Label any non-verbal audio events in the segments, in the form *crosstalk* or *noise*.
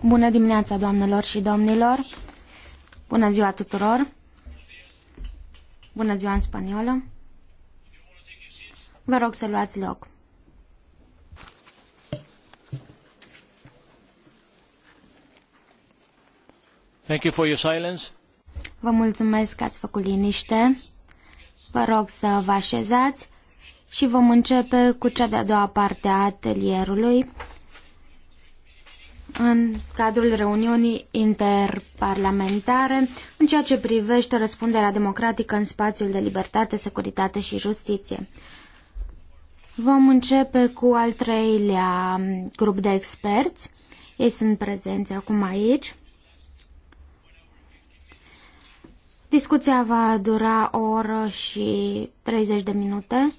Bună dimineața, doamnelor și domnilor. Bună ziua tuturor. Bună ziua în spaniolă. Vă rog să luați loc. Thank you for your silence. Vă mulțumesc că ați făcut liniște. Vă rog să vă așezați și vom începe cu cea de-a doua parte a atelierului în cadrul reuniunii interparlamentare în ceea ce privește răspunderea democratică în spațiul de libertate, securitate și justiție. Vom începe cu al treilea grup de experți. Ei sunt prezenți acum aici. Discuția va dura o oră și 30 de minute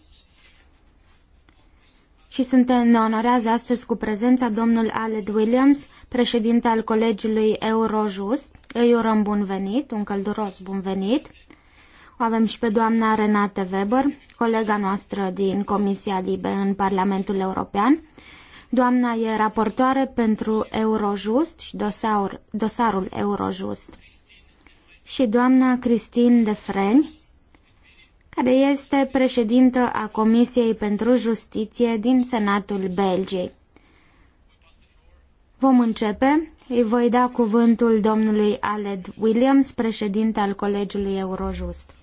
și sunt ne onorează astăzi cu prezența domnul Aled Williams, președinte al Colegiului Eurojust. Îi urăm bun venit, un călduros bun venit. O avem și pe doamna Renate Weber, colega noastră din Comisia Libe în Parlamentul European. Doamna e raportoare pentru Eurojust și dosar, dosarul Eurojust. Și doamna Cristin de Freni, care este președintă a Comisiei pentru Justiție din Senatul Belgiei. Vom începe. Îi voi da cuvântul domnului Aled Williams, președinte al Colegiului Eurojust.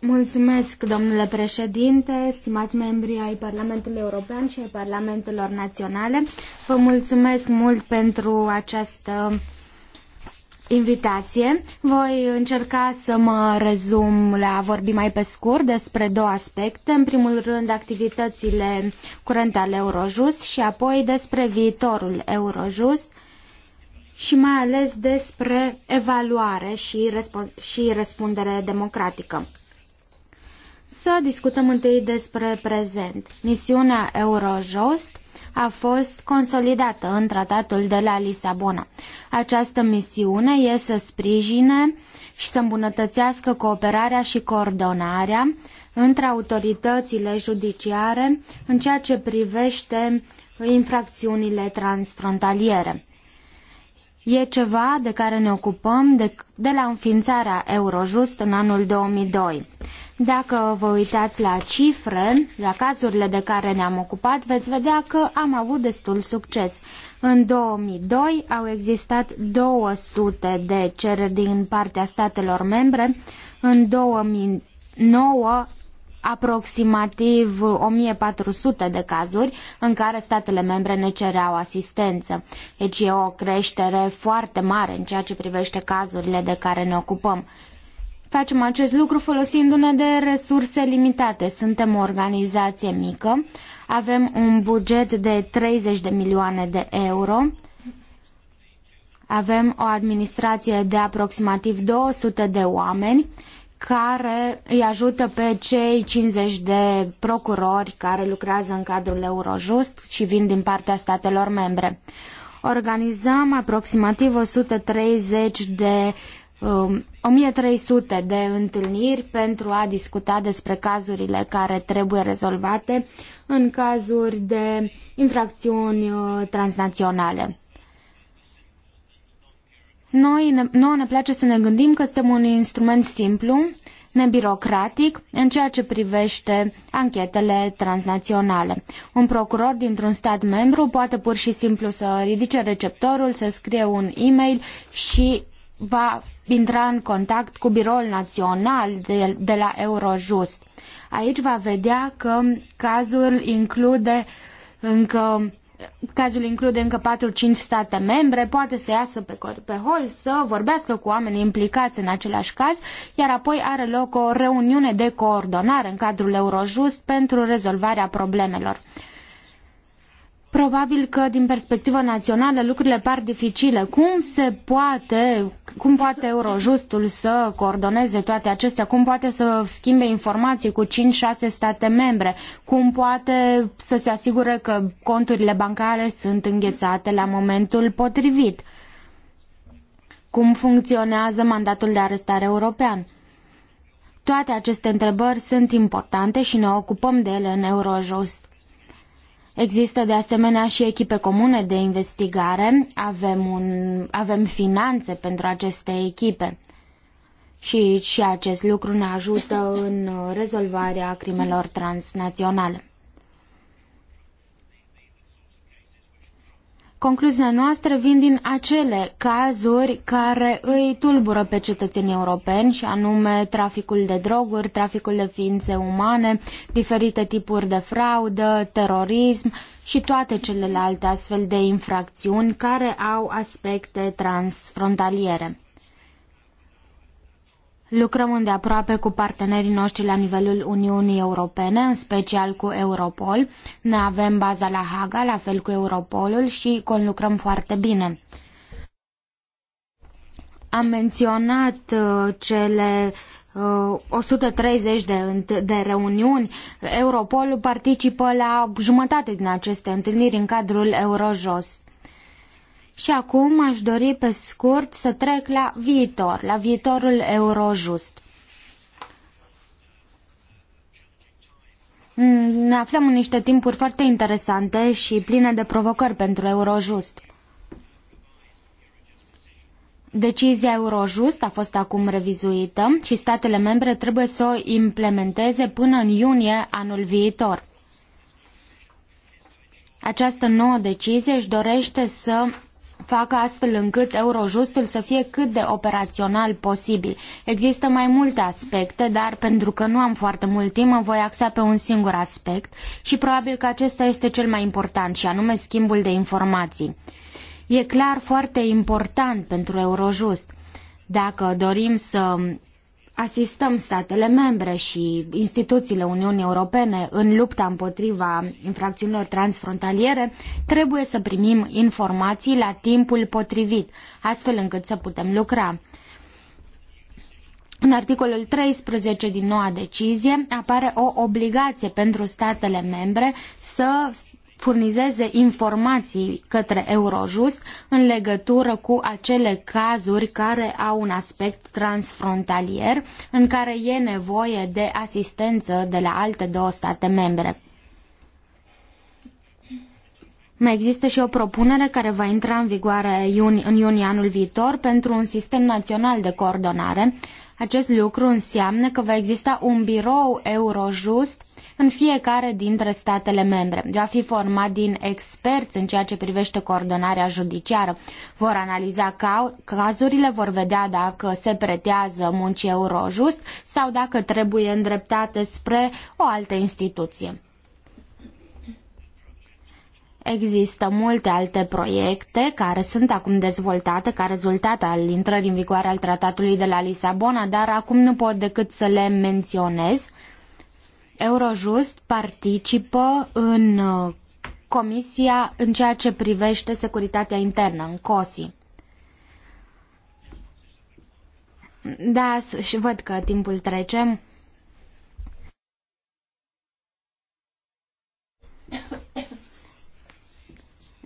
Mulțumesc, domnule președinte, stimați membri ai Parlamentului European și ai Parlamentelor Naționale. Vă mulțumesc mult pentru această invitație. Voi încerca să mă rezum la a vorbi mai pe scurt despre două aspecte. În primul rând, activitățile curente ale Eurojust și apoi despre viitorul Eurojust și mai ales despre evaluare și, răsp- și răspundere democratică. Să discutăm întâi despre prezent. Misiunea Eurojust a fost consolidată în tratatul de la Lisabona. Această misiune e să sprijine și să îmbunătățească cooperarea și coordonarea între autoritățile judiciare în ceea ce privește infracțiunile transfrontaliere. E ceva de care ne ocupăm de, de la înființarea Eurojust în anul 2002. Dacă vă uitați la cifre, la cazurile de care ne-am ocupat, veți vedea că am avut destul succes. În 2002 au existat 200 de cereri din partea statelor membre, în 2009 aproximativ 1400 de cazuri în care statele membre ne cereau asistență. Deci e o creștere foarte mare în ceea ce privește cazurile de care ne ocupăm. Facem acest lucru folosindu-ne de resurse limitate. Suntem o organizație mică, avem un buget de 30 de milioane de euro, avem o administrație de aproximativ 200 de oameni care îi ajută pe cei 50 de procurori care lucrează în cadrul Eurojust și vin din partea statelor membre. Organizăm aproximativ 130 de 1300 um, de întâlniri pentru a discuta despre cazurile care trebuie rezolvate în cazuri de infracțiuni uh, transnaționale. Noi ne, nouă ne place să ne gândim că suntem un instrument simplu, nebirocratic în ceea ce privește anchetele transnaționale. Un procuror dintr-un stat membru poate pur și simplu să ridice receptorul, să scrie un e-mail și va intra în contact cu biroul național de, de la Eurojust. Aici va vedea că cazul include încă Cazul include încă 4-5 state membre, poate să iasă pe, pe hol să vorbească cu oamenii implicați în același caz, iar apoi are loc o reuniune de coordonare în cadrul Eurojust pentru rezolvarea problemelor. Probabil că din perspectivă națională lucrurile par dificile. Cum se poate, cum poate Eurojustul să coordoneze toate acestea? Cum poate să schimbe informații cu 5-6 state membre? Cum poate să se asigure că conturile bancare sunt înghețate la momentul potrivit? Cum funcționează mandatul de arestare european? Toate aceste întrebări sunt importante și ne ocupăm de ele în Eurojust. Există de asemenea și echipe comune de investigare, avem, un, avem finanțe pentru aceste echipe și, și acest lucru ne ajută în rezolvarea crimelor transnaționale. Concluzia noastră vin din acele cazuri care îi tulbură pe cetățenii europeni și anume traficul de droguri, traficul de ființe umane, diferite tipuri de fraudă, terorism și toate celelalte astfel de infracțiuni care au aspecte transfrontaliere. Lucrăm îndeaproape cu partenerii noștri la nivelul Uniunii Europene, în special cu Europol. Ne avem baza la Haga, la fel cu Europolul și conlucrăm foarte bine. Am menționat uh, cele 130 uh, de, de reuniuni. Europol participă la jumătate din aceste întâlniri în cadrul Eurojust. Și acum aș dori pe scurt să trec la viitor, la viitorul Eurojust. Mm, ne aflăm în niște timpuri foarte interesante și pline de provocări pentru Eurojust. Decizia Eurojust a fost acum revizuită și statele membre trebuie să o implementeze până în iunie anul viitor. Această nouă decizie își dorește să facă astfel încât Eurojustul să fie cât de operațional posibil. Există mai multe aspecte, dar pentru că nu am foarte mult timp, mă voi axa pe un singur aspect și probabil că acesta este cel mai important și anume schimbul de informații. E clar foarte important pentru Eurojust. Dacă dorim să asistăm statele membre și instituțiile Uniunii Europene în lupta împotriva infracțiunilor transfrontaliere, trebuie să primim informații la timpul potrivit, astfel încât să putem lucra. În articolul 13 din noua decizie apare o obligație pentru statele membre să furnizeze informații către Eurojust în legătură cu acele cazuri care au un aspect transfrontalier în care e nevoie de asistență de la alte două state membre. Mai există și o propunere care va intra în vigoare iuni, în iunie anul viitor pentru un sistem național de coordonare acest lucru înseamnă că va exista un birou Eurojust în fiecare dintre statele membre. Va fi format din experți în ceea ce privește coordonarea judiciară. Vor analiza cazurile, vor vedea dacă se pretează muncii Eurojust sau dacă trebuie îndreptate spre o altă instituție. Există multe alte proiecte care sunt acum dezvoltate ca rezultat al intrării în vigoare al tratatului de la Lisabona, dar acum nu pot decât să le menționez. Eurojust participă în uh, Comisia în ceea ce privește securitatea internă, în COSI. Da, și văd că timpul trece.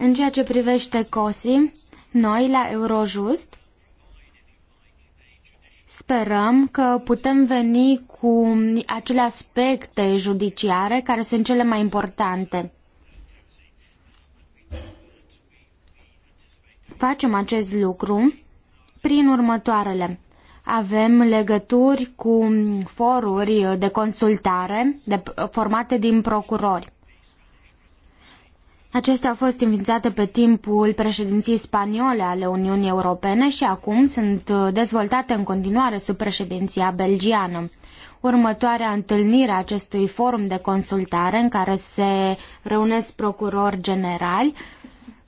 În ceea ce privește COSI, noi la Eurojust sperăm că putem veni cu acele aspecte judiciare care sunt cele mai importante. Facem acest lucru prin următoarele. Avem legături cu foruri de consultare de, formate din procurori. Acestea au fost înființate pe timpul președinției spaniole ale Uniunii Europene și acum sunt uh, dezvoltate în continuare sub președinția belgiană. Următoarea întâlnire a acestui forum de consultare în care se reunesc procurori generali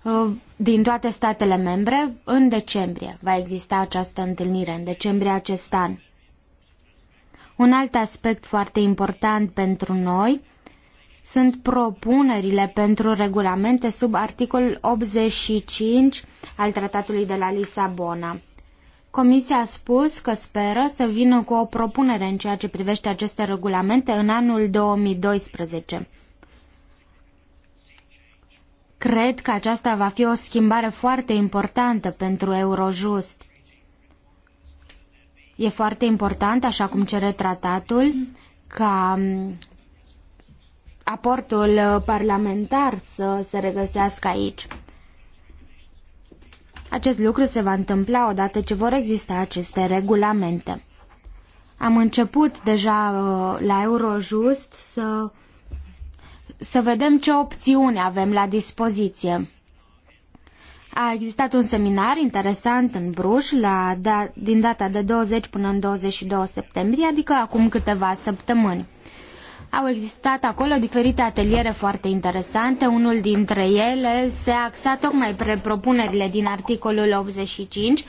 uh, din toate statele membre în decembrie. Va exista această întâlnire în decembrie acest an. Un alt aspect foarte important pentru noi sunt propunerile pentru regulamente sub articolul 85 al Tratatului de la Lisabona. Comisia a spus că speră să vină cu o propunere în ceea ce privește aceste regulamente în anul 2012. Cred că aceasta va fi o schimbare foarte importantă pentru Eurojust. E foarte important, așa cum cere tratatul, ca aportul uh, parlamentar să se regăsească aici. Acest lucru se va întâmpla odată ce vor exista aceste regulamente. Am început deja uh, la Eurojust să, să vedem ce opțiuni avem la dispoziție. A existat un seminar interesant în Bruș la, da, din data de 20 până în 22 septembrie, adică acum câteva săptămâni. Au existat acolo diferite ateliere foarte interesante. Unul dintre ele se axa tocmai pe propunerile din articolul 85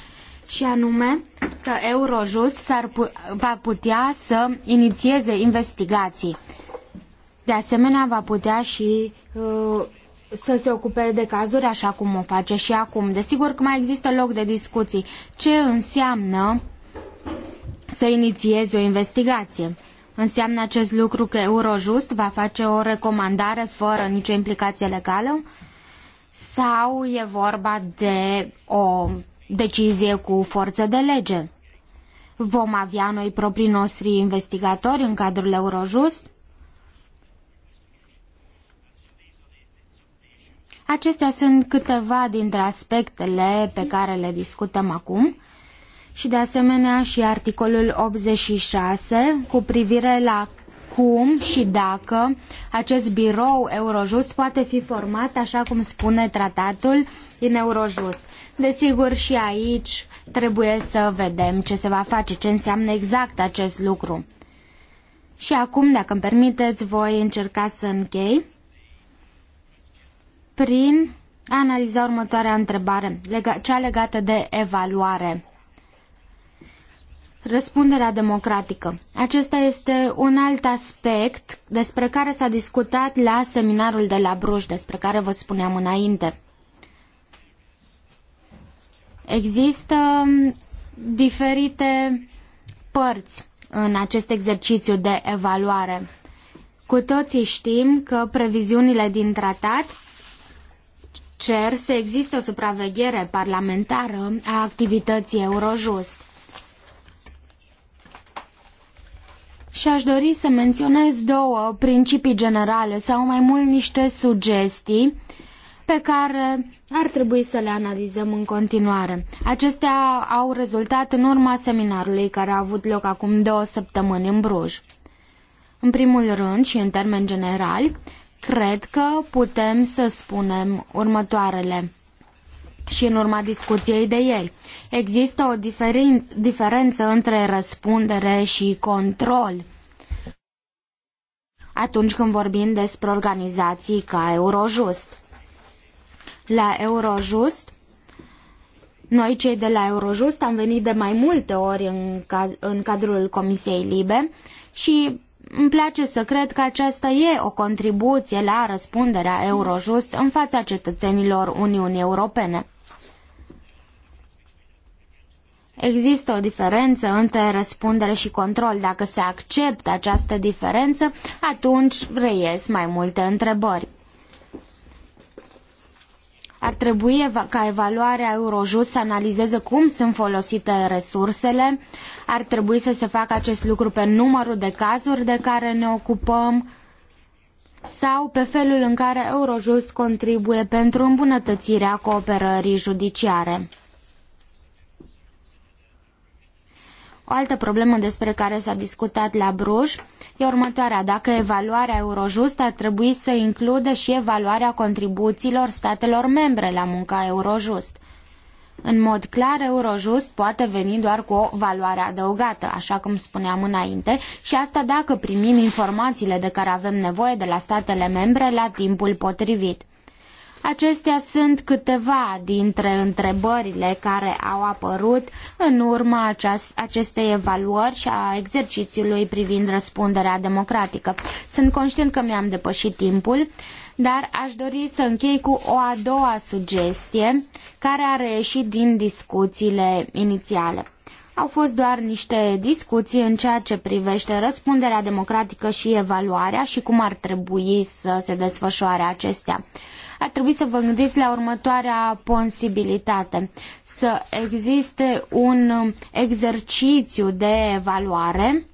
și anume că Eurojust pu- va putea să inițieze investigații. De asemenea, va putea și uh, să se ocupe de cazuri așa cum o face și acum. Desigur că mai există loc de discuții. Ce înseamnă să inițiezi o investigație? Înseamnă acest lucru că Eurojust va face o recomandare fără nicio implicație legală? Sau e vorba de o decizie cu forță de lege? Vom avea noi proprii noștri investigatori în cadrul Eurojust? Acestea sunt câteva dintre aspectele pe care le discutăm acum și de asemenea și articolul 86 cu privire la cum și dacă acest birou Eurojust poate fi format așa cum spune tratatul în Eurojust. Desigur și aici trebuie să vedem ce se va face, ce înseamnă exact acest lucru. Și acum, dacă îmi permiteți, voi încerca să închei prin a analiza următoarea întrebare, lega, cea legată de evaluare. Răspunderea democratică. Acesta este un alt aspect despre care s-a discutat la seminarul de la Bruj, despre care vă spuneam înainte. Există um, diferite părți în acest exercițiu de evaluare. Cu toții știm că previziunile din tratat cer să existe o supraveghere parlamentară a activității Eurojust. Și aș dori să menționez două principii generale sau mai mult niște sugestii pe care ar trebui să le analizăm în continuare. Acestea au rezultat în urma seminarului care a avut loc acum două săptămâni în Bruj. În primul rând și în termeni generali, cred că putem să spunem următoarele și în urma discuției de ieri. Există o diferin- diferență între răspundere și control. Atunci când vorbim despre organizații ca Eurojust. La Eurojust, noi cei de la Eurojust am venit de mai multe ori în, caz, în cadrul Comisiei Libe și îmi place să cred că aceasta e o contribuție la răspunderea Eurojust în fața cetățenilor Uniunii Europene. Există o diferență între răspundere și control. Dacă se acceptă această diferență, atunci reies mai multe întrebări. Ar trebui ca evaluarea Eurojust să analizeze cum sunt folosite resursele, ar trebui să se facă acest lucru pe numărul de cazuri de care ne ocupăm sau pe felul în care Eurojust contribuie pentru îmbunătățirea cooperării judiciare. O altă problemă despre care s-a discutat la Bruj e următoarea. Dacă evaluarea Eurojust ar trebui să includă și evaluarea contribuțiilor statelor membre la munca Eurojust. În mod clar, Eurojust poate veni doar cu o valoare adăugată, așa cum spuneam înainte, și asta dacă primim informațiile de care avem nevoie de la statele membre la timpul potrivit. Acestea sunt câteva dintre întrebările care au apărut în urma acestei evaluări și a exercițiului privind răspunderea democratică. Sunt conștient că mi-am depășit timpul, dar aș dori să închei cu o a doua sugestie care a reieșit din discuțiile inițiale. Au fost doar niște discuții în ceea ce privește răspunderea democratică și evaluarea și cum ar trebui să se desfășoare acestea ar trebui să vă gândiți la următoarea posibilitate. Să existe un exercițiu de evaluare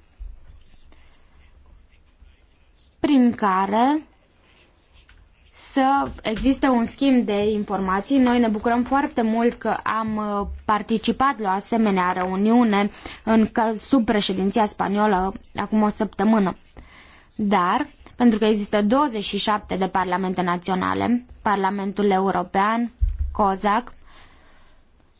prin care să existe un schimb de informații. Noi ne bucurăm foarte mult că am participat la o asemenea reuniune în sub președinția spaniolă acum o săptămână. Dar pentru că există 27 de parlamente naționale, Parlamentul European, COSAC.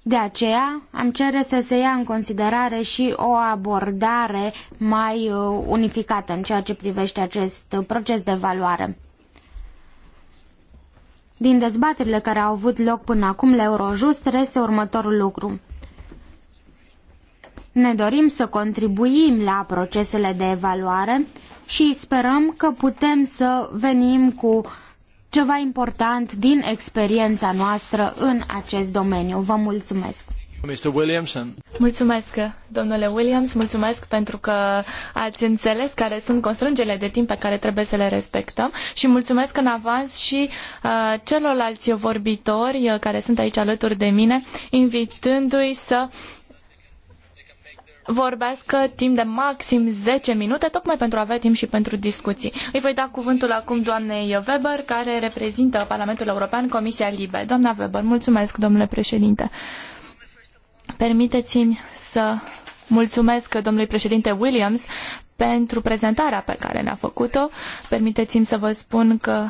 De aceea am cere să se ia în considerare și o abordare mai uh, unificată în ceea ce privește acest proces de evaluare. Din dezbaterile care au avut loc până acum la Eurojust reiese următorul lucru. Ne dorim să contribuim la procesele de evaluare și sperăm că putem să venim cu ceva important din experiența noastră în acest domeniu. Vă mulțumesc! Mr. Williamson. Mulțumesc, domnule Williams, mulțumesc pentru că ați înțeles care sunt constrângerile de timp pe care trebuie să le respectăm și mulțumesc în avans și uh, celorlalți vorbitori uh, care sunt aici alături de mine, invitându-i să uh, Vorbesc timp de maxim 10 minute, tocmai pentru a avea timp și pentru discuții. Îi voi da cuvântul acum doamnei Weber, care reprezintă Parlamentul European, Comisia Libe. Doamna Weber, mulțumesc, domnule președinte. Permiteți-mi să mulțumesc domnului președinte Williams pentru prezentarea pe care ne-a făcut-o. Permiteți-mi să vă spun că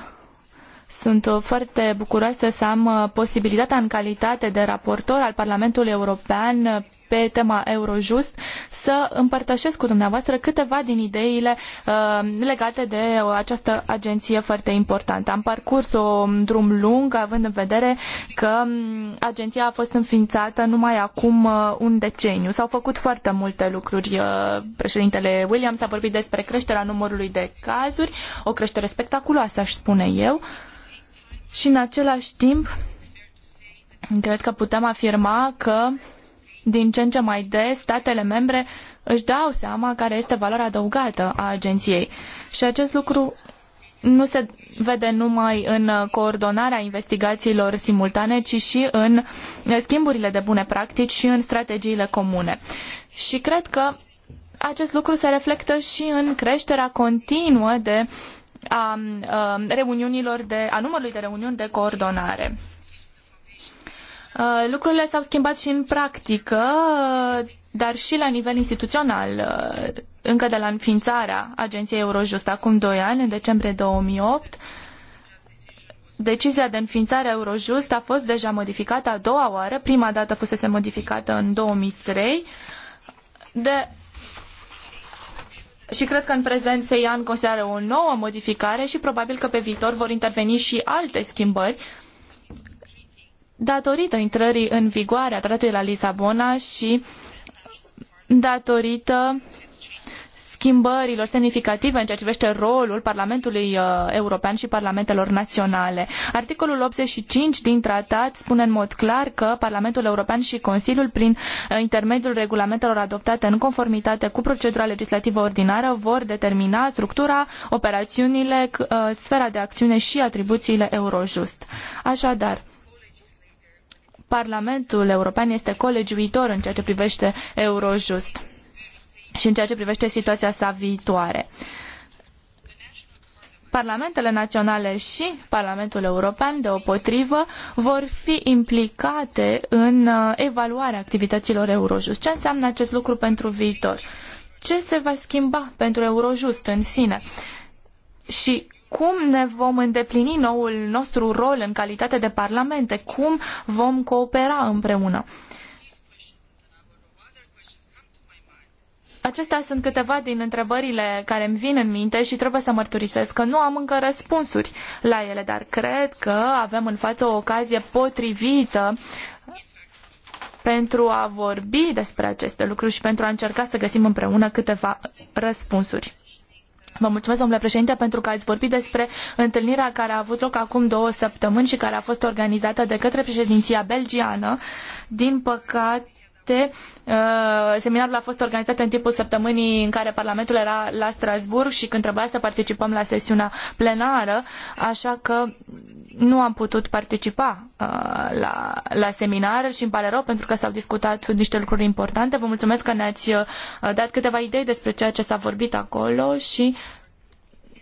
sunt foarte bucuroasă să am posibilitatea în calitate de raportor al Parlamentului European pe tema Eurojust să împărtășesc cu dumneavoastră câteva din ideile uh, legate de această agenție foarte importantă. Am parcurs o um, drum lung, având în vedere că um, agenția a fost înființată numai acum uh, un deceniu. S-au făcut foarte multe lucruri. Uh, președintele Williams a vorbit despre creșterea numărului de cazuri, o creștere spectaculoasă, aș spune eu. Și în același timp, cred că putem afirma că din ce în ce mai des statele membre își dau seama care este valoarea adăugată a agenției. Și acest lucru nu se vede numai în coordonarea investigațiilor simultane, ci și în schimburile de bune practici și în strategiile comune. Și cred că acest lucru se reflectă și în creșterea continuă de a, a reuniunilor de a numărului de reuniuni de coordonare. Uh, lucrurile s-au schimbat și în practică, uh, dar și la nivel instituțional. Uh, încă de la înființarea Agenției Eurojust, acum doi ani, în decembrie 2008, Decizia de înființare a Eurojust a fost deja modificată a doua oară, prima dată fusese modificată în 2003, de și cred că în prezent se ia în considerare o nouă modificare și probabil că pe viitor vor interveni și alte schimbări uh, datorită intrării în vigoare a tratatului la Lisabona și datorită schimbărilor semnificative în ceea ce privește rolul Parlamentului uh, European și Parlamentelor Naționale. Articolul 85 din tratat spune în mod clar că Parlamentul European și Consiliul, prin uh, intermediul regulamentelor adoptate în conformitate cu procedura legislativă ordinară, vor determina structura, operațiunile, uh, sfera de acțiune și atribuțiile Eurojust. Așadar, Parlamentul European este colegiuitor în ceea ce privește Eurojust și în ceea ce privește situația sa viitoare. Parlamentele naționale și Parlamentul European, deopotrivă, vor fi implicate în uh, evaluarea activităților Eurojust. Ce înseamnă acest lucru pentru viitor? Ce se va schimba pentru Eurojust în sine? Și cum ne vom îndeplini noul nostru rol în calitate de parlamente, cum vom coopera împreună. Acestea sunt câteva din întrebările care îmi vin în minte și trebuie să mărturisesc că nu am încă răspunsuri la ele, dar cred că avem în față o ocazie potrivită pentru a vorbi despre aceste lucruri și pentru a încerca să găsim împreună câteva răspunsuri. Vă mulțumesc, domnule președinte, pentru că ați vorbit despre întâlnirea care a avut loc acum două săptămâni și care a fost organizată de către președinția belgiană. Din păcate, 7. Uh, seminarul a fost organizat în timpul săptămânii în care Parlamentul era la Strasbourg și când trebuia să participăm la sesiunea plenară, așa că nu am putut participa uh, la, la seminar și îmi pare rău pentru că s-au discutat niște lucruri importante. Vă mulțumesc că ne-ați uh, dat câteva idei despre ceea ce s-a vorbit acolo și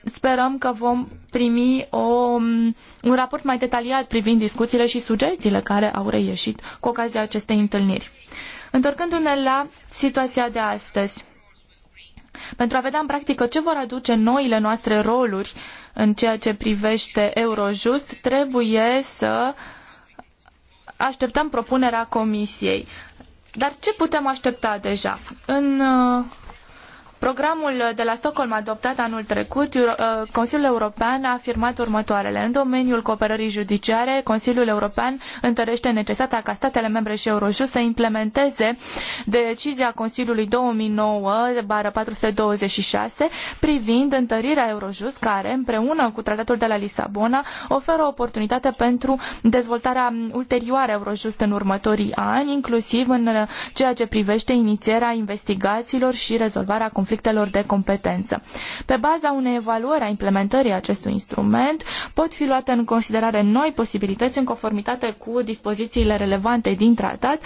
sperăm că vom primi o, um, un raport mai detaliat privind discuțiile și sugestiile care au reieșit cu ocazia acestei întâlniri. Întorcându-ne la situația de astăzi, pentru a vedea în practică ce vor aduce noile noastre roluri în ceea ce privește Eurojust, trebuie să așteptăm propunerea Comisiei. Dar ce putem aștepta deja? În uh, Programul de la Stockholm adoptat anul trecut, uh, Consiliul European a afirmat următoarele. În domeniul cooperării judiciare, Consiliul European întărește necesitatea ca statele membre și Eurojust să implementeze decizia Consiliului 2009-426 privind întărirea Eurojust, care, împreună cu Tratatul de la Lisabona, oferă o oportunitate pentru dezvoltarea ulterioară Eurojust în următorii ani, inclusiv în ceea ce privește inițierea investigațiilor și rezolvarea conflictelor conflictelor de competență. Pe baza unei evaluări a implementării acestui instrument, pot fi luate în considerare noi posibilități în conformitate cu dispozițiile relevante din tratat,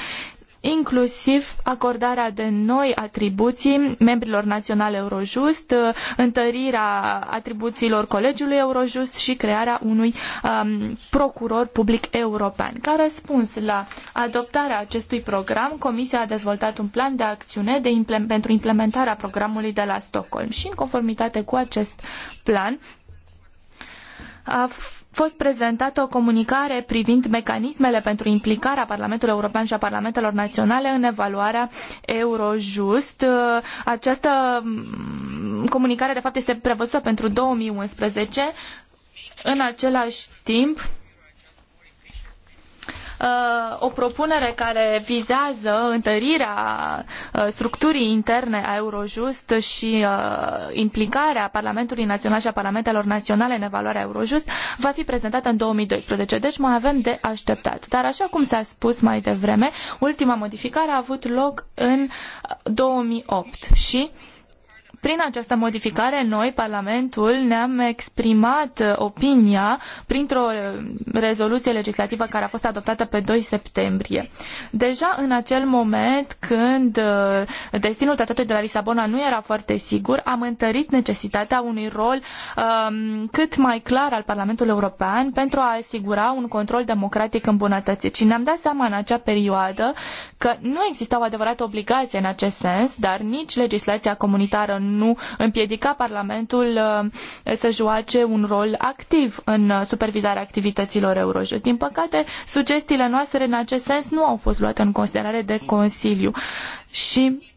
inclusiv acordarea de noi atribuții membrilor naționale Eurojust, uh, întărirea atribuțiilor Colegiului Eurojust și crearea unui um, procuror public european. Ca răspuns la adoptarea acestui program, Comisia a dezvoltat un plan de acțiune de pentru implementarea programului de la Stockholm și în conformitate cu acest plan a fost prezentată o comunicare privind mecanismele pentru implicarea Parlamentului European și a Parlamentelor Naționale în evaluarea Eurojust. Această mm, comunicare, de fapt, este prevăzută pentru 2011. În același timp, o propunere care vizează întărirea uh, structurii interne a Eurojust și uh, implicarea Parlamentului Național și a Parlamentelor Naționale în evaluarea Eurojust va fi prezentată în 2012. Deci mai avem de așteptat. Dar așa cum s-a spus mai devreme, ultima modificare a avut loc în 2008 uh, și prin această modificare, noi, Parlamentul, ne-am exprimat uh, opinia printr-o uh, rezoluție legislativă care a fost adoptată pe 2 septembrie. Deja în acel moment, când uh, destinul tratatului de la Lisabona nu era foarte sigur, am întărit necesitatea unui rol um, cât mai clar al Parlamentului European pentru a asigura un control democratic îmbunătățit. Și ne-am dat seama în acea perioadă că nu exista o adevărată obligație în acest sens, dar nici legislația comunitară nu nu împiedica Parlamentul uh, să joace un rol activ în uh, supervizarea activităților Eurojust. Din păcate, sugestiile noastre în acest sens nu au fost luate în considerare de Consiliu și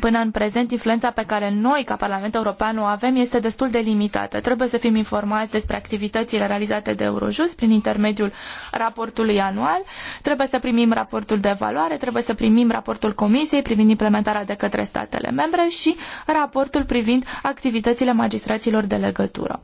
Până în prezent, influența pe care noi, ca Parlament European, o avem este destul de limitată. Trebuie să fim informați despre activitățile realizate de Eurojust prin intermediul raportului anual, trebuie să primim raportul de evaluare, trebuie să primim raportul Comisiei privind implementarea de către statele membre și raportul privind activitățile magistraților de legătură.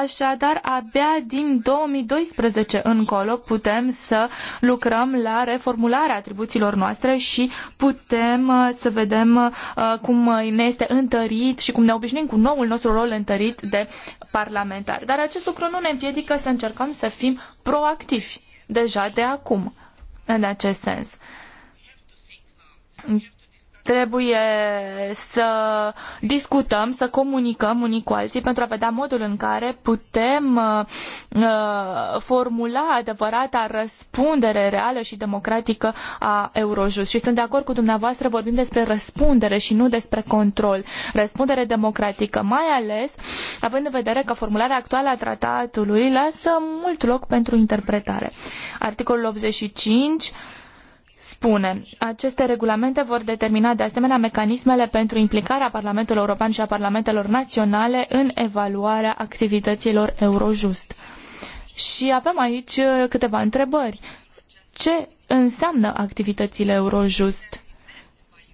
Așadar, abia din 2012 încolo putem să lucrăm la reformularea atribuțiilor noastre și putem uh, să vedem uh, cum ne este întărit și cum ne obișnuim cu noul nostru rol întărit de parlamentar. Dar acest lucru nu ne împiedică să încercăm să fim proactivi deja de acum în acest sens Trebuie să discutăm, să comunicăm unii cu alții pentru a vedea modul în care putem uh, uh, formula adevărata răspundere reală și democratică a Eurojust. Și sunt de acord cu dumneavoastră, vorbim despre răspundere și nu despre control. Răspundere democratică, mai ales având în vedere că formularea actuală a tratatului lasă mult loc pentru interpretare. Articolul 85 spune. Aceste regulamente vor determina de asemenea mecanismele pentru implicarea Parlamentului European și a Parlamentelor Naționale în evaluarea activităților Eurojust. Și avem aici uh, câteva întrebări. Ce înseamnă activitățile Eurojust?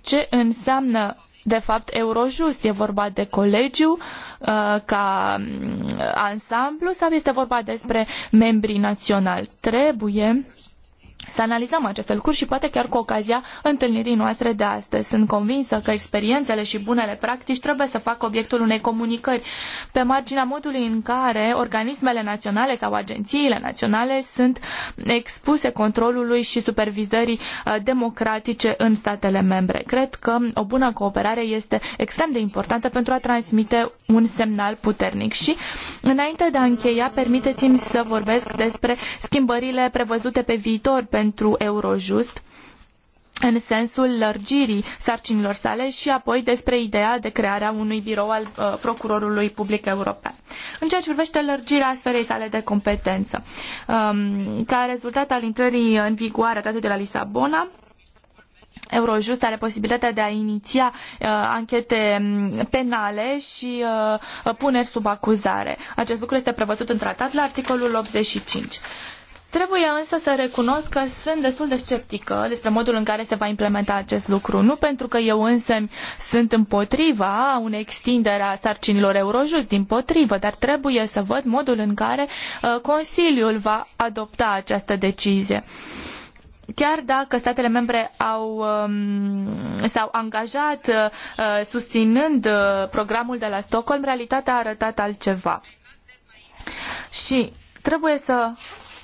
Ce înseamnă de fapt Eurojust? E vorba de colegiu uh, ca mm, ansamblu sau este vorba despre membrii naționali? Trebuie să analizăm aceste lucruri și poate chiar cu ocazia întâlnirii noastre de astăzi. Sunt convinsă că experiențele și bunele practici trebuie să facă obiectul unei comunicări pe marginea modului în care organismele naționale sau agențiile naționale sunt expuse controlului și supervizării uh, democratice în statele membre. Cred că o bună cooperare este extrem de importantă pentru a transmite un semnal puternic și înainte de a încheia, permiteți-mi să vorbesc despre schimbările prevăzute pe viitor pentru Eurojust în sensul lărgirii sarcinilor sale și apoi despre ideea de crearea unui birou al uh, procurorului public european. În ceea ce privește lărgirea sferei sale de competență, um, ca rezultat al intrării în vigoare a tratatului de la Lisabona, Eurojust are posibilitatea de a iniția uh, anchete um, penale și uh, puneri sub acuzare. Acest lucru este prevăzut în tratat la articolul 85. Trebuie însă să recunosc că sunt destul de sceptică despre modul în care se va implementa acest lucru. Nu pentru că eu însă sunt împotriva unei extindere a sarcinilor Eurojust, din potrivă, dar trebuie să văd modul în care uh, Consiliul va adopta această decizie chiar dacă statele membre au, um, s-au angajat uh, susținând uh, programul de la Stockholm, realitatea a arătat altceva. Și trebuie să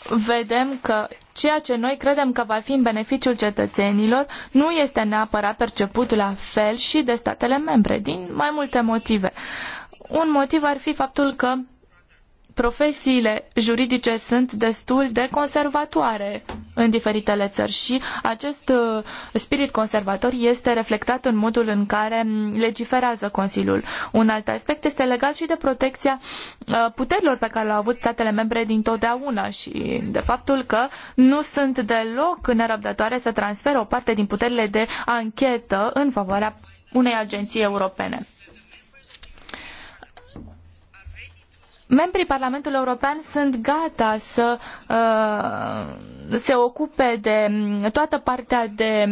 vedem că ceea ce noi credem că va fi în beneficiul cetățenilor nu este neapărat perceput la fel și de statele membre, din mai multe motive. Un motiv ar fi faptul că profesiile juridice sunt destul de conservatoare în diferitele țări și acest uh, spirit conservator este reflectat în modul în care legiferează Consiliul. Un alt aspect este legat și de protecția uh, puterilor pe care le-au avut statele membre dintotdeauna și de faptul că nu sunt deloc nerăbdătoare să transferă o parte din puterile de anchetă în favoarea unei agenții europene. membrii Parlamentului European sunt gata să uh, se ocupe de toată partea de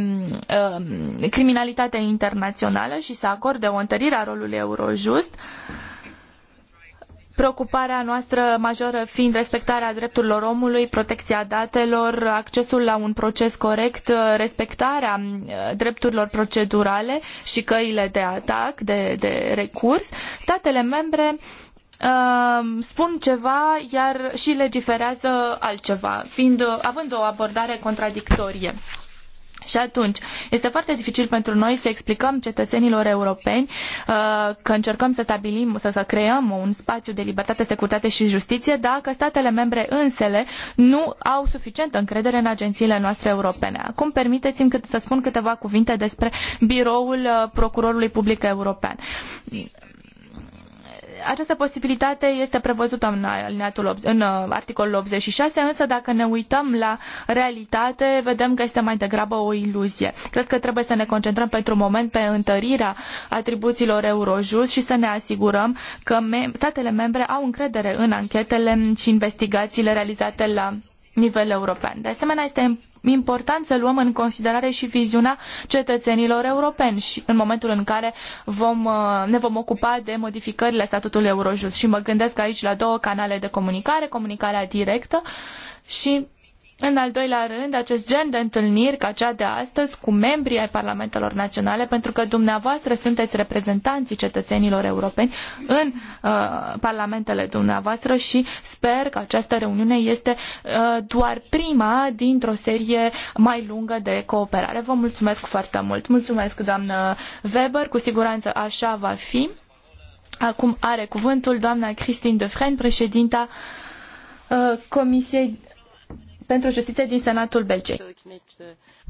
uh, criminalitate internațională și să acorde o întărire a rolului Eurojust. Preocuparea noastră majoră fiind respectarea drepturilor omului, protecția datelor, accesul la un proces corect, respectarea uh, drepturilor procedurale și căile de atac, de, de recurs, statele membre uh, Ehm, spun ceva, iar și legiferează altceva, fiind, având o abordare contradictorie. Și atunci, este foarte dificil pentru noi să explicăm cetățenilor europeni uh, că încercăm să stabilim, să, să creăm un spațiu de libertate, securitate și justiție dacă statele membre însele nu au suficientă încredere în agențiile noastre europene. Acum permiteți-mi să spun câteva cuvinte despre biroul uh, procurorului public european această posibilitate este prevăzută în, alineatul, în uh, articolul 86, însă dacă ne uităm la realitate, vedem că este mai degrabă o iluzie. Cred că trebuie să ne concentrăm pentru moment pe întărirea atribuțiilor Eurojust și să ne asigurăm că statele membre au încredere în anchetele și investigațiile realizate la nivel european. De asemenea, este important să luăm în considerare și viziunea cetățenilor europeni și în momentul în care vom, uh, ne vom ocupa de modificările statutului Eurojust. Și mă gândesc aici la două canale de comunicare, comunicarea directă și în al doilea rând, acest gen de întâlniri ca cea de astăzi cu membrii ai parlamentelor naționale, pentru că dumneavoastră sunteți reprezentanții cetățenilor europeni în uh, parlamentele dumneavoastră și sper că această reuniune este uh, doar prima dintr-o serie mai lungă de cooperare. Vă mulțumesc foarte mult. Mulțumesc, doamnă Weber. Cu siguranță așa va fi. Acum are cuvântul doamna Christine Defren, președinta uh, Comisiei pentru Justiție din Senatul Belgiei.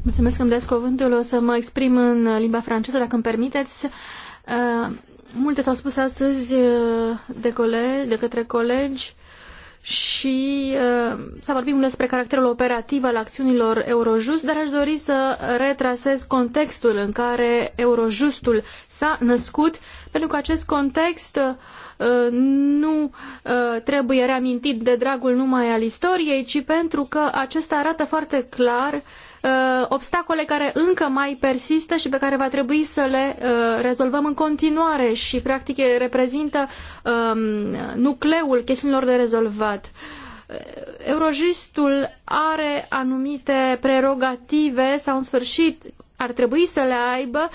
Mulțumesc că îmi dați cuvântul. O să mă exprim în limba franceză, dacă îmi permiteți. Uh, multe s-au spus astăzi uh, de, colegi, de către colegi și uh, s-a vorbit mult despre caracterul operativ al acțiunilor Eurojust, dar aș dori să retrasez contextul în care Eurojustul s-a născut, pentru că acest context uh, nu uh, trebuie reamintit de dragul numai al istoriei, ci pentru că acesta arată foarte clar uh, Uh, obstacole care încă mai persistă și pe care va trebui să le uh, rezolvăm în continuare și practic reprezintă um, nucleul chestiunilor de rezolvat. Uh, Eurojustul are anumite prerogative sau în sfârșit ar trebui să le aibă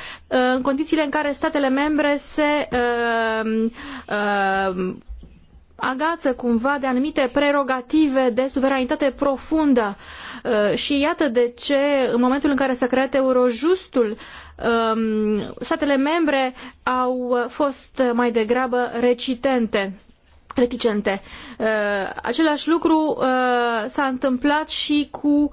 în condițiile în care statele membre se uh, uh, agață cumva de anumite prerogative de suveranitate profundă. Uh, Uh, și iată de ce, în momentul în care s-a creat Eurojustul, um, statele membre au fost mai degrabă recitente reticente. Uh, același lucru uh, s-a întâmplat și cu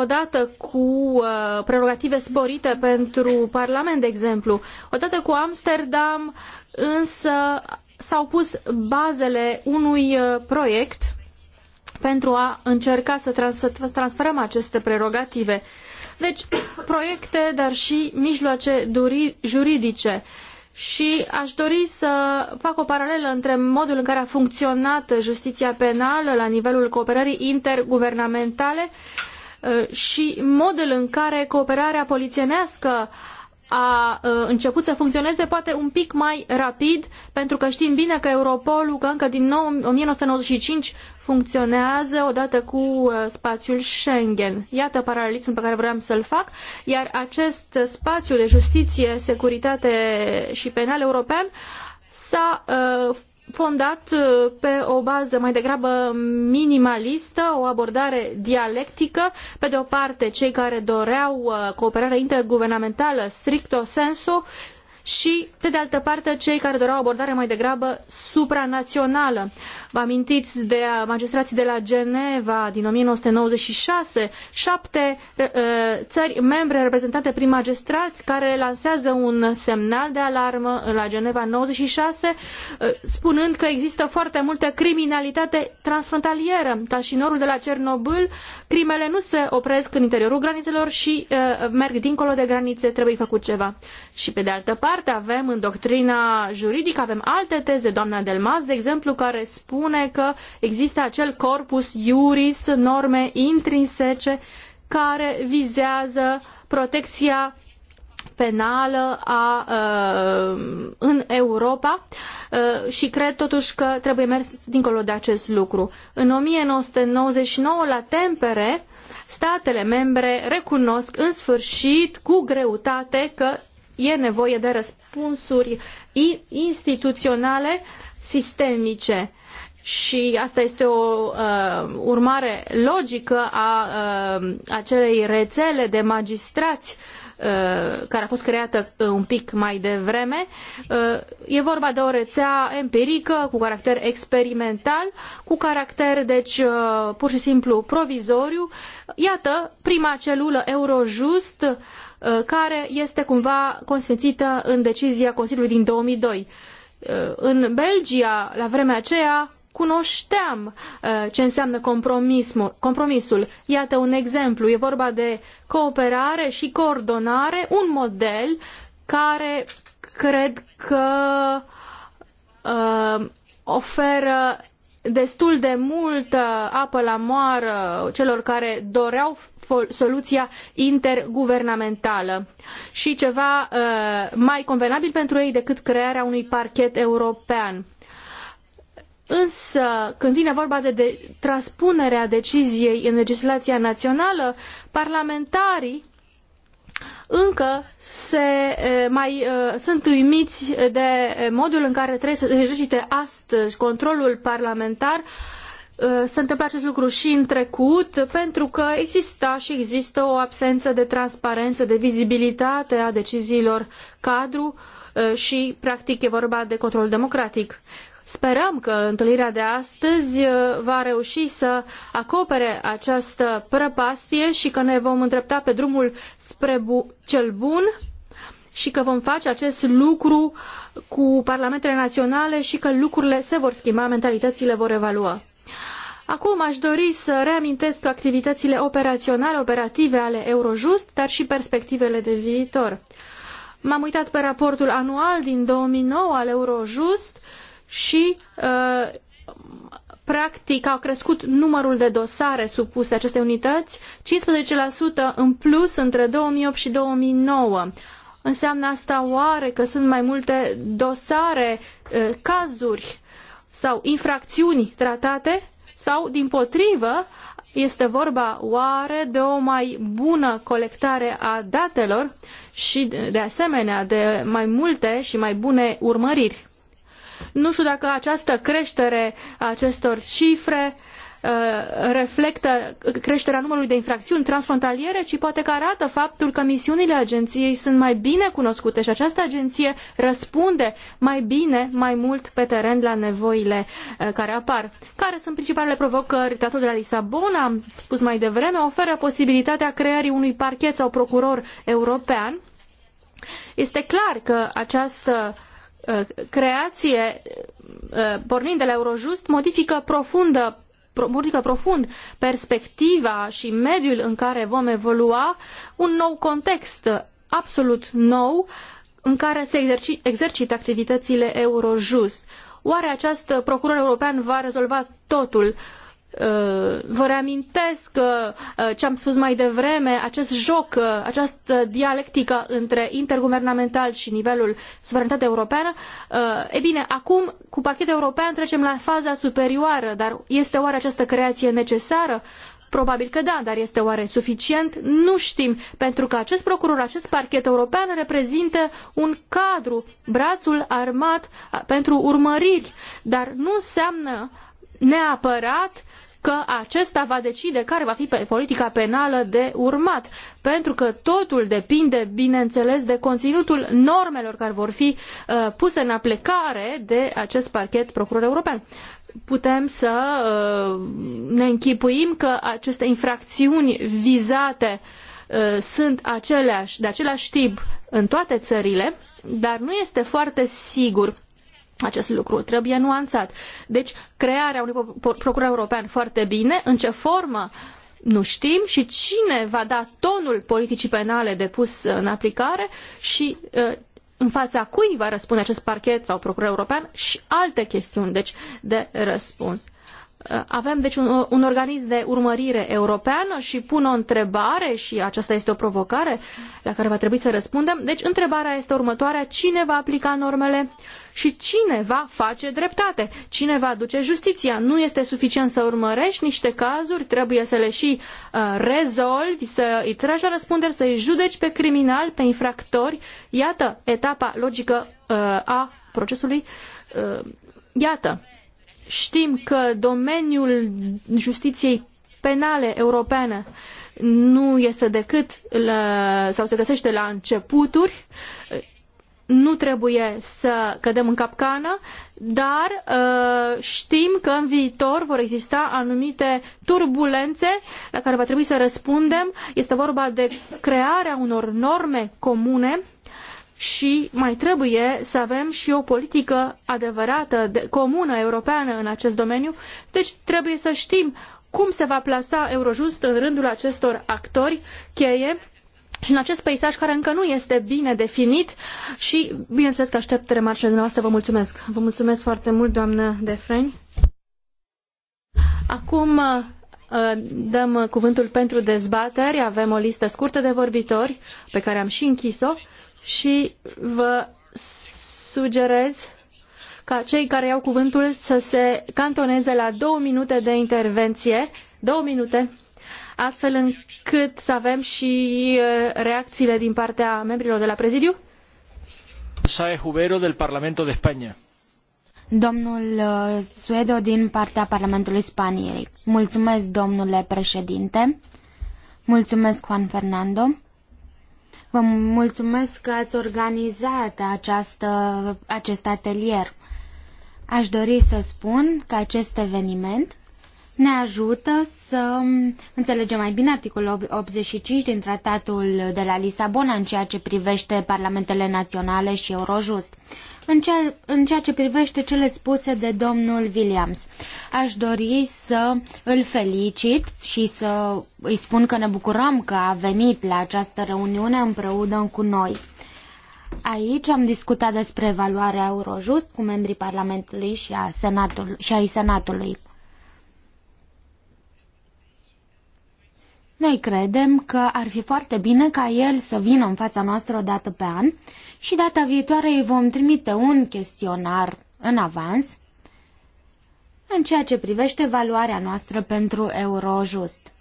odată cu prerogative sporite pentru Parlament, de exemplu. Odată cu Amsterdam, însă s-au pus bazele unui proiect pentru a încerca să transferăm aceste prerogative. Deci, *coughs* proiecte, dar și mijloace juridice. Și aș dori să fac o paralelă între modul în care a funcționat justiția penală la nivelul cooperării interguvernamentale uh, și modul în care cooperarea polițienească a uh, început să funcționeze poate un pic mai rapid, pentru că știm bine că Europolul, că încă din 1995 funcționează odată cu uh, spațiul Schengen. Iată paralelismul pe care vreau să-l fac, iar acest spațiu de justiție, securitate și penal european s-a uh, fondat uh, pe o bază mai degrabă minimalistă, o abordare dialectică. Pe de o parte, cei care doreau uh, cooperare interguvernamentală stricto sensu și, pe de altă parte, cei care doreau abordare mai degrabă supranațională. Vă amintiți de magistrații de la Geneva din 1996, șapte uh, uh, țări membre reprezentate prin magistrați care lansează un semnal de alarmă la Geneva 96, uh, spunând că există foarte multă criminalitate transfrontalieră. Ca și norul de la Cernobâl, crimele nu se opresc în interiorul granițelor și merg dincolo de granițe, trebuie făcut ceva. Și pe de altă parte, parte avem în doctrina juridică, avem alte teze, doamna Delmas, de exemplu, care spune că există acel corpus iuris, norme intrinsece, care vizează protecția penală a, uh, în Europa uh, și cred totuși că trebuie mers dincolo de acest lucru. În 1999, la Tempere, statele membre recunosc în sfârșit cu greutate că e nevoie de răspunsuri instituționale sistemice. Și asta este o uh, urmare logică a uh, acelei rețele de magistrați uh, care a fost creată uh, un pic mai devreme. Uh, e vorba de o rețea empirică, cu caracter experimental, cu caracter, deci, pur și simplu provizoriu. Iată, prima celulă Eurojust Uh, care este cumva consfințită în decizia Consiliului din 2002. Uh, în Belgia, la vremea aceea, cunoșteam uh, ce înseamnă compromisul. Iată un exemplu, e vorba de cooperare și coordonare, un model care cred că oferă destul de multă apă la moară celor care doreau soluția interguvernamentală și ceva uh, mai convenabil pentru ei decât crearea unui parchet european. Însă, când vine vorba de, de transpunerea deciziei în legislația națională, parlamentarii încă se mai sunt uimiți de modul în care trebuie să exercite astăzi controlul parlamentar se întâmplă acest lucru și în trecut, pentru că exista și există o absență de transparență, de vizibilitate a deciziilor cadru și, practic, e vorba de control democratic. Sperăm că întâlnirea de astăzi uh, va reuși să acopere această prăpastie și că ne vom îndrepta pe drumul spre bu cel bun și că vom face acest lucru cu parlamentele naționale și că lucrurile se vor schimba, mentalitățile vor evalua. Acum aș dori să reamintesc activitățile operaționale, operative ale Eurojust, dar și perspectivele de viitor. M-am uitat pe raportul anual din 2009 al Eurojust uh, și uh, practic a crescut numărul de dosare supuse acestei unități 15% în plus între 2008 și 2009. Înseamnă asta oare că sunt mai multe dosare, uh, cazuri sau infracțiuni tratate? Sau, din potrivă, este vorba oare de o mai bună colectare a datelor și, de asemenea, de mai multe și mai bune urmăriri? Nu știu dacă această creștere a acestor cifre uh, reflectă creșterea numărului de infracțiuni transfrontaliere, ci poate că arată faptul că misiunile agenției sunt mai bine cunoscute și această agenție răspunde mai bine, mai mult pe teren la nevoile uh, care apar. Care sunt principalele provocări? Tratatul de la Lisabona, am spus mai devreme, oferă posibilitatea creării unui parchet sau procuror european. Este clar că această Uh, creație, uh, pornind de la Eurojust, modifică profundă modifică profund perspectiva și mediul în care vom evolua un nou context absolut nou în care se exerci, exercită activitățile Eurojust. Oare acest procuror european va rezolva totul? Uh, Uh, vă reamintesc uh, ce am spus mai devreme, acest joc, uh, această dialectică între interguvernamental și nivelul suveranitate europeană. E bine, acum cu pachetul european trecem la faza superioară, dar este oare această creație necesară? Probabil că da, dar este oare suficient? Nu știm, pentru că acest procuror, acest parchet european reprezintă un cadru, brațul armat pentru urmăriri, dar nu înseamnă neapărat că acesta va decide care va fi politica penală de urmat, pentru că totul depinde, bineînțeles, de conținutul normelor care vor fi uh, puse în aplicare de acest parchet procuror european putem să uh, ne închipuim că aceste infracțiuni vizate uh, sunt aceleași, de același tip în toate țările, dar nu este foarte sigur acest lucru. Trebuie nuanțat. Deci, crearea unui procuror european foarte bine, în ce formă nu știm și cine va da tonul politicii penale de pus în aplicare și uh, în fața cui va răspunde acest parchet sau procuror european și alte chestiuni, deci, de răspuns. Uh, avem deci un, un organism de urmărire european și pun o întrebare și aceasta este o provocare la care va trebui să răspundem. Deci întrebarea este următoarea, cine va aplica normele și cine va face dreptate? Cine va aduce justiția? Nu este suficient să urmărești niște cazuri, trebuie să le și uh, rezolvi, să îi tragi la răspundere, să îi judeci pe criminal, pe infractori. Iată etapa logică uh, a procesului. Uh, iată Știm că domeniul justiției penale europene nu este decât la, sau se găsește la începuturi. Nu trebuie să cădem în capcană, dar uh, știm că în viitor vor exista anumite turbulențe la care va trebui să răspundem. Este vorba de crearea unor norme comune și mai trebuie să avem și o politică adevărată, de, comună, europeană în acest domeniu. Deci trebuie să știm cum se va plasa Eurojust în rândul acestor actori cheie și în acest peisaj care încă nu este bine definit și, bineînțeles că aștept remarcele dumneavoastră, vă mulțumesc. Vă mulțumesc foarte mult, doamnă Defreni. Acum uh, dăm cuvântul pentru dezbateri. Avem o listă scurtă de vorbitori pe care am și închis-o și vă sugerez ca cei care iau cuvântul să se cantoneze la două minute de intervenție, două minute, astfel încât să avem și uh, reacțiile din partea membrilor de la prezidiu. Sae Jubero del Parlamento de España. Domnul uh, Suedo din partea Parlamentului Spaniei. Mulțumesc, domnule președinte. Mulțumesc, Juan Fernando. Vă mulțumesc că ați organizat această, acest atelier. Aș dori să spun că acest eveniment ne ajută să înțelegem mai bine articolul 85 din tratatul de la Lisabona în ceea ce privește parlamentele naționale și Eurojust. În ceea, în ceea ce privește cele spuse de domnul Williams, aș dori să îl felicit și să îi spun că ne bucurăm că a venit la această reuniune împreună cu noi. Aici am discutat despre evaluarea Eurojust cu membrii Parlamentului și, a Senatul, și ai Senatului. Noi credem că ar fi foarte bine ca el să vină în fața noastră o dată pe an și data viitoare îi vom trimite un chestionar în avans în ceea ce privește valoarea noastră pentru Eurojust.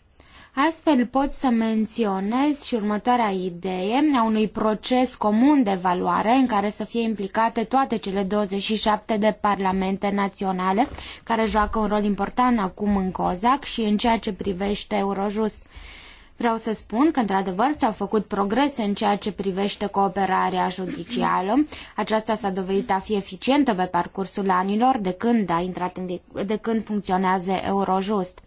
Astfel pot să menționez și următoarea idee a unui proces comun de valoare în care să fie implicate toate cele 27 de parlamente naționale care joacă un rol important acum în COZAC și în ceea ce privește Eurojust. Vreau să spun că, într-adevăr, s-au făcut progrese în ceea ce privește cooperarea judicială. Aceasta s-a dovedit a fi eficientă pe parcursul anilor de când, a intrat în, de când funcționează Eurojust.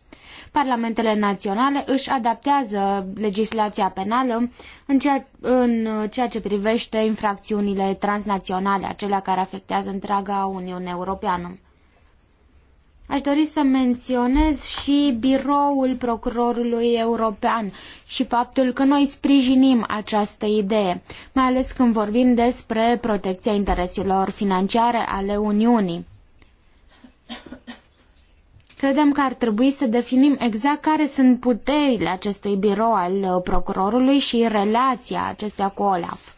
Parlamentele naționale își adaptează legislația penală în ceea, în ceea ce privește infracțiunile transnaționale, acelea care afectează întreaga Uniune Europeană. Aș dori să menționez și biroul procurorului european și faptul că noi sprijinim această idee, mai ales când vorbim despre protecția intereselor financiare ale Uniunii. Credem că ar trebui să definim exact care sunt puterile acestui birou al procurorului și relația acestuia cu OLAF.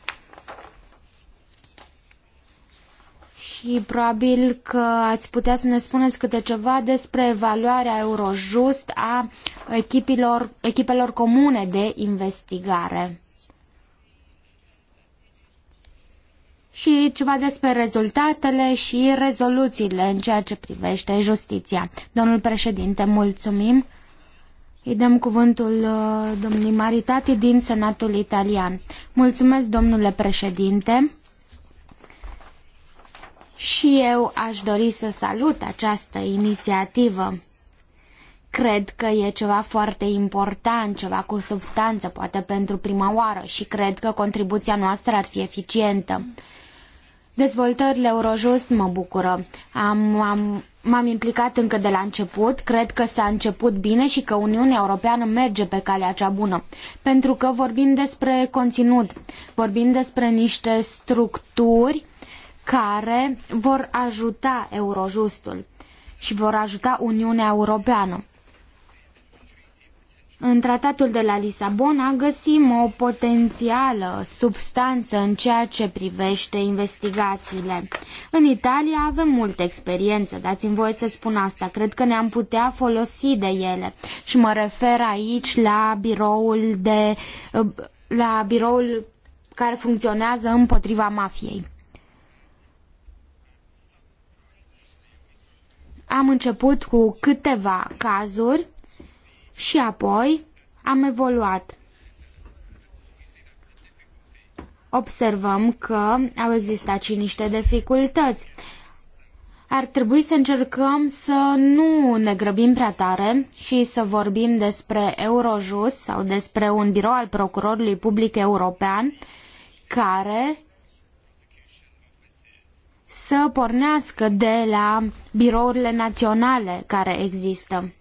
și probabil că ați putea să ne spuneți câte ceva despre evaluarea Eurojust a echipilor, echipelor comune de investigare. Și ceva despre rezultatele și rezoluțiile în ceea ce privește justiția. Domnul președinte, mulțumim. Îi dăm cuvântul uh, domnului Maritati din Senatul Italian. Mulțumesc, domnule președinte. Și eu aș dori să salut această inițiativă. Cred că e ceva foarte important, ceva cu substanță, poate pentru prima oară și cred că contribuția noastră ar fi eficientă. Dezvoltările Eurojust mă bucură. Am, am, m-am implicat încă de la început, cred că s-a început bine și că Uniunea Europeană merge pe calea cea bună, pentru că vorbim despre conținut, vorbim despre niște structuri care vor ajuta Eurojustul și vor ajuta Uniunea Europeană. În tratatul de la Lisabona găsim o potențială substanță în ceea ce privește investigațiile. În Italia avem multă experiență, dați-mi voie să spun asta, cred că ne-am putea folosi de ele. Și mă refer aici la biroul de la biroul care funcționează împotriva mafiei. Am început cu câteva cazuri și apoi am evoluat. Observăm că au existat și niște dificultăți. Ar trebui să încercăm să nu ne grăbim prea tare și să vorbim despre Eurojust sau despre un birou al procurorului public european care să pornească de la birourile naționale care există.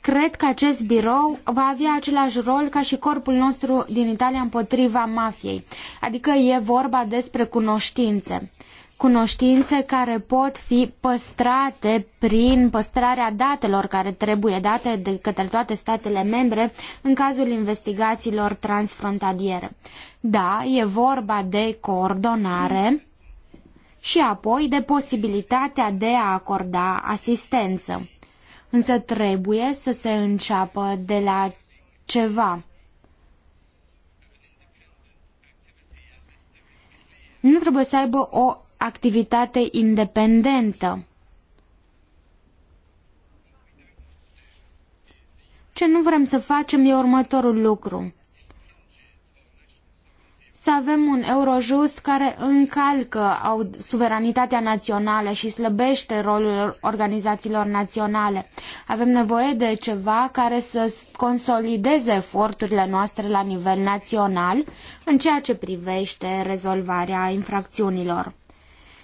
Cred că acest birou va avea același rol ca și corpul nostru din Italia împotriva mafiei, adică e vorba despre cunoștințe cunoștințe care pot fi păstrate prin păstrarea datelor care trebuie date de către toate statele membre în cazul investigațiilor transfrontaliere. Da, e vorba de coordonare și apoi de posibilitatea de a acorda asistență. Însă trebuie să se înceapă de la ceva. Nu trebuie să aibă o activitate independentă. Ce nu vrem să facem e următorul lucru să avem un Eurojust care încalcă suveranitatea națională și slăbește rolul organizațiilor naționale. Avem nevoie de ceva care să consolideze eforturile noastre la nivel național în ceea ce privește rezolvarea infracțiunilor.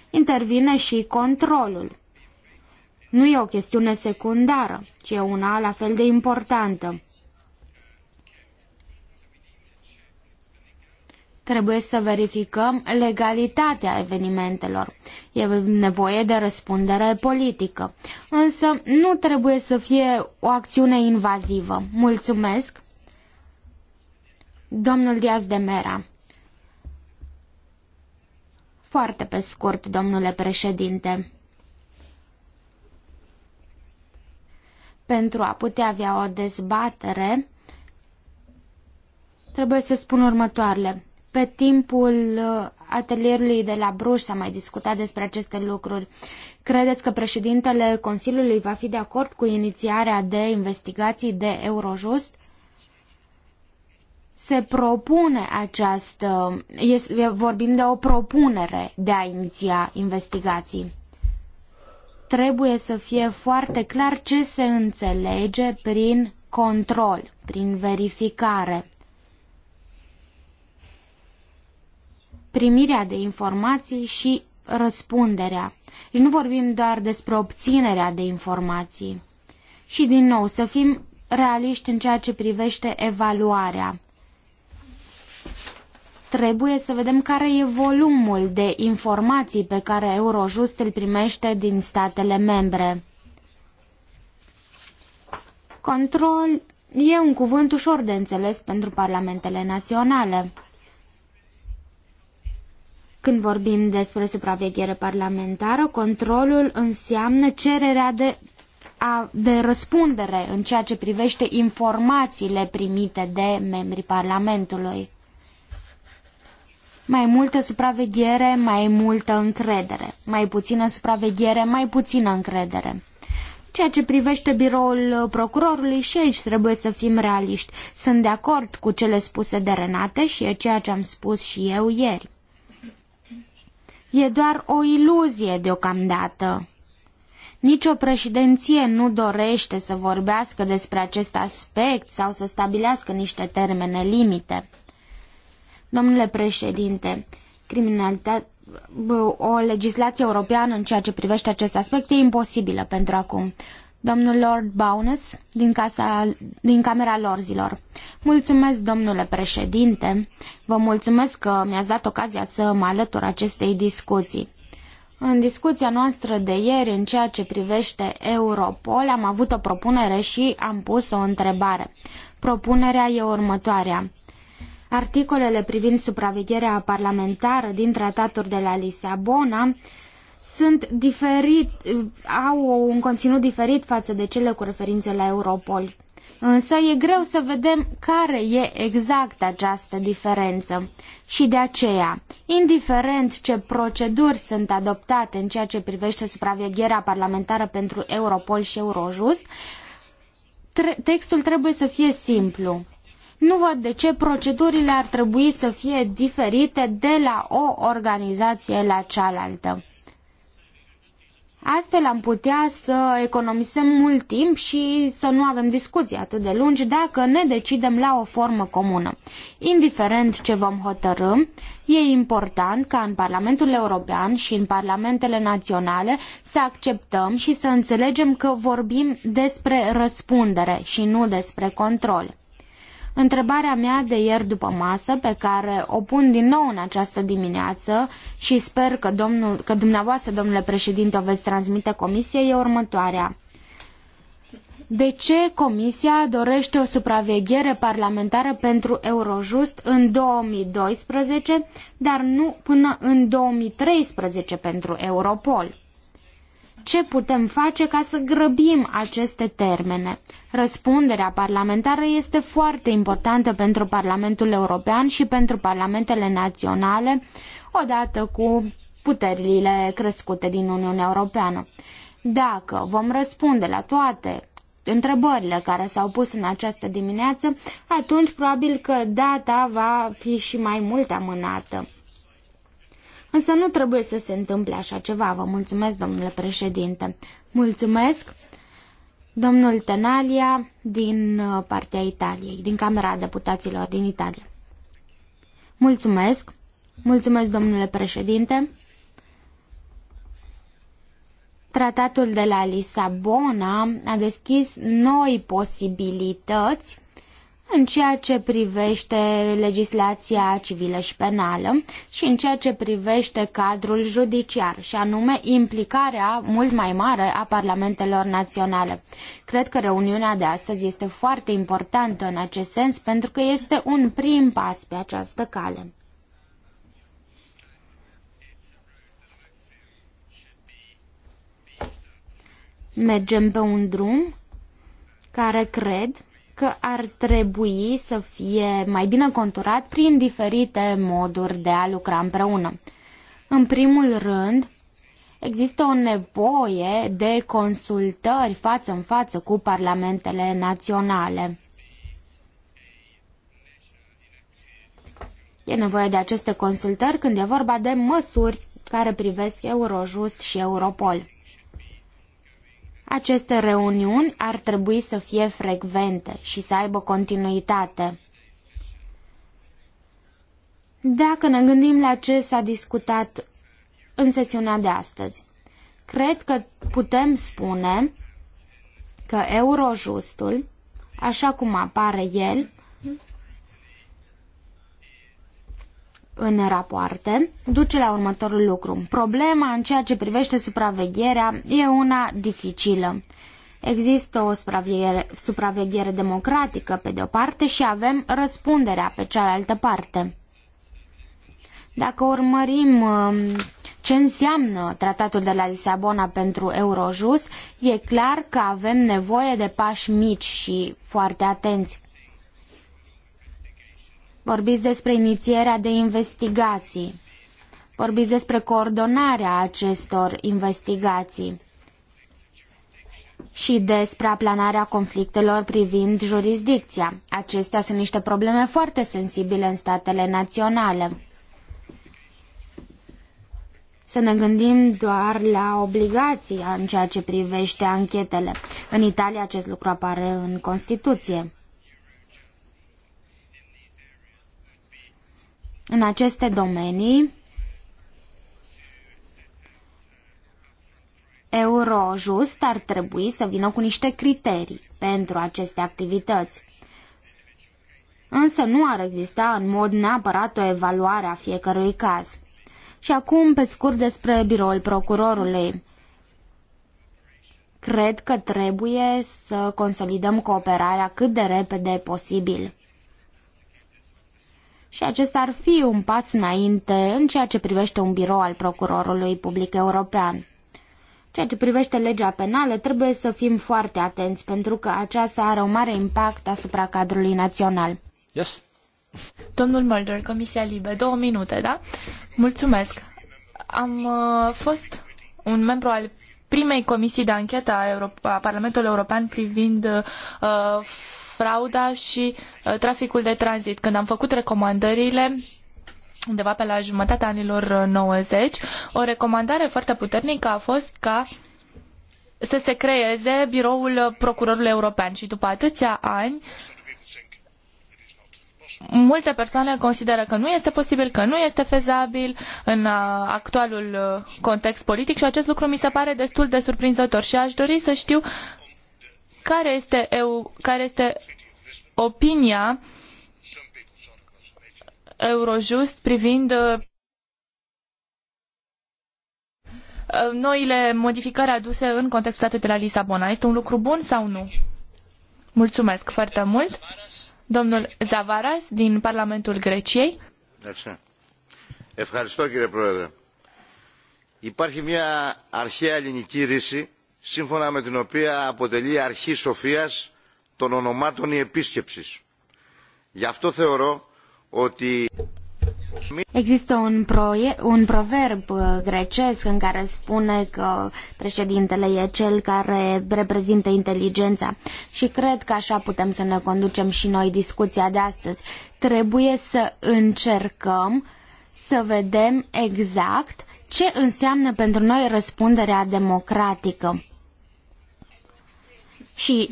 Intervine și controlul. Nu e o chestiune secundară, ci e una la fel de importantă. Trebuie să verificăm legalitatea evenimentelor. E nevoie de răspundere politică. Însă nu trebuie să fie o acțiune invazivă. Mulțumesc! Domnul Diaz de Mera Foarte pe scurt, domnule președinte. Pentru a putea avea o dezbatere, trebuie să spun următoarele. Pe timpul uh, atelierului de la Bruș s-a mai discutat despre aceste lucruri. Credeți că președintele Consiliului va fi de acord cu inițiarea de investigații de Eurojust? Se propune această... Este, vorbim de o propunere de a iniția investigații. Trebuie să fie foarte clar ce se înțelege prin control, prin verificare. primirea de informații și răspunderea. Și deci nu vorbim doar despre obținerea de informații. Și din nou, să fim realiști în ceea ce privește evaluarea. Trebuie să vedem care e volumul de informații pe care Eurojust îl primește din statele membre. Control e un cuvânt ușor de înțeles pentru parlamentele naționale. Când vorbim despre supraveghere parlamentară, controlul înseamnă cererea de, a, de răspundere în ceea ce privește informațiile primite de membrii Parlamentului. Mai multă supraveghere, mai multă încredere. Mai puțină supraveghere, mai puțină încredere. Ceea ce privește biroul procurorului și aici trebuie să fim realiști. Sunt de acord cu cele spuse de Renate și e ceea ce am spus și eu ieri. E doar o iluzie deocamdată. Nici o președinție nu dorește să vorbească despre acest aspect sau să stabilească niște termene limite. Domnule președinte, criminalitatea o legislație europeană în ceea ce privește acest aspect e imposibilă pentru acum domnul Lord Bowness din, casa, din Camera Lorzilor. Mulțumesc, domnule președinte, vă mulțumesc că mi-ați dat ocazia să mă alătur acestei discuții. În discuția noastră de ieri în ceea ce privește Europol am avut o propunere și am pus o întrebare. Propunerea e următoarea. Articolele privind supravegherea parlamentară din tratatul de la Lisabona sunt diferit, au un conținut diferit față de cele cu referință la Europol. Însă e greu să vedem care e exact această diferență. Și de aceea, indiferent ce proceduri sunt adoptate în ceea ce privește supravegherea parlamentară pentru Europol și Eurojust, tre textul trebuie să fie simplu. Nu văd de ce procedurile ar trebui să fie diferite de la o organizație la cealaltă. Astfel am putea să economisem mult timp și să nu avem discuții atât de lungi dacă ne decidem la o formă comună. Indiferent ce vom hotărâ, e important ca în Parlamentul European și în Parlamentele Naționale să acceptăm și să înțelegem că vorbim despre răspundere și nu despre control. Întrebarea mea de ieri după masă, pe care o pun din nou în această dimineață și sper că, domnul, că dumneavoastră, domnule președinte, o veți transmite comisiei, e următoarea. De ce Comisia dorește o supraveghere parlamentară pentru Eurojust în 2012, dar nu până în 2013 pentru Europol? Ce putem face ca să grăbim aceste termene? Răspunderea parlamentară este foarte importantă pentru Parlamentul European și pentru parlamentele naționale, odată cu puterile crescute din Uniunea Europeană. Dacă vom răspunde la toate întrebările care s-au pus în această dimineață, atunci probabil că data va fi și mai mult amânată. Însă nu trebuie să se întâmple așa ceva. Vă mulțumesc, domnule președinte. Mulțumesc domnul Tenalia din uh, partea Italiei, din Camera Deputaților din Italia. Mulțumesc! Mulțumesc, domnule președinte! Tratatul de la Lisabona a deschis noi posibilități în ceea ce privește legislația civilă și penală și în ceea ce privește cadrul judiciar, și anume implicarea mult mai mare a parlamentelor naționale. Cred că reuniunea de astăzi este foarte importantă în acest sens pentru că este un prim pas pe această cale. Mergem pe un drum care cred că ar trebui să fie mai bine conturat prin diferite moduri de a lucra împreună. În primul rând, există o nevoie de consultări față în față cu parlamentele naționale. E nevoie de aceste consultări când e vorba de măsuri care privesc Eurojust și Europol. Aceste reuniuni ar trebui să fie frecvente și să aibă continuitate. Dacă ne gândim la ce s-a discutat în sesiunea de astăzi, cred că putem spune că Eurojustul, așa cum apare el, în rapoarte duce la următorul lucru. Problema în ceea ce privește supravegherea e una dificilă. Există o supraveghere, supraveghere democratică pe de o parte și avem răspunderea pe cealaltă parte. Dacă urmărim um, ce înseamnă tratatul de la Lisabona pentru Eurojust, e clar că avem nevoie de pași mici și foarte atenți Vorbiți despre inițierea de investigații. Vorbiți despre coordonarea acestor investigații și despre aplanarea conflictelor privind jurisdicția. Acestea sunt niște probleme foarte sensibile în statele naționale. Să ne gândim doar la obligații în ceea ce privește anchetele. În Italia acest lucru apare în Constituție. în aceste domenii, Eurojust ar trebui să vină cu niște criterii pentru aceste activități. Însă nu ar exista în mod neapărat o evaluare a fiecărui caz. Și acum, pe scurt, despre biroul procurorului. Cred că trebuie să consolidăm cooperarea cât de repede posibil și acesta ar fi un pas înainte în ceea ce privește un birou al procurorului public european. Ceea ce privește legea penală, trebuie să fim foarte atenți, pentru că aceasta are un mare impact asupra cadrului național. Yes. Domnul Mulder, Comisia Libe, două minute, da? Mulțumesc. Am uh, fost un membru al primei comisii de anchetă a, a Parlamentului European privind uh, frauda și uh, traficul de tranzit. Când am făcut recomandările, undeva pe la jumătatea anilor 90, uh, o recomandare foarte puternică a fost ca să se creeze biroul uh, procurorului european și după atâția ani multe persoane consideră că nu este posibil, că nu este fezabil în actualul context politic și acest lucru mi se pare destul de surprinzător și aș dori să știu care este, eu, care este opinia Eurojust privind uh, noile modificări aduse în contextul statului de la Lisabona. Este un lucru bun sau nu? Mulțumesc foarte mult. Domnul Zavaras din Parlamentul Greciei. Așa. Ευχαριστώ κύριε Πρόεδρε. Υπάρχει μια αρχαία ελληνική ρίση σύμφωνα με την οποία αποτελεί αρχή σοφίας των ονομάτων η επίσκεψη. Γι' αυτό θεωρώ ότι... Există un, proie, un proverb grecesc în care spune că președintele e cel care reprezintă inteligența și cred că așa putem să ne conducem și noi discuția de astăzi. Trebuie să încercăm să vedem exact ce înseamnă pentru noi răspunderea democratică. Și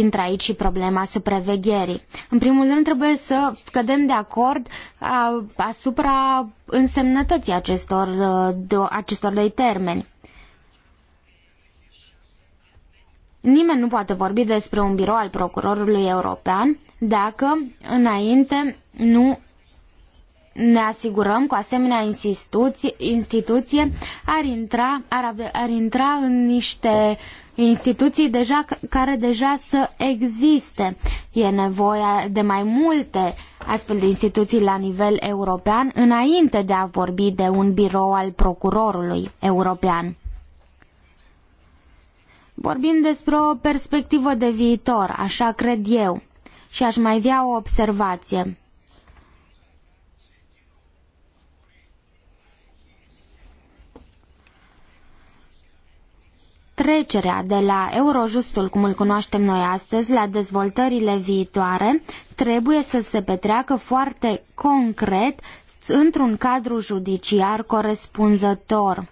intră aici și problema supravegherii. În primul rând trebuie să cădem de acord asupra însemnătății acestor, acestor doi termeni. Nimeni nu poate vorbi despre un birou al procurorului european dacă înainte nu ne asigurăm că asemenea instituție, instituție ar, intra, ar, ar intra în niște uh, instituții deja, care deja să existe. E nevoie de mai multe astfel de instituții la nivel european înainte de a vorbi de un birou al procurorului european. Vorbim despre o perspectivă de viitor, așa cred eu, și aș mai avea o observație. Trecerea de la Eurojustul, cum îl cunoaștem noi astăzi, la dezvoltările viitoare, trebuie să se petreacă foarte concret într-un cadru judiciar corespunzător.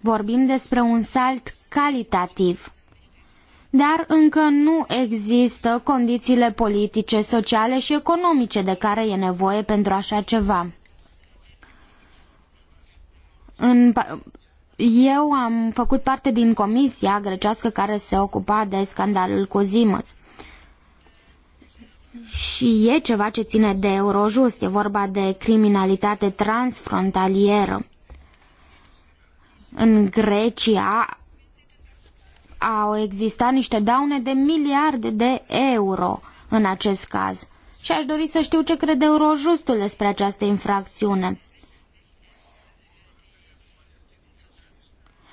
Vorbim despre un salt calitativ dar încă nu există condițiile politice, sociale și economice de care e nevoie pentru așa ceva. În, eu am făcut parte din comisia grecească care se ocupa de scandalul cu Zimăț. Și e ceva ce ține de Eurojust, e vorba de criminalitate transfrontalieră. În Grecia au existat niște daune de miliarde de euro în acest caz. Și aș dori să știu ce crede Eurojustul despre această infracțiune.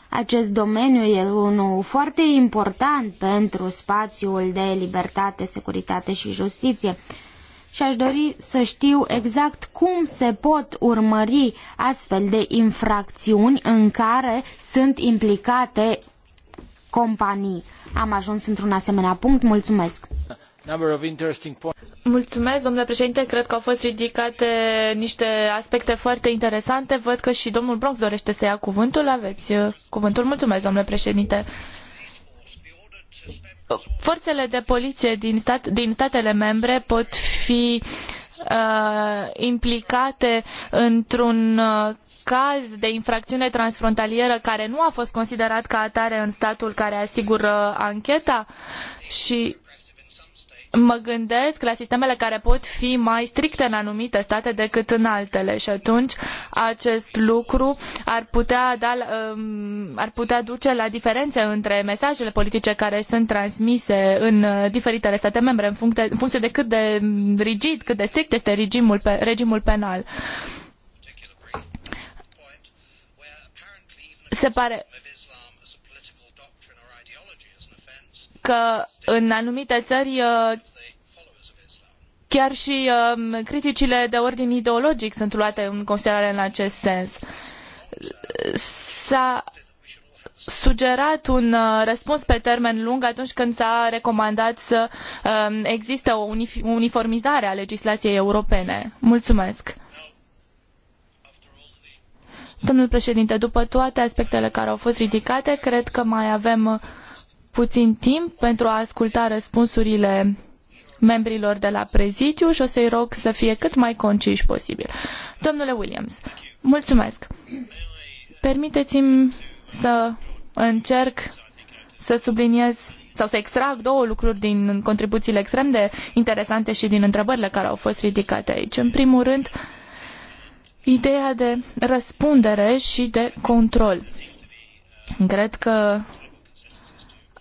Acest domeniu e unul foarte important pentru spațiul de libertate, securitate și justiție. Și aș dori să știu exact cum se pot urmări astfel de infracțiuni în care sunt implicate companii. Am ajuns într-un asemenea punct. Mulțumesc! Mulțumesc, domnule președinte. Cred că au fost ridicate niște aspecte foarte interesante. Văd că și domnul Bronx dorește să ia cuvântul. Aveți uh, cuvântul. Mulțumesc, domnule președinte. Forțele de poliție din, stat, din statele membre pot fi uh, implicate într-un uh, caz de infracțiune transfrontalieră care nu a fost considerat ca atare în statul care asigură ancheta și mă gândesc la sistemele care pot fi mai stricte în anumite state decât în altele și atunci acest lucru ar putea, da, um, ar putea duce la diferențe între mesajele politice care sunt transmise în uh, diferitele state membre în funcție, în funcție de cât de rigid, cât de strict este regimul, regimul penal. Se pare că în anumite țări uh, chiar și um, criticile de ordin ideologic sunt luate în considerare în acest sens. S-a sugerat un uh, răspuns pe termen lung atunci când s-a recomandat să um, existe o uniformizare a legislației europene. Mulțumesc. Domnul președinte, după toate aspectele care au fost ridicate, cred că mai avem uh, puțin timp pentru a asculta răspunsurile membrilor de la prezidiu și o să-i rog să fie cât mai conciși posibil. Domnule Williams, mulțumesc. Permiteți-mi să încerc să subliniez sau să extrag două lucruri din contribuțiile extrem de interesante și din întrebările care au fost ridicate aici. În primul rând, ideea de răspundere și de control. Cred că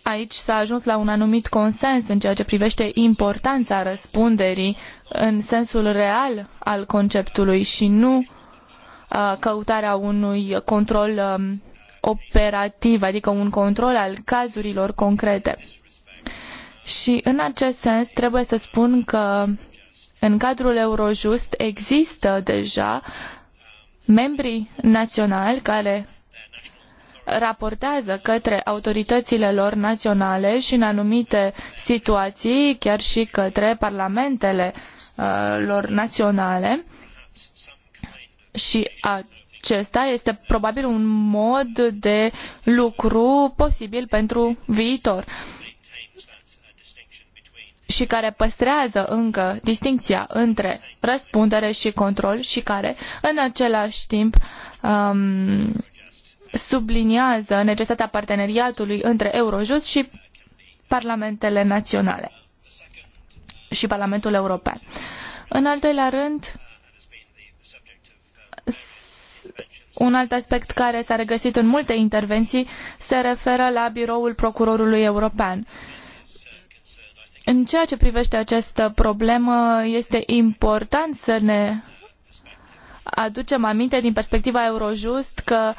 Aici s-a ajuns la un anumit consens în ceea ce privește importanța răspunderii în sensul real al conceptului și nu căutarea unui control um, operativ, adică un control al cazurilor concrete. Și în acest sens trebuie să spun că în cadrul Eurojust există deja membrii naționali care raportează către autoritățile lor naționale și în anumite situații chiar și către parlamentele uh, lor naționale și acesta este probabil un mod de lucru posibil pentru viitor și care păstrează încă distinția între răspundere și control și care în același timp um, subliniază necesitatea parteneriatului între Eurojust și parlamentele naționale și Parlamentul European. În al doilea rând, un alt aspect care s-a regăsit în multe intervenții se referă la biroul procurorului european. În ceea ce privește această problemă, este important să ne aducem aminte din perspectiva Eurojust că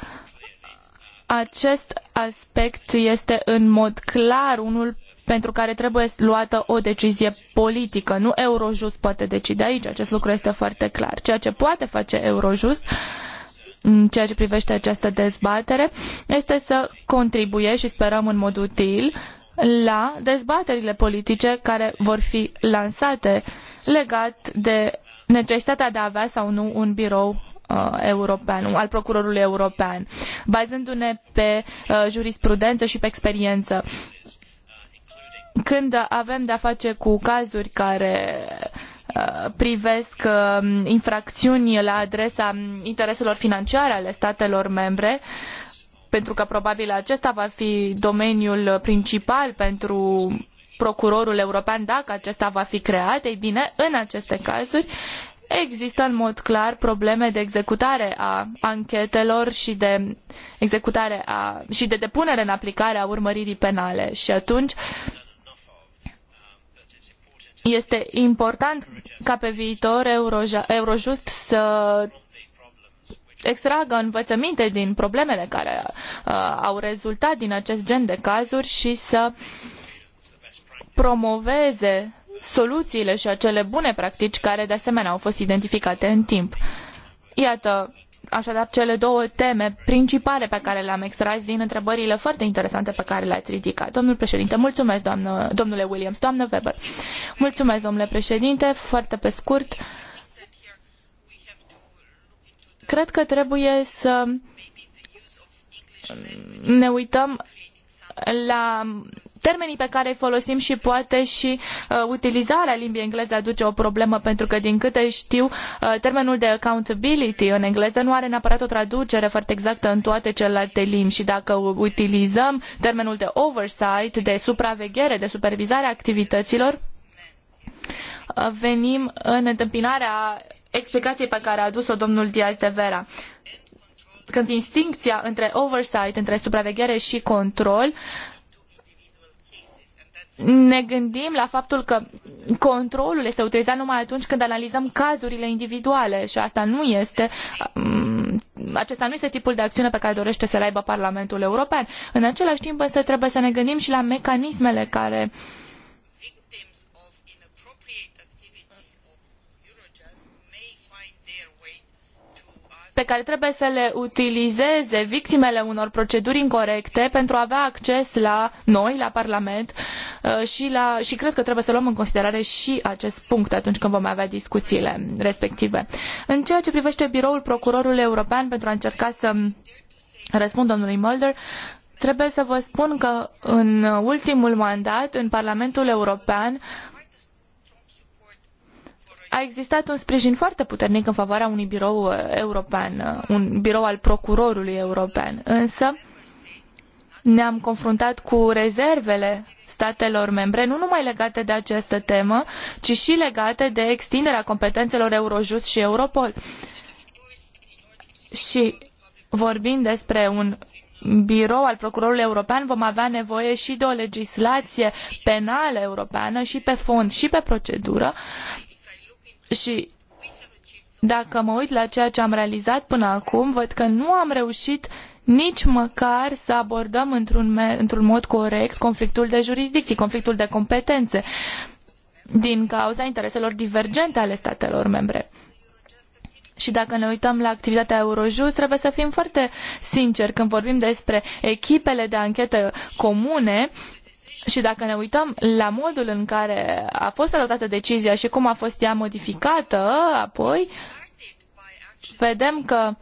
acest aspect este în mod clar unul pentru care trebuie luată o decizie politică. Nu Eurojust poate decide aici, acest lucru este foarte clar. Ceea ce poate face Eurojust în ceea ce privește această dezbatere este să contribuie și sperăm în mod util la dezbaterile politice care vor fi lansate legat de necesitatea de a avea sau nu un birou Uh, european, al procurorului european, bazându-ne pe uh, jurisprudență și pe experiență. Când avem de-a face cu cazuri care uh, privesc um, infracțiuni la adresa intereselor financiare ale statelor membre, pentru că probabil acesta va fi domeniul principal pentru procurorul european dacă acesta va fi creat, ei bine, în aceste cazuri există în mod clar probleme de executare a anchetelor și de executare a, și de depunere în aplicare a urmăririi penale și atunci este important ca pe viitor Eurojust să extragă învățăminte din problemele care uh, au rezultat din acest gen de cazuri și să promoveze soluțiile și acele bune practici care de asemenea au fost identificate în timp. Iată, așadar, cele două teme principale pe care le-am extras din întrebările foarte interesante pe care le-ați ridicat. Domnul președinte, mulțumesc, doamnă, domnule Williams, doamnă Weber. Mulțumesc, domnule președinte, foarte pe scurt. Cred că trebuie să ne uităm la termenii pe care îi folosim și poate și uh, utilizarea limbii engleze aduce o problemă pentru că din câte știu uh, termenul de accountability în engleză nu are neapărat o traducere foarte exactă în toate celelalte limbi și dacă utilizăm termenul de oversight, de supraveghere, de supervizare a activităților, uh, venim în întâmpinarea explicației pe care a adus-o domnul Diaz de Vera când distincția între oversight, între supraveghere și control, ne gândim la faptul că controlul este utilizat numai atunci când analizăm cazurile individuale și asta nu este um, acesta nu este tipul de acțiune pe care dorește să-l aibă Parlamentul European. În același timp însă trebuie să ne gândim și la mecanismele care uh, pe care trebuie să le utilizeze victimele unor proceduri incorrecte pentru a avea acces la noi, la Parlament uh, și, la, și cred că trebuie să luăm în considerare și acest punct atunci când vom avea discuțiile respective. În ceea ce privește biroul procurorului european pentru a încerca să răspund domnului Mulder, trebuie să vă spun că în ultimul mandat în Parlamentul European a existat un sprijin foarte puternic în favoarea unui birou uh, european, uh, un birou al procurorului european. Însă ne-am confruntat cu rezervele statelor membre, nu numai legate de această temă, ci și legate de extinderea competențelor Eurojust și Europol. Și vorbind despre un birou al procurorului european vom avea nevoie și de o legislație penală europeană și pe fond și pe procedură și dacă mă uit la ceea ce am realizat până acum, văd că nu am reușit nici măcar să abordăm într-un, într mod corect conflictul de jurisdicții, conflictul de competențe, din cauza intereselor divergente ale statelor membre. Și dacă ne uităm la activitatea Eurojust, trebuie să fim foarte sinceri când vorbim despre echipele de anchetă comune. Uh, și dacă ne uităm la modul în care a fost adoptată decizia și cum a fost ea modificată apoi, vedem că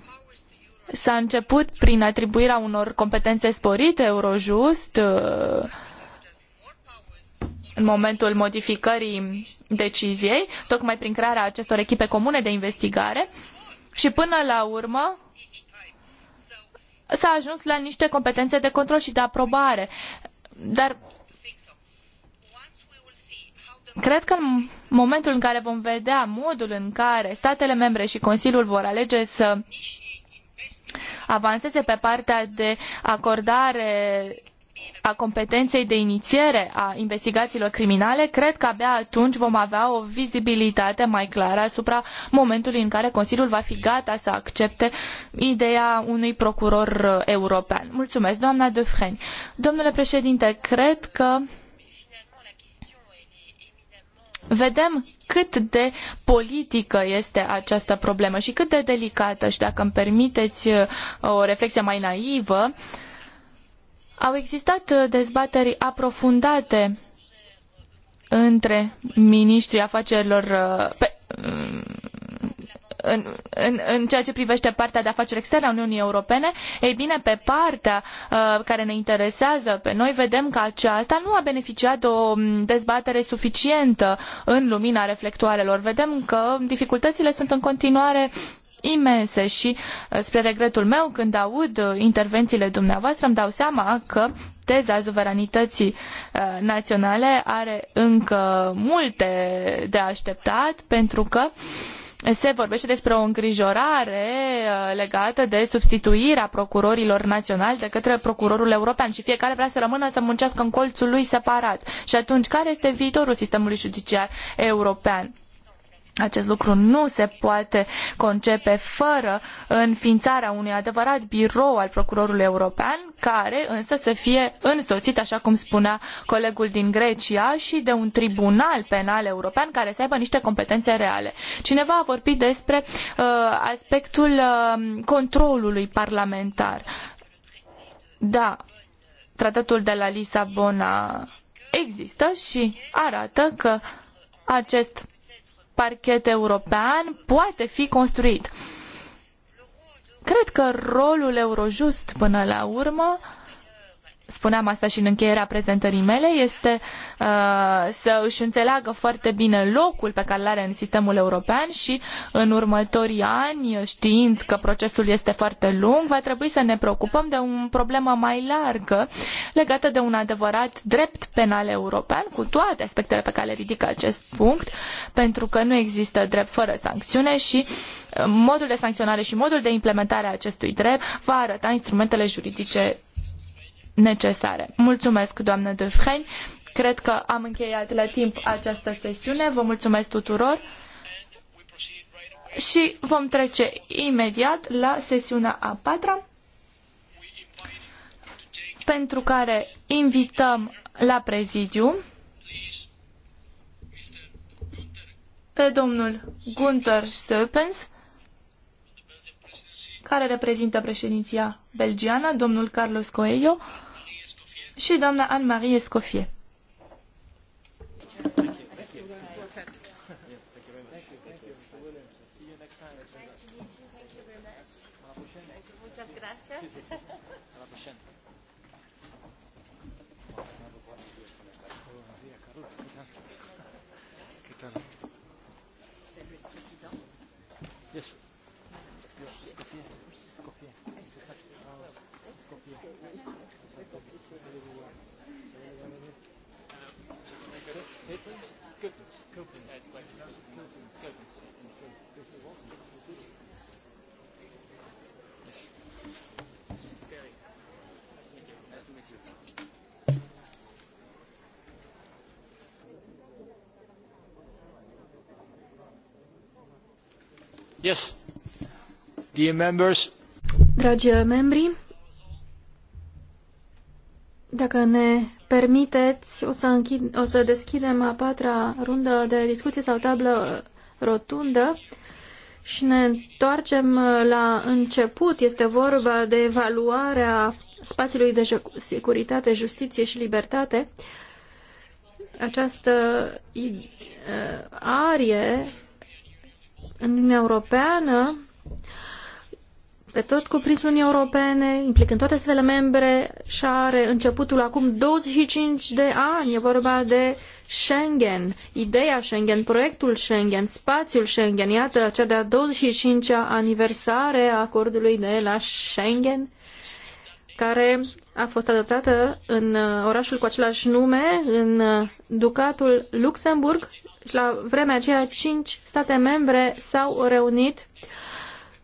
s-a început prin atribuirea unor competențe sporite Eurojust uh, în momentul modificării deciziei, tocmai prin crearea acestor echipe comune de investigare și până la urmă s-a ajuns la niște competențe de control și de aprobare. Dar Cred că în momentul în care vom vedea modul în care statele membre și Consiliul vor alege să avanseze pe partea de acordare a competenței de inițiere a investigațiilor criminale, cred că abia atunci vom avea o vizibilitate mai clară asupra momentului în care Consiliul va fi gata să accepte ideea unui procuror european. Mulțumesc, doamna Defreni. Domnule președinte, cred că vedem cât de politică este această problemă și cât de delicată. Și dacă îmi permiteți uh, o reflexie mai naivă, au existat uh, dezbateri aprofundate între ministrii afacerilor uh, pe, în, în, în ceea ce privește partea de afaceri externe a Uniunii Europene, ei bine, pe partea uh, care ne interesează pe noi, vedem că aceasta nu a beneficiat de o mm, dezbatere suficientă în lumina reflectoarelor. Vedem că dificultățile sunt în continuare imense și uh, spre regretul meu când aud uh, intervențiile dumneavoastră îmi dau seama că teza suveranității uh, naționale are încă multe de așteptat pentru că uh, se vorbește despre o îngrijorare uh, legată de substituirea procurorilor naționali de către procurorul european și fiecare vrea să rămână să muncească în colțul lui separat. Și atunci, care este viitorul sistemului judiciar european? Acest lucru nu se poate concepe fără înființarea unui adevărat birou al procurorului european, care însă să fie însoțit, așa cum spunea colegul din Grecia, și de un tribunal penal european care să aibă niște competențe reale. Cineva a vorbit despre uh, aspectul uh, controlului parlamentar. Da, tratatul de la Lisabona există și arată că acest parchet european poate fi construit. Cred că rolul Eurojust, până la urmă, spuneam asta și în încheierea prezentării mele, este uh, să își înțeleagă foarte bine locul pe care îl are în sistemul european și în următorii ani, știind că procesul este foarte lung, va trebui să ne preocupăm de o problemă mai largă legată de un adevărat drept penal european, cu toate aspectele pe care le ridică acest punct, pentru că nu există drept fără sancțiune și uh, modul de sancționare și modul de implementare a acestui drept va arăta instrumentele juridice necesare. Mulțumesc, doamnă Dufresne. Cred că am încheiat la timp această sesiune. Vă mulțumesc tuturor și vom trece imediat la sesiunea a patra pentru care invităm la prezidiu pe domnul Gunther Söpens, care reprezintă președinția belgiană, domnul Carlos Coelho, și doamna Anne-Marie Escoffier. Gracias. Copeland. No, it's quite Copeland. Copeland. Yes. Mrs. Perry. Nice to meet you. Nice to meet you. Yes. Dear members. Dragi membri, dacă ne permiteți, o să, închid, o să deschidem a patra rundă de discuție sau tablă rotundă și ne întoarcem la început. Este vorba de evaluarea spațiului de securitate, justiție și libertate. Această eh, arie în Uniunea Europeană pe tot cuprinsul Uniunii Europene, implicând toate statele membre și are începutul acum 25 de ani. E vorba de Schengen, ideea Schengen, proiectul Schengen, spațiul Schengen. Iată, cea de-a 25-a aniversare a acordului de la Schengen care a fost adoptată în orașul cu același nume, în Ducatul Luxemburg. la vremea aceea, cinci state membre s-au reunit uh,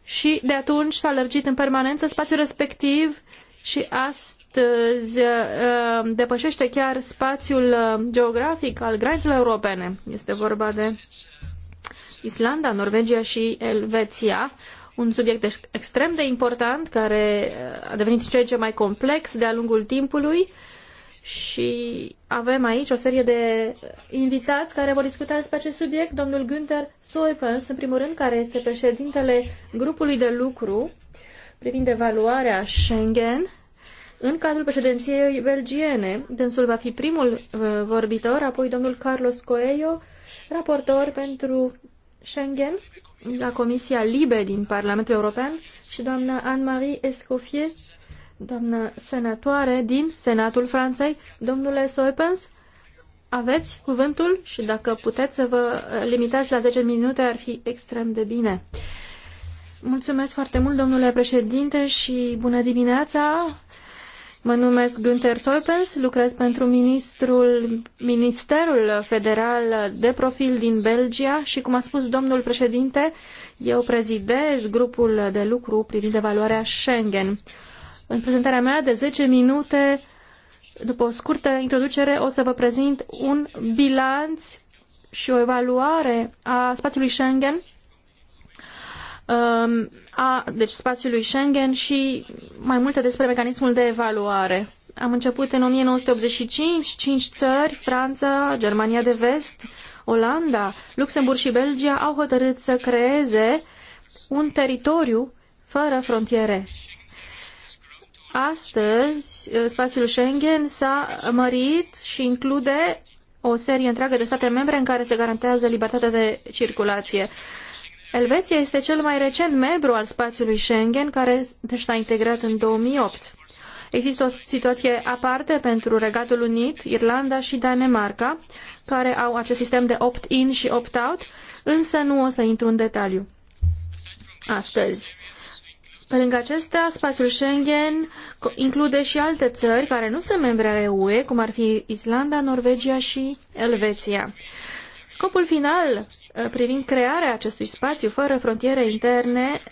și de atunci s-a lărgit în permanență spațiul respectiv și astăzi uh, depășește chiar spațiul uh, geografic al granițelor europene. Este vorba de Islanda, Norvegia și Elveția, un subiect extrem de important care uh, a devenit ce ce mai complex de-a lungul timpului. Uh, și avem aici o serie de invitați care vor discuta despre acest subiect. Domnul Günther Soifens, în primul rând, care este președintele grupului de lucru privind evaluarea Schengen în cadrul președinției belgiene. Dânsul va fi primul uh, vorbitor, apoi domnul Carlos Coelho, raportor pentru Schengen la Comisia Libe din Parlamentul European și doamna Anne-Marie Escoffier, doamnă senatoare din Senatul Franței. Domnule Soipens, aveți cuvântul și dacă puteți să vă limitați la 10 minute ar fi extrem de bine. Mulțumesc foarte mult, domnule președinte, și bună dimineața! Mă numesc Günther Soipens, lucrez pentru ministrul, Ministerul Federal de Profil din Belgia și, cum a spus domnul președinte, eu prezidez grupul de lucru privind evaluarea Schengen. În prezentarea mea de 10 minute, după o scurtă introducere, o să vă prezint un bilanț și o evaluare a spațiului Schengen, um, a, deci spațiului Schengen și mai multe despre mecanismul de evaluare. Am început în 1985, cinci țări, Franța, Germania de Vest, Olanda, Luxemburg și Belgia au hotărât să creeze un teritoriu fără frontiere Astăzi, uh, spațiul Schengen s-a mărit și include o serie întreagă de state membre în care se garantează libertatea de circulație. Elveția este cel mai recent membru al spațiului Schengen, care deci s-a integrat în 2008. Există o situație aparte pentru Regatul Unit, Irlanda și Danemarca, care au acest sistem de opt-in și opt-out, însă nu o să intru în detaliu astăzi. Pe lângă acestea, spațiul Schengen include și alte țări care nu sunt membre ale UE, cum ar fi Islanda, Norvegia și Elveția. Scopul final uh, privind crearea acestui spațiu fără frontiere interne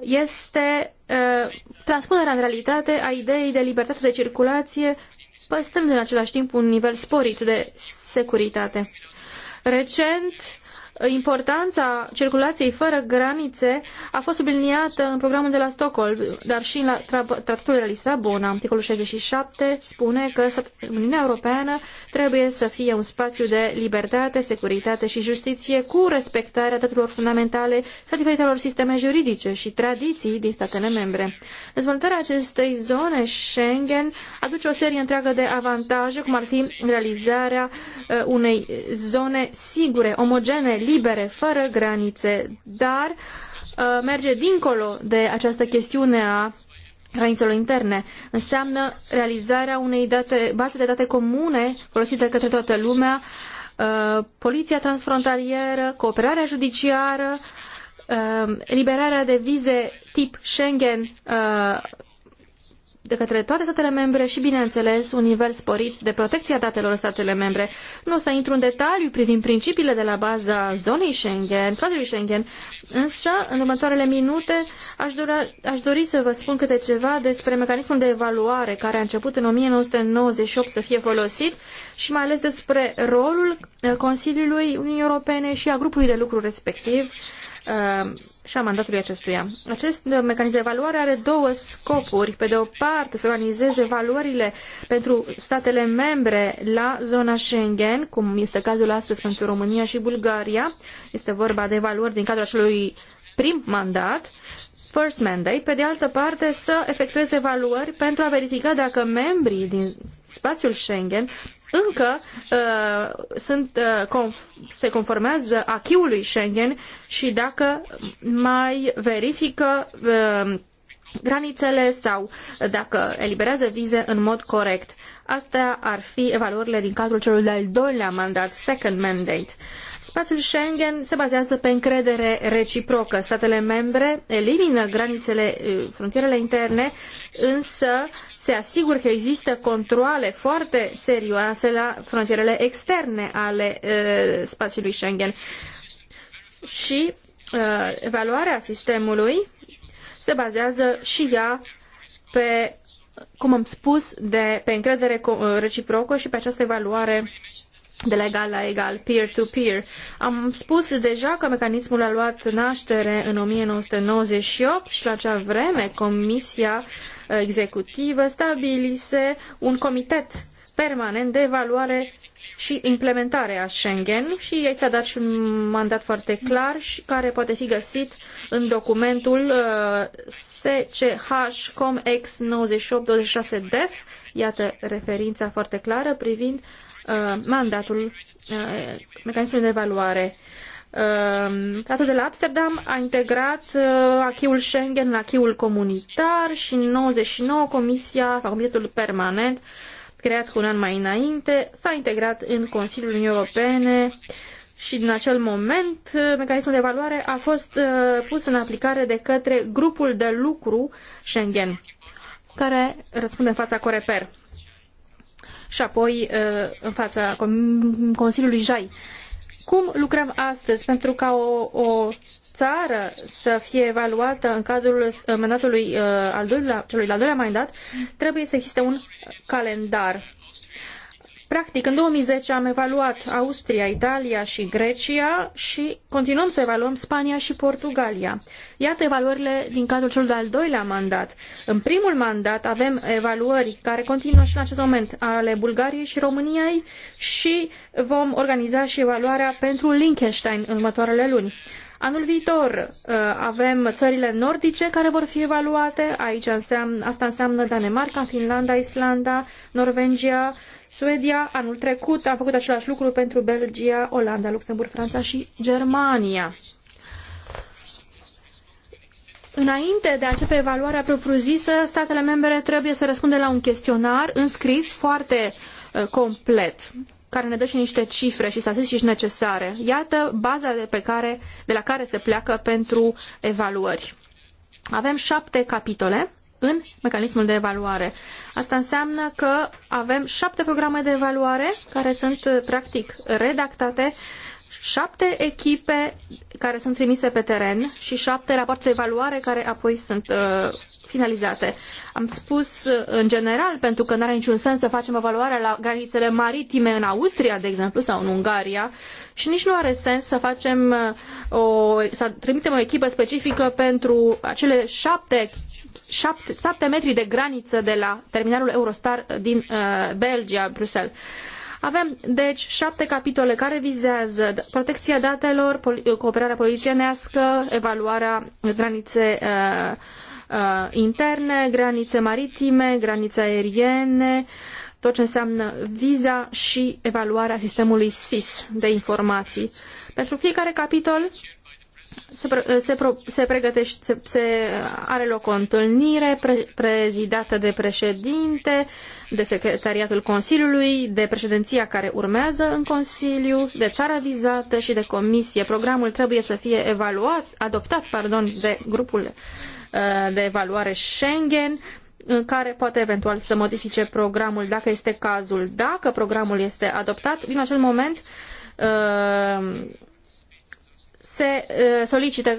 este uh, transpunerea în realitate a ideii de libertate de circulație, păstrând în același timp un nivel sporit de securitate. Recent, Importanța circulației fără granițe a fost subliniată în programul de la Stockholm, dar și în tratatul de la Lisabona. Articolul 67 spune că Uniunea Europeană trebuie să fie un spațiu de libertate, securitate și justiție cu respectarea drepturilor fundamentale și a diferitelor sisteme juridice și tradiții din statele membre. Dezvoltarea acestei zone Schengen aduce o serie întreagă de avantaje, cum ar fi realizarea uh, unei zone sigure, omogene, libere, fără granițe, dar uh, merge dincolo de această chestiune a granițelor interne. Înseamnă realizarea unei date, baze de date comune folosite către toată lumea, uh, poliția transfrontalieră, cooperarea judiciară, uh, eliberarea de vize tip Schengen de către toate statele membre și, bineînțeles, un nivel sporit de protecția a datelor statele membre. Nu o să intru în detaliu privind principiile de la baza zonei Schengen, cadrului Schengen, însă, în următoarele minute, aș, dura, aș dori să vă spun câte ceva despre mecanismul de evaluare care a început în 1998 să fie folosit și mai ales despre rolul eh, Consiliului Uniunii Europene și a grupului de lucru respectiv eh, și a mandatului acestuia. Acest uh, mecanism de evaluare are două scopuri. Pe de o parte, să organizeze evaluările pentru statele membre la zona Schengen, cum este cazul astăzi pentru România și Bulgaria. Este vorba de evaluări din cadrul acelui prim mandat, first mandate, pe de altă parte să efectueze evaluări pentru a verifica dacă membrii din spațiul Schengen încă uh, sunt, uh, conf- se conformează achiului Schengen și dacă mai verifică uh, granițele sau dacă eliberează vize în mod corect. Astea ar fi evaluările din cadrul celui de-al doilea mandat, second mandate. Uh, Spațiul Schengen se bazează pe încredere reciprocă. Statele membre elimină granițele, eh, frontierele interne, însă se asigură că există controale foarte serioase la frontierele externe ale uh, spațiului Schengen. Și uh, evaluarea sistemului se bazează și ea pe, cum am spus, de, pe încredere reciprocă și pe această evaluare de la egal la egal, peer-to-peer. -peer. Am spus deja că mecanismul a luat naștere în 1998 și la acea vreme Comisia Executivă stabilise un comitet permanent de evaluare și implementare a Schengen și ei s-a dat și un mandat foarte clar și care poate fi găsit în documentul SCH COMEX 9826 DEF, iată referința foarte clară privind Uh, mandatul uh, mecanismului de evaluare. Tratatul uh, de la Amsterdam a integrat achiul Schengen în achiul comunitar și în 99 Comisia sau Comitetul Permanent creat cu un an mai înainte, s-a integrat în Consiliul Uniunii Europene și din acel moment mecanismul de evaluare a fost pus în aplicare de către grupul de lucru Schengen, care răspunde în fața Coreper și apoi uh, în fața Consiliului Jai. Cum lucrăm astăzi pentru ca o, o țară să fie evaluată în cadrul uh, mandatului uh, al doilea, celui de-al doilea mandat? Trebuie să existe un calendar Practic, în 2010 am evaluat Austria, Italia și Grecia și continuăm să evaluăm Spania și Portugalia. Iată evaluările din cadrul celui de-al doilea mandat. În primul mandat avem evaluări care continuă și în acest moment ale Bulgariei și României și vom organiza și evaluarea pentru Liechtenstein în următoarele luni. Anul viitor uh, avem țările nordice care vor fi evaluate. Aici înseamnă, asta înseamnă Danemarca, Finlanda, Islanda, Norvegia, Suedia anul trecut a făcut același lucru pentru Belgia, Olanda, Luxemburg, Franța și Germania. Înainte de a începe evaluarea propriu-zisă, statele membre trebuie să răspundă la un chestionar înscris foarte uh, complet care ne dă și niște cifre și statistici necesare. Iată baza de, pe care, de la care se pleacă pentru evaluări. Avem șapte capitole în mecanismul de evaluare. Asta înseamnă că avem șapte programe de evaluare care sunt uh, practic redactate, șapte echipe care sunt trimise pe teren și șapte rapoarte de evaluare care apoi sunt uh, finalizate. Am spus uh, în general, pentru că nu are niciun sens să facem evaluarea la granițele maritime în Austria, de exemplu, sau în Ungaria și nici nu are sens să facem uh, o, să trimitem o echipă specifică pentru acele șapte șapte, metri de graniță de la terminalul Eurostar din uh, Belgia, Bruxelles. Avem, deci, șapte capitole care vizează protecția datelor, pol- cooperarea polițienească, evaluarea granițe uh, uh, interne, granițe maritime, granițe aeriene, tot ce înseamnă viza și evaluarea sistemului SIS de informații. Pentru fiecare capitol se, pre, se, pro, se pregătește, se, se are loc o întâlnire pre, prezidată de președinte, de secretariatul Consiliului, de președinția care urmează în Consiliu, de țara vizată și de comisie. Programul trebuie să fie evaluat, adoptat pardon, de grupul uh, de evaluare Schengen, care poate eventual să modifice programul dacă este cazul. Dacă programul este adoptat, din acel moment uh, se uh, solicită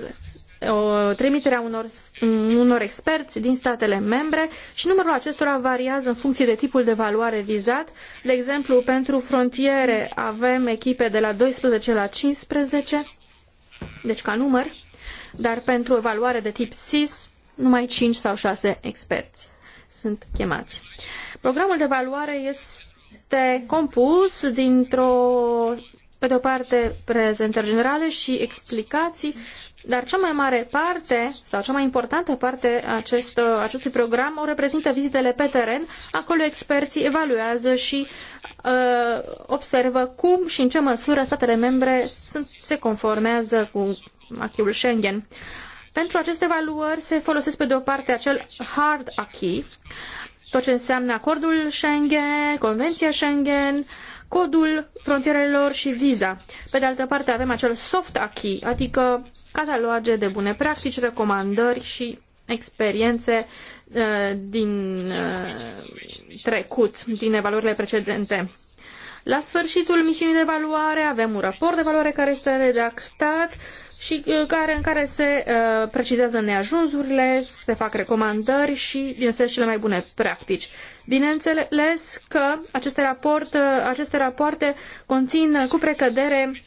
o uh, trimiterea unor, mm, unor experți din statele membre și numărul acestora variază în funcție de tipul de valoare vizat. De exemplu, pentru frontiere avem echipe de la 12 la 15, deci ca număr, dar pentru evaluare de tip SIS, numai 5 sau 6 experți sunt chemați. Programul de evaluare este compus dintr-o pe de o parte prezentări generale și explicații, dar cea mai mare parte sau cea mai importantă parte a acest, acestui program o reprezintă vizitele pe teren. Acolo experții evaluează și uh, observă cum și în ce măsură statele membre sunt, se conformează cu acquis Schengen. Pentru aceste evaluări se folosesc pe de o parte acel hard acquis, tot ce înseamnă acordul Schengen, convenția Schengen, uh, codul frontierelor și viza. Pe de altă parte avem acel soft acquis, adică cataloge de bune practici, recomandări și experiențe uh, din uh, trecut, din evaluările precedente. La sfârșitul misiunii de evaluare avem un raport de evaluare care este redactat și uh, care, în care se uh, precizează neajunsurile, se fac recomandări și, bineînțeles, cele mai bune practici. Bineînțeles că aceste, raport, uh, aceste rapoarte conțin uh, cu precădere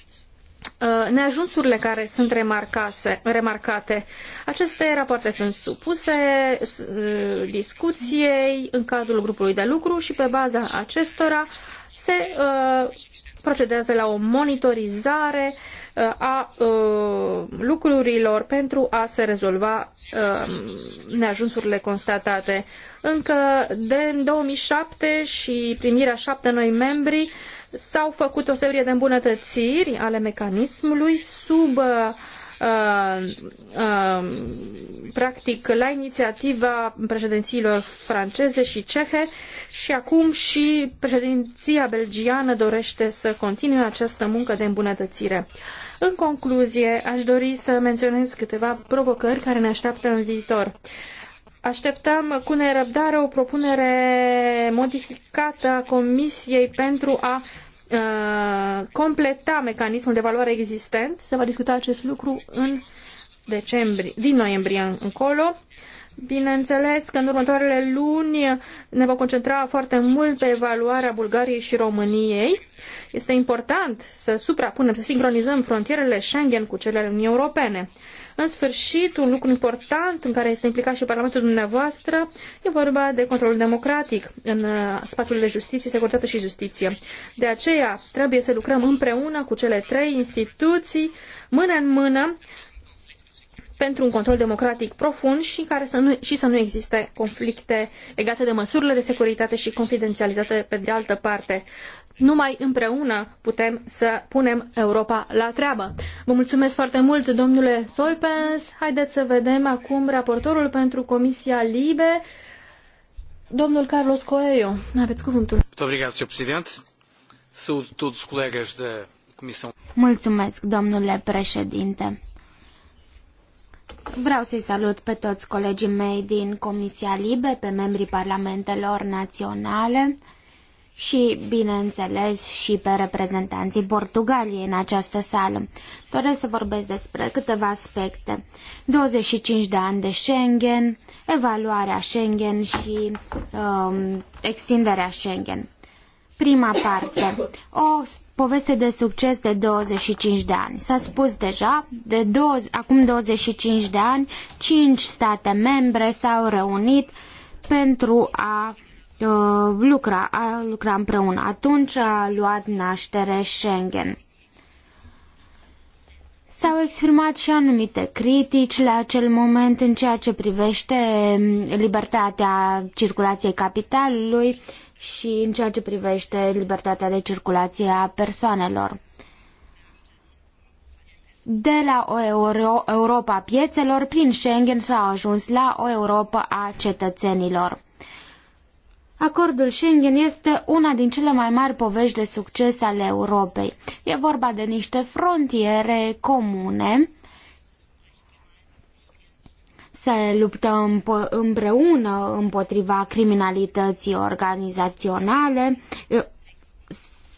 Uh, neajunsurile care sunt remarcase, remarcate. Aceste rapoarte sunt supuse uh, discuției în cadrul grupului de lucru și pe baza acestora se uh, procedează la o monitorizare a lucrurilor pentru a se rezolva neajunsurile constatate. Încă de în 2007 și primirea șapte noi membri S-au făcut o serie de îmbunătățiri ale mecanismului sub uh, uh, um, practic la inițiativa președințiilor franceze și cehe și acum și președinția belgiană dorește să continue această muncă de îmbunătățire. În concluzie, aș dori să menționez câteva provocări care ne așteaptă în viitor. Așteptăm cu nerăbdare o propunere modificată a Comisiei pentru a Uh, completa mecanismul de valoare existent. Se va discuta acest lucru în decembrie, din noiembrie încolo. Bineînțeles că în următoarele luni ne vom concentra foarte mult pe evaluarea Bulgariei și României. Este important să suprapunem, să sincronizăm frontierele Schengen cu cele ale Uniunii Europene. În sfârșit, un lucru important în care este implicat și Parlamentul dumneavoastră e vorba de controlul democratic în uh, spațiul de justiție, securitate și justiție. De aceea trebuie să lucrăm împreună cu cele trei instituții, mână în mână, pentru un control democratic profund și, care să nu, și să nu existe conflicte legate de măsurile de securitate și confidențializate. pe de altă parte. Numai împreună putem să punem Europa la treabă. Vă mulțumesc foarte mult, domnule Soipens. Haideți să vedem acum raportorul pentru Comisia Libe, domnul Carlos Coelho. Aveți cuvântul. Da mulțumesc, domnule președinte. Vreau să-i salut pe toți colegii mei din Comisia Libe, pe membrii parlamentelor naționale și, bineînțeles, și pe reprezentanții Portugaliei în această sală. Doresc să vorbesc despre câteva aspecte. 25 de ani de Schengen, evaluarea Schengen și um, extinderea Schengen. Prima parte. O poveste de succes de 25 de ani. S-a spus deja, de 20, acum 25 de ani, 5 state membre s-au reunit pentru a uh, lucra, a lucra împreună. Atunci a luat naștere Schengen. S-au exprimat și anumite critici la acel moment în ceea ce privește mm, libertatea circulației capitalului, uh, și în ceea ce privește libertatea de circulație a persoanelor. De la o Euro Europa a piețelor, prin Schengen s-a ajuns la o Europa a cetățenilor. Acordul Schengen este una din cele mai mari povești de succes ale Europei. E vorba de niște frontiere comune să luptăm împreună împotriva criminalității organizaționale.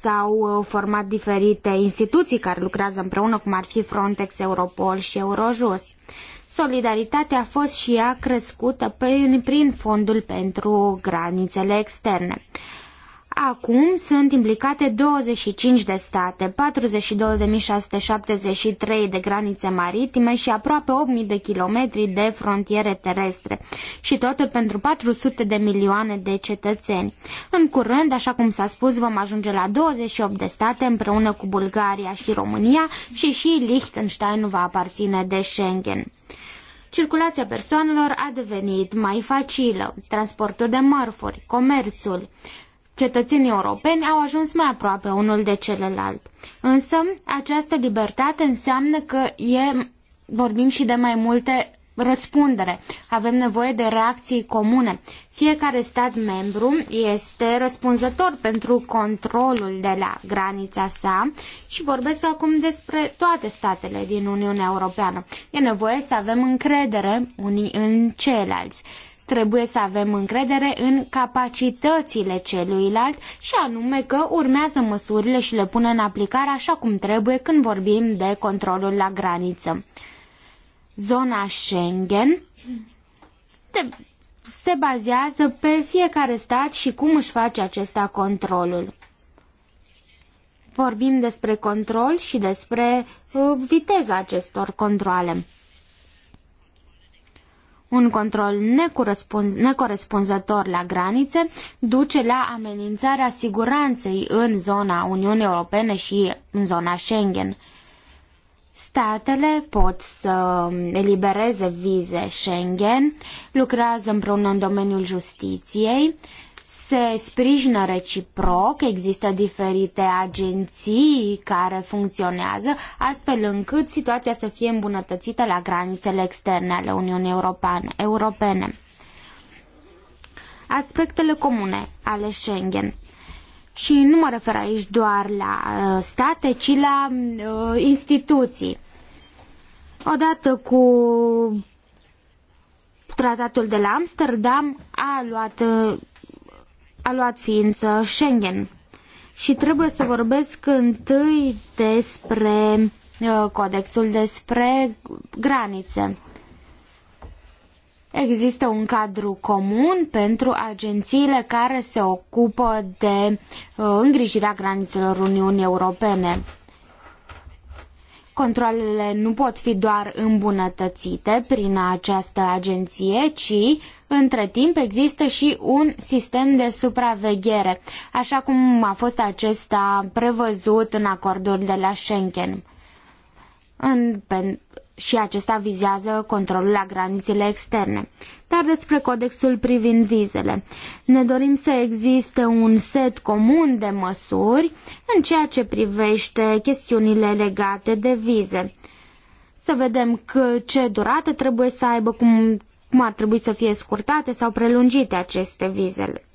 S-au uh, format diferite instituții care lucrează împreună, cum ar fi Frontex, Europol și Eurojust. Solidaritatea a fost și ea crescută prin fondul pentru granițele externe. Acum sunt implicate 25 de state, 42.673 de granițe maritime și aproape 8.000 de kilometri de frontiere terestre și totul pentru 400 de milioane de cetățeni. În curând, așa cum s-a spus, vom ajunge la 28 de state împreună cu Bulgaria și România și și Liechtenstein va aparține de Schengen. Circulația persoanelor a devenit mai facilă, transportul de mărfuri, comerțul cetățenii europeni au ajuns mai aproape unul de celălalt. Însă, această libertate înseamnă că e, vorbim și de mai multe răspundere. Avem nevoie de reacții comune. Fiecare stat membru este răspunzător pentru controlul de la granița sa și vorbesc acum despre toate statele din Uniunea Europeană. E nevoie să avem încredere unii în ceilalți. Trebuie să avem încredere în capacitățile celuilalt și anume că urmează măsurile și le pune în aplicare așa cum trebuie când vorbim de controlul la graniță. Zona Schengen se bazează pe fiecare stat și cum își face acesta controlul vorbim despre control și despre uh, viteza acestor controle. Un control necorespunzător la granițe duce la amenințarea siguranței în zona Uniunii Europene și în zona Schengen. Statele pot să elibereze vize Schengen, lucrează împreună în domeniul justiției se sprijină reciproc, există diferite agenții care funcționează, astfel încât situația să fie îmbunătățită la granițele externe ale Uniunii Europene. Aspectele comune ale Schengen. Și nu mă refer aici doar la uh, state, ci la uh, instituții. Odată cu tratatul de la Amsterdam a luat uh, a luat ființă Schengen. Și trebuie să vorbesc întâi despre uh, codexul despre granițe. Există un cadru comun pentru agențiile care se ocupă de uh, îngrijirea granițelor Uniunii Europene. Controlele nu pot fi doar îmbunătățite prin această agenție, ci între timp există și un sistem de supraveghere, așa cum a fost acesta prevăzut în acordul de la Schengen. În, și acesta vizează controlul la granițele externe. Dar despre codexul privind vizele. Ne dorim să existe un set comun de măsuri în ceea ce privește chestiunile legate de vize. Să vedem că, ce durată trebuie să aibă, cum, cum ar trebui să fie scurtate sau prelungite aceste vizele.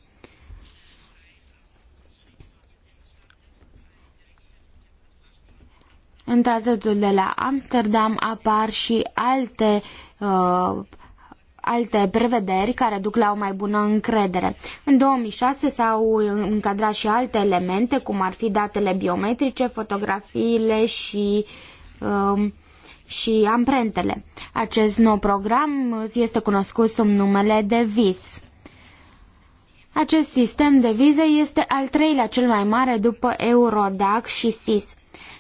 În tratatul de la Amsterdam apar și alte uh, alte prevederi care duc la o mai bună încredere. În 2006 s-au încadrat și alte elemente, cum ar fi datele biometrice, fotografiile și, um, și amprentele. Acest nou program este cunoscut sub numele de VIS. Acest sistem de vize este al treilea cel mai mare după Eurodac și SIS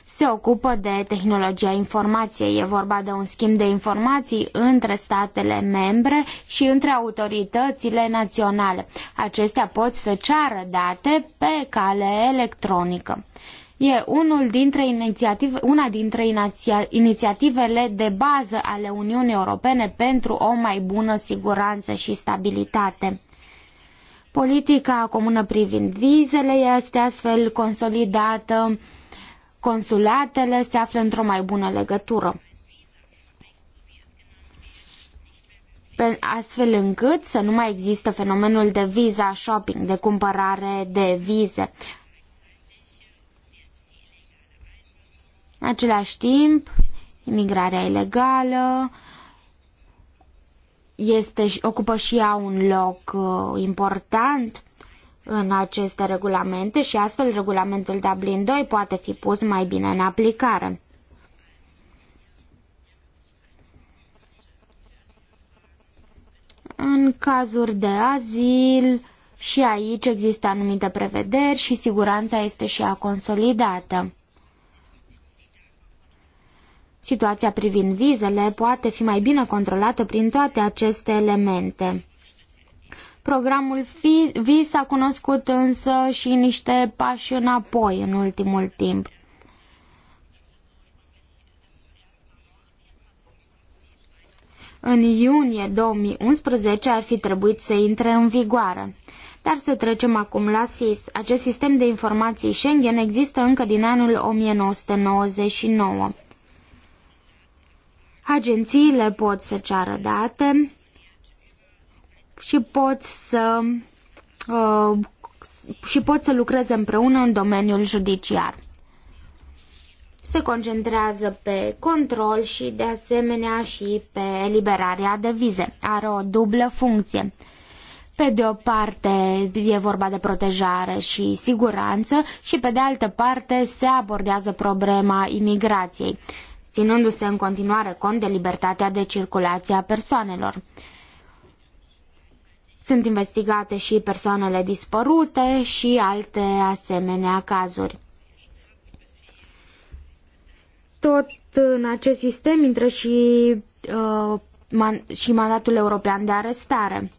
se ocupă de tehnologia informației. E vorba de un schimb de informații între statele membre și între autoritățile naționale. Acestea pot să ceară date pe cale electronică. E unul dintre inițiative, una dintre inițiativele de bază ale Uniunii Europene pentru o mai bună siguranță și stabilitate. Politica comună privind vizele este astfel consolidată Consulatele se află într-o mai bună legătură. astfel încât să nu mai există fenomenul de visa shopping, de cumpărare de vize. În același timp, imigrarea ilegală este, ocupă și ea un loc uh, important în aceste regulamente și astfel regulamentul Dublin 2 poate fi pus mai bine în aplicare. În cazuri de azil și aici există anumite prevederi și siguranța este și a consolidată. Situația privind vizele poate fi mai bine controlată prin toate aceste elemente. Programul VIS a cunoscut însă și niște pași înapoi în ultimul timp. În iunie 2011 ar fi trebuit să intre în vigoare. Dar să trecem acum la SIS. Acest sistem de informații Schengen există încă din anul 1999. Agențiile pot să ceară date, și pot să uh, și pot să lucreze împreună în domeniul judiciar. Se concentrează pe control și de asemenea și pe eliberarea de vize. Are o dublă funcție. Pe de o parte e vorba de protejare și siguranță și pe de altă parte se abordează problema imigrației, ținându-se în continuare cont de libertatea de circulație a persoanelor. Sunt investigate și persoanele dispărute și alte asemenea cazuri. Tot în acest sistem intră și, uh, man- și mandatul european de arestare.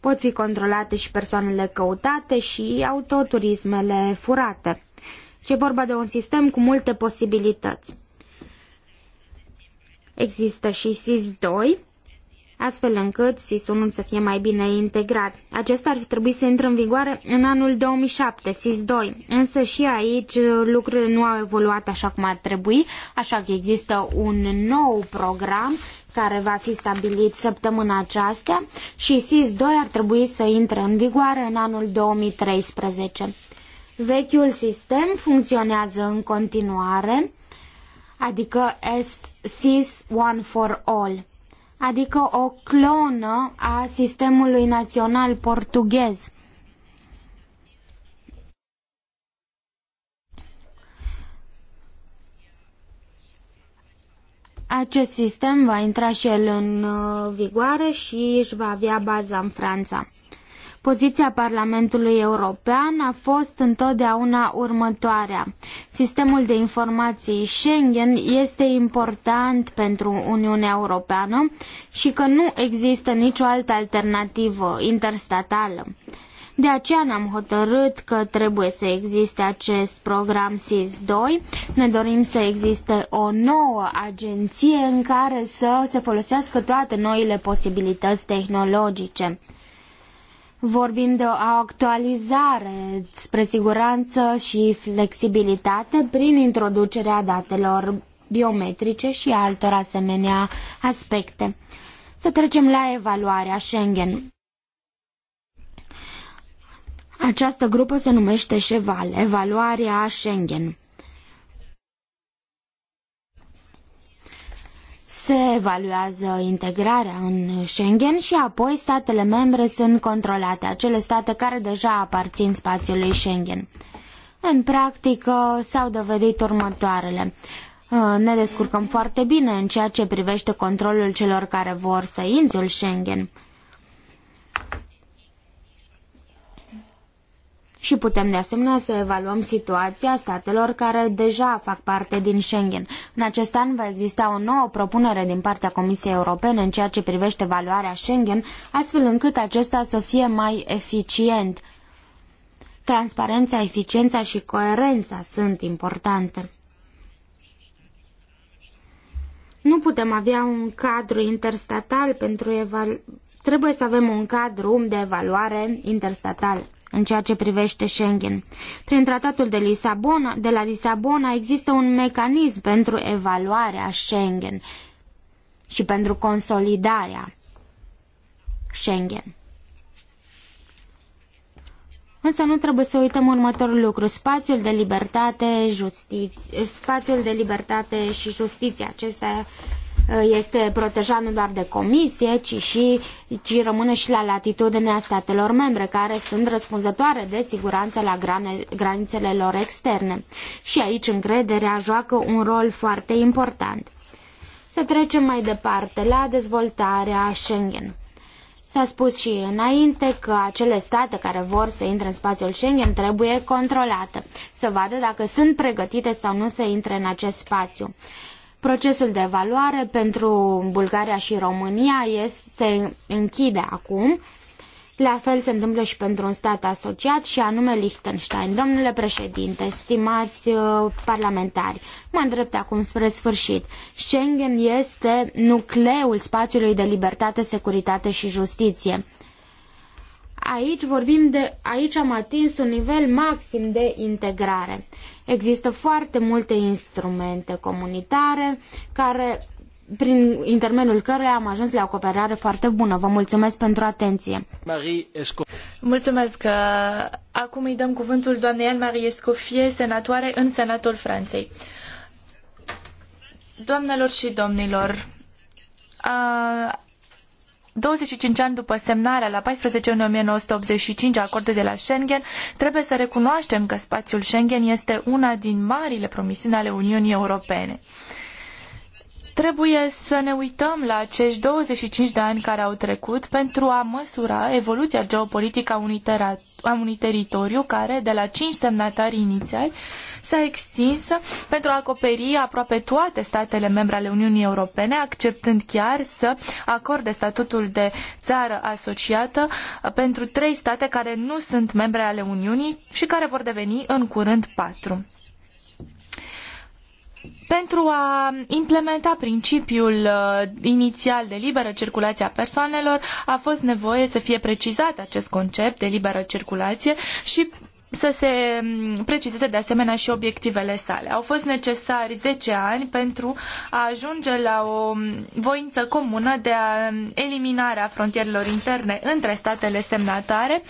Pot fi controlate și persoanele căutate și autoturismele furate. Ce vorba de un sistem cu multe posibilități. Există și SIS-2, astfel încât sis ul să fie mai bine integrat. Acesta ar fi trebuit să intre în vigoare în anul 2007, SIS-2, însă și aici lucrurile nu au evoluat așa cum ar trebui, așa că există un nou program care va fi stabilit săptămâna aceasta și SIS-2 ar trebui să intre în vigoare în anul 2013. Vechiul sistem funcționează în continuare, adică SIS One for All adică o clonă a sistemului național portughez. Acest sistem va intra și el în uh, vigoare și își va avea baza în Franța. Poziția Parlamentului European a fost întotdeauna următoarea. Sistemul de informații Schengen este important pentru Uniunea Europeană și că nu există nicio altă alternativă interstatală. De aceea ne-am hotărât că trebuie să existe acest program SIS-2. Ne dorim să existe o nouă agenție în care să se folosească toate noile posibilități tehnologice. Vorbim de o actualizare spre siguranță și flexibilitate prin introducerea datelor biometrice și altor asemenea aspecte. Să trecem la evaluarea Schengen. Această grupă se numește Cheval, evaluarea Schengen. se evaluează integrarea în Schengen și apoi statele membre sunt controlate, acele state care deja aparțin spațiului Schengen. În practică s-au dovedit următoarele. Uh, ne descurcăm foarte bine în ceea ce privește controlul celor care vor să intre Schengen. și putem de asemenea să evaluăm situația statelor care deja fac parte din Schengen. În acest an va exista o nouă propunere din partea Comisiei Europene în ceea ce privește valoarea Schengen, astfel încât acesta să fie mai eficient. Transparența, eficiența și coerența sunt importante. Nu putem avea un cadru interstatal pentru evaluare. Trebuie să avem un cadru de evaluare interstatal în ceea ce privește Schengen. Prin tratatul de, Lisabona, de la Lisabona există un mecanism pentru evaluarea Schengen și pentru consolidarea Schengen. Însă nu trebuie să uităm următorul lucru. Spațiul de libertate, justiț, spațiul de libertate și justiție, acesta este protejat nu doar de comisie, ci, și, ci rămâne și la latitudinea statelor membre, care sunt răspunzătoare de siguranță la grane, granițele lor externe. Și aici încrederea joacă un rol foarte important. Să trecem mai departe la dezvoltarea Schengen. S-a spus și înainte că acele state care vor să intre în spațiul Schengen trebuie controlate, să vadă dacă sunt pregătite sau nu să intre în acest spațiu. Procesul de evaluare pentru Bulgaria și România este, se închide acum. La fel se întâmplă și pentru un stat asociat și anume Liechtenstein. Domnule președinte, stimați uh, parlamentari, mă îndrept acum spre sfârșit. Schengen este nucleul spațiului de libertate, securitate și justiție. Aici vorbim de, aici am atins un nivel maxim de integrare. Există foarte multe instrumente comunitare care prin intermediul căruia am ajuns la o cooperare foarte bună. Vă mulțumesc pentru atenție. Marie Mulțumesc. Acum îi dăm cuvântul doamnei Anne-Marie Escofie, senatoare în Senatul Franței. Doamnelor și domnilor, a 25 ani după semnarea la 14 iunie 1985 a acordului de la Schengen, trebuie să recunoaștem că spațiul Schengen este una din marile promisiuni ale Uniunii Europene. Trebuie să ne uităm la acești 25 de ani care au trecut pentru a măsura evoluția geopolitică a unui, teritoriu care, de la cinci semnatari inițiali, s-a extins pentru a acoperi aproape toate statele membre ale Uniunii Europene, acceptând chiar să acorde statutul de țară asociată pentru trei state care nu sunt membre ale Uniunii și care vor deveni în curând patru. Pentru a implementa principiul uh, inițial de liberă circulație a persoanelor, a fost nevoie să fie precizat acest concept de liberă circulație și să se mm, precizeze de asemenea și obiectivele sale. Au fost necesari zece ani pentru a ajunge la o mm, voință comună de eliminare a mm, frontierelor interne între statele semnatare,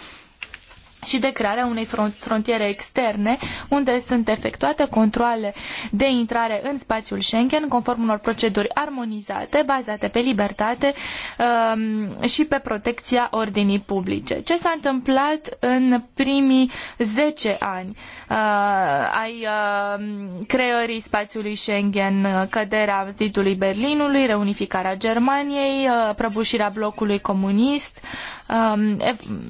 și de crearea unei frontiere externe unde sunt efectuate controle de intrare în spațiul Schengen conform unor proceduri armonizate, bazate pe libertate um, și pe protecția ordinii publice. Ce s-a întâmplat în primii zece ani uh, ai uh, creării spațiului Schengen, căderea zidului Berlinului, reunificarea Germaniei, uh, prăbușirea blocului comunist um,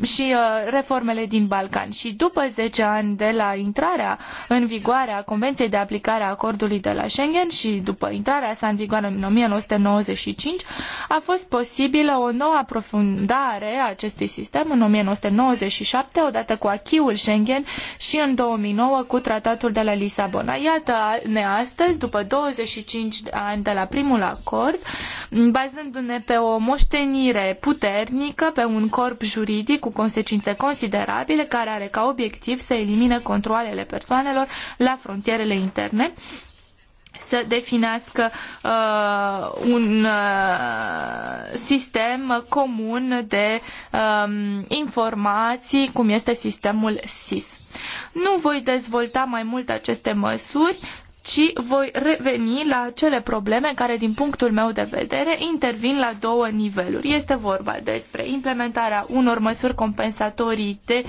și uh, reformele din din Balcani. Și după zece ani de la intrarea în vigoare a Convenției de aplicare a acordului de la Schengen și după intrarea sa în vigoare în 1995, a fost posibilă o nouă aprofundare a acestui sistem în 1997, odată cu achiul Schengen și în 2009 cu tratatul de la Lisabona. Iată ne astăzi, după 25 de ani de la primul acord, bazându-ne pe o moștenire puternică, pe un corp juridic cu consecințe considerabile, responsabile care are ca obiectiv să elimine controalele persoanelor la frontierele interne să definească uh, un uh, sistem comun de um, informații, cum este sistemul SIS. Nu voi dezvolta mai mult aceste măsuri, ci voi reveni la cele probleme care, din punctul meu de vedere, intervin la două niveluri. Este vorba despre implementarea unor măsuri compensatorii de,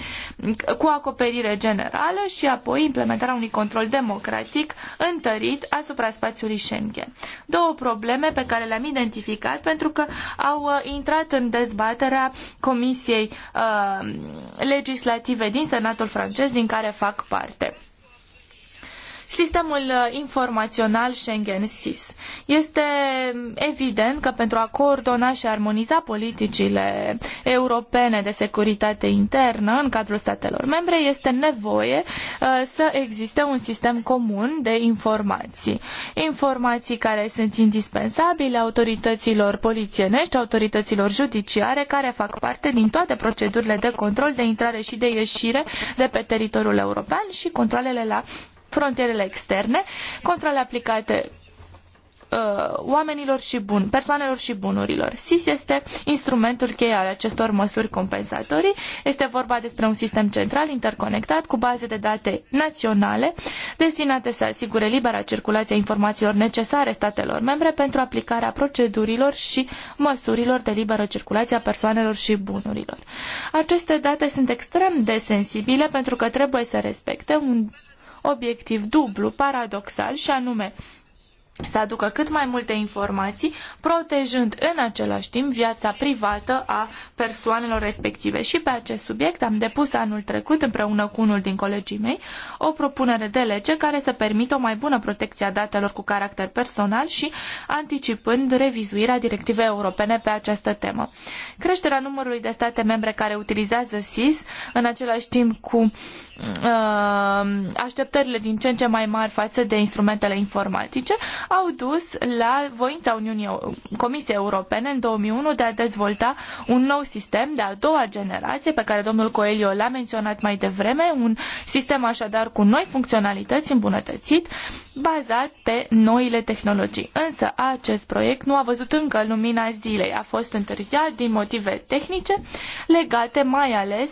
cu acoperire generală și apoi implementarea unui control democratic întărit asupra spațiului Schengen. Două probleme pe care le-am identificat pentru că au uh, intrat în dezbaterea Comisiei uh, Legislative din Senatul francez din care fac parte. Sistemul uh, informațional Schengen SIS. Este evident că pentru a coordona și armoniza politicile europene de securitate internă în cadrul statelor membre este nevoie uh, să existe un sistem comun de informații. Informații care sunt indispensabile autorităților polițienești, autorităților judiciare care fac parte din toate procedurile de control, de intrare și de ieșire de pe teritoriul european și controlele la frontierele externe, controle aplicate uh, oamenilor și bun, persoanelor și bunurilor. SIS este instrumentul cheie al acestor măsuri compensatorii. Este vorba despre un sistem central interconectat cu baze de date naționale destinate să asigure libera circulație a informațiilor necesare statelor membre pentru aplicarea procedurilor și măsurilor de liberă circulație a persoanelor și bunurilor. Aceste date sunt extrem de sensibile pentru că trebuie să respecte un obiectiv dublu, paradoxal, și anume să aducă cât mai multe informații, protejând în același timp viața privată a persoanelor respective. Și pe acest subiect am depus anul trecut, împreună cu unul din colegii mei, o propunere de lege care să permită o mai bună protecție a datelor cu caracter personal și anticipând revizuirea directivei europene pe această temă. Creșterea numărului de state membre care utilizează SIS, în același timp cu Uh, așteptările din ce în ce mai mari față de instrumentele informatice au dus la voința Uniunii Comisiei Europene în 2001 de a dezvolta un nou sistem de a doua generație pe care domnul Coelho l-a menționat mai devreme, un sistem așadar cu noi funcționalități îmbunătățit bazat pe noile tehnologii. Însă acest proiect nu a văzut încă lumina zilei, a fost întârziat din motive tehnice legate mai ales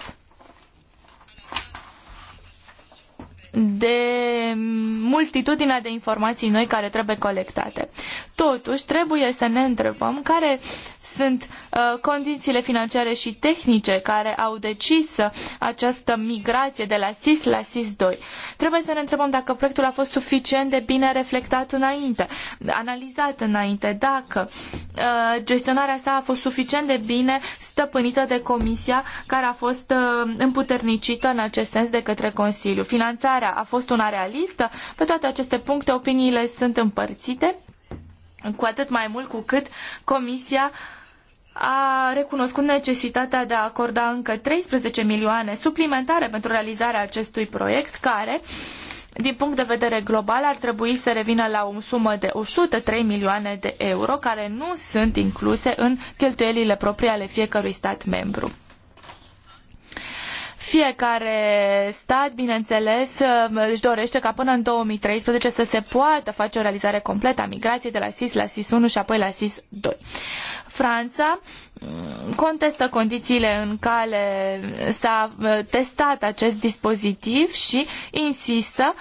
de multitudinea de informații noi care trebuie colectate. Totuși, trebuie să ne întrebăm care sunt uh, condițiile financiare și tehnice care au decis această migrație de la SIS la SIS 2. Trebuie să ne întrebăm dacă proiectul a fost suficient de bine reflectat înainte, analizat înainte, dacă uh, gestionarea sa a fost suficient de bine stăpânită de comisia care a fost uh, împuternicită în acest sens de către Consiliu. Finanțarea a fost una realistă? Pe toate aceste puncte opiniile sunt împărțite cu atât mai mult cu cât Comisia a recunoscut necesitatea de a acorda încă 13 milioane suplimentare pentru realizarea acestui proiect, care, din punct de vedere global, ar trebui să revină la o sumă de 103 milioane de euro, care nu sunt incluse în cheltuielile proprii ale fiecărui stat membru. Fiecare stat, bineînțeles, um, își dorește ca până în 2013 să se poată face o realizare completă a migrației de la SIS la SIS 1 și apoi la SIS 2. Franța mm, contestă condițiile în care s-a uh, testat acest dispozitiv și insistă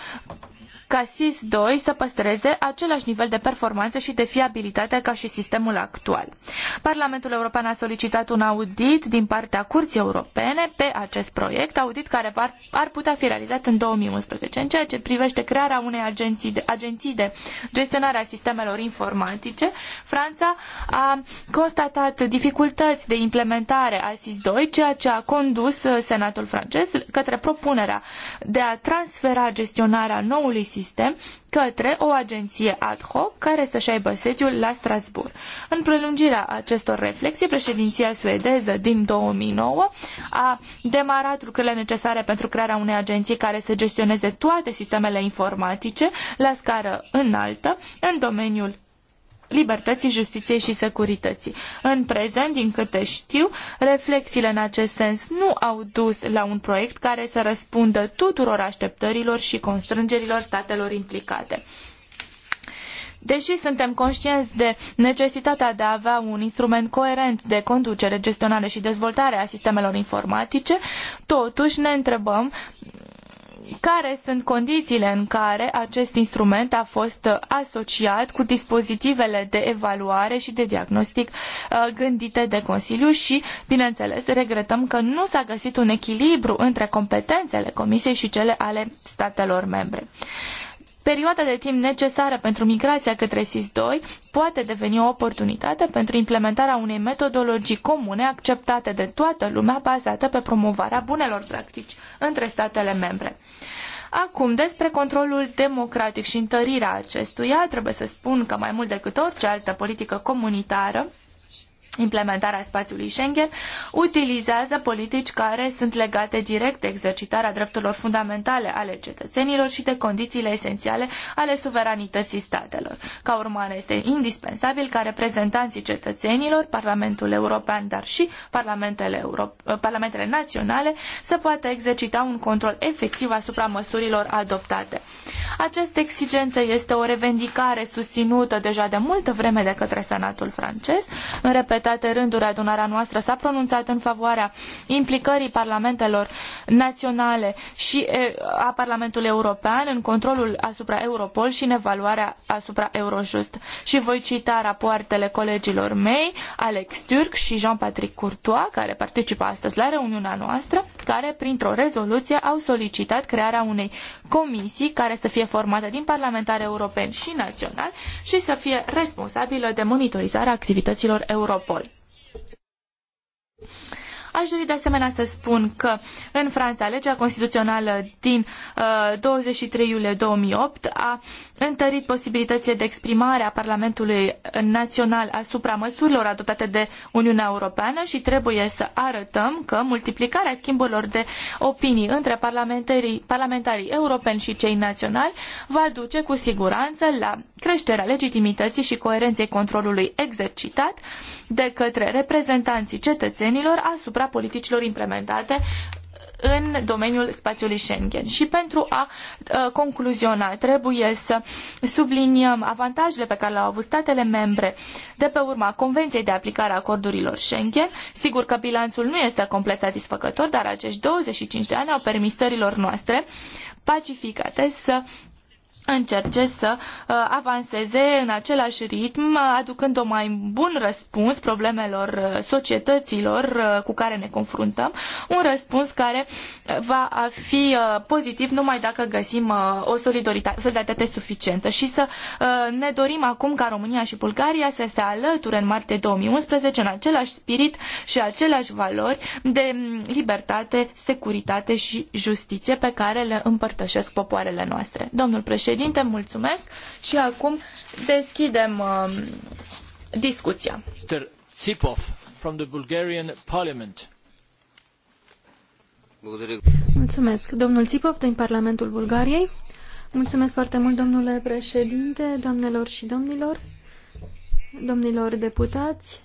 ca SIS-2 să păstreze același nivel de performanță și de fiabilitate ca și sistemul actual. Parlamentul European a solicitat un audit din partea Curții Europene pe acest proiect, audit care ar, putea fi realizat în 2011, în ceea ce privește crearea unei agenții de, agenții de gestionare a sistemelor informatice. Franța a constatat dificultăți de implementare a SIS-2, ceea ce a condus uh, Senatul francez către propunerea de a transfera gestionarea noului SIS existe către o agenție ad hoc care să-și aibă sediul la Strasbourg. În prelungirea acestor reflexii, președinția suedeză din 2009 a demarat lucrurile necesare pentru crearea unei agenții care să gestioneze toate sistemele informatice la scară înaltă în domeniul libertății, justiției și securității. În prezent, din câte știu, reflexiile în acest sens nu au dus la un proiect care să răspundă tuturor așteptărilor și constrângerilor statelor implicate. Deși suntem conștienți de necesitatea de a avea un instrument coerent de conducere, gestionare și dezvoltare a sistemelor informatice, totuși ne întrebăm care sunt condițiile în care acest instrument a fost asociat cu dispozitivele de evaluare și de diagnostic uh, gândite de Consiliu și, bineînțeles, regretăm că nu s-a găsit un echilibru între competențele Comisiei și cele ale statelor membre. Perioada de timp necesară pentru migrația către SIS-2 poate deveni o oportunitate pentru implementarea unei metodologii comune acceptate de toată lumea bazată pe promovarea bunelor practici între statele membre. Acum, despre controlul democratic și întărirea acestuia, trebuie să spun că mai mult decât orice altă politică comunitară, implementarea spațiului Schengen, utilizează politici care sunt legate direct de exercitarea drepturilor fundamentale ale cetățenilor și de condițiile esențiale ale suveranității statelor. Ca urmare, este indispensabil ca reprezentanții cetățenilor, Parlamentul European, dar și Parlamentele, Euro- ă, Parlamentele Naționale, să poată exercita un control efectiv asupra măsurilor adoptate. Această exigență este o revendicare susținută deja de multă vreme de către Senatul francez, în repet repetate rânduri adunarea noastră s-a pronunțat în favoarea implicării parlamentelor naționale și a Parlamentului European în controlul asupra Europol și în evaluarea asupra Eurojust. Și voi cita rapoartele colegilor mei, Alex Türk și Jean-Patrick Courtois, care participă astăzi la reuniunea noastră, care printr-o rezoluție au solicitat crearea unei comisii care să fie formată din parlamentari europeni și naționali și să fie responsabilă de monitorizarea activităților Europol. Europol. Aș dori de asemenea să spun că în Franța legea constituțională din uh, 23 iulie 2008 a întărit posibilitățile de exprimare a Parlamentului Național asupra măsurilor adoptate de Uniunea Europeană și trebuie să arătăm că multiplicarea schimburilor de opinii între parlamentarii, parlamentarii europeni și cei naționali va duce cu siguranță la creșterea legitimității și coerenței controlului exercitat de către reprezentanții cetățenilor asupra asupra politicilor implementate în domeniul spațiului Schengen. Și pentru a concluziona, trebuie să subliniem avantajele pe care le-au avut statele membre de pe urma Convenției de aplicare a acordurilor Schengen. Sigur că bilanțul nu este complet satisfăcător, dar acești 25 de ani au permis țărilor noastre pacificate să încerce să uh, avanseze în același ritm, uh, aducând o mai bun răspuns problemelor uh, societăților cu care ne confruntăm, un răspuns care va fi pozitiv numai dacă găsim o solidaritate suficientă și să ne dorim acum ca România și Bulgaria să se alăture în martie 2011 în același spirit și aceleași valori de mm, libertate, securitate și justiție pe care le împărtășesc popoarele noastre. Domnul președinte, președinte, mulțumesc și acum deschidem uh, discuția. Mr. Tsipov from the Bulgarian Parliament. Mulțumesc. Domnul Tsipov din Parlamentul Bulgariei. Mulțumesc foarte mult, domnule președinte, doamnelor și domnilor, domnilor deputați.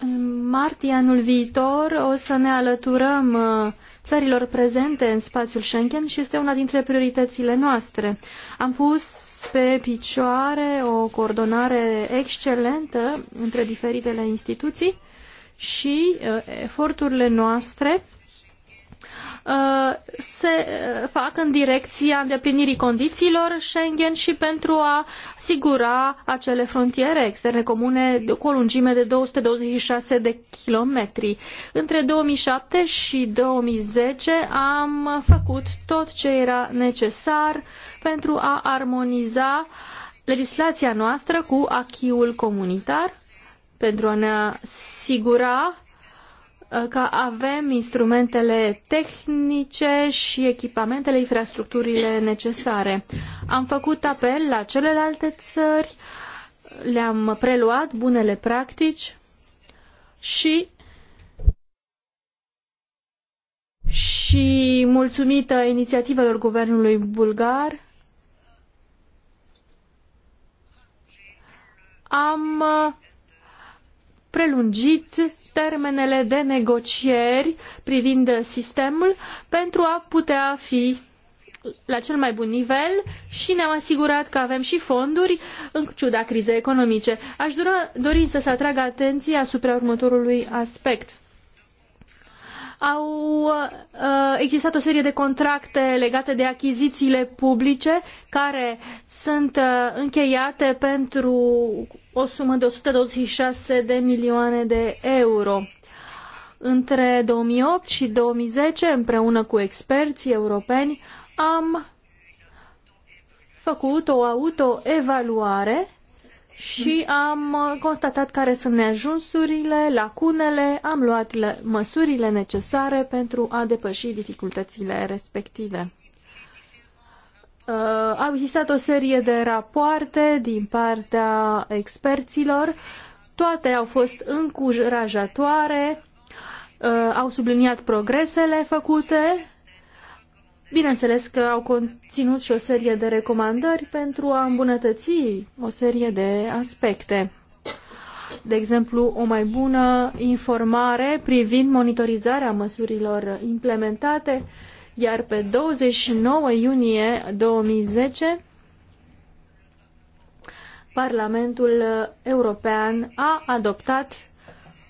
În martie anul viitor o să ne alăturăm uh, țărilor prezente în spațiul Schengen și este una dintre prioritățile noastre. Am pus pe picioare o coordonare excelentă între diferitele instituții și uh, eforturile noastre Uh, se uh, fac în direcția îndeplinirii condițiilor Schengen și pentru a asigura acele frontiere externe comune cu o lungime de 226 de kilometri. Între 2007 și 2010 am făcut tot ce era necesar pentru a armoniza legislația noastră cu achiul comunitar pentru a ne asigura Uh, că avem instrumentele tehnice și echipamentele, infrastructurile necesare. Am făcut apel la celelalte țări, le-am preluat bunele practici și și mulțumită inițiativelor guvernului bulgar am uh, prelungit termenele de negocieri privind sistemul pentru a putea fi la cel mai bun nivel și ne-am asigurat că avem și fonduri în ciuda crizei economice. Aș dura, dori să se atragă atenția asupra următorului aspect. Au uh, existat o serie de contracte legate de achizițiile publice care sunt uh, încheiate pentru o sumă de 126 de milioane de euro. Între 2008 și 2010, împreună cu experții europeni, am făcut o autoevaluare și am constatat care sunt neajunsurile, lacunele, am luat măsurile necesare pentru a depăși dificultățile respective. Uh, au existat o serie de rapoarte din partea experților, toate au fost încurajatoare, uh, au subliniat progresele făcute, bineînțeles că au conținut și o serie de recomandări pentru a îmbunătăți o serie de aspecte. De exemplu, o mai bună informare privind monitorizarea măsurilor implementate, uh, iar pe 29 iunie 2010 Parlamentul European a adoptat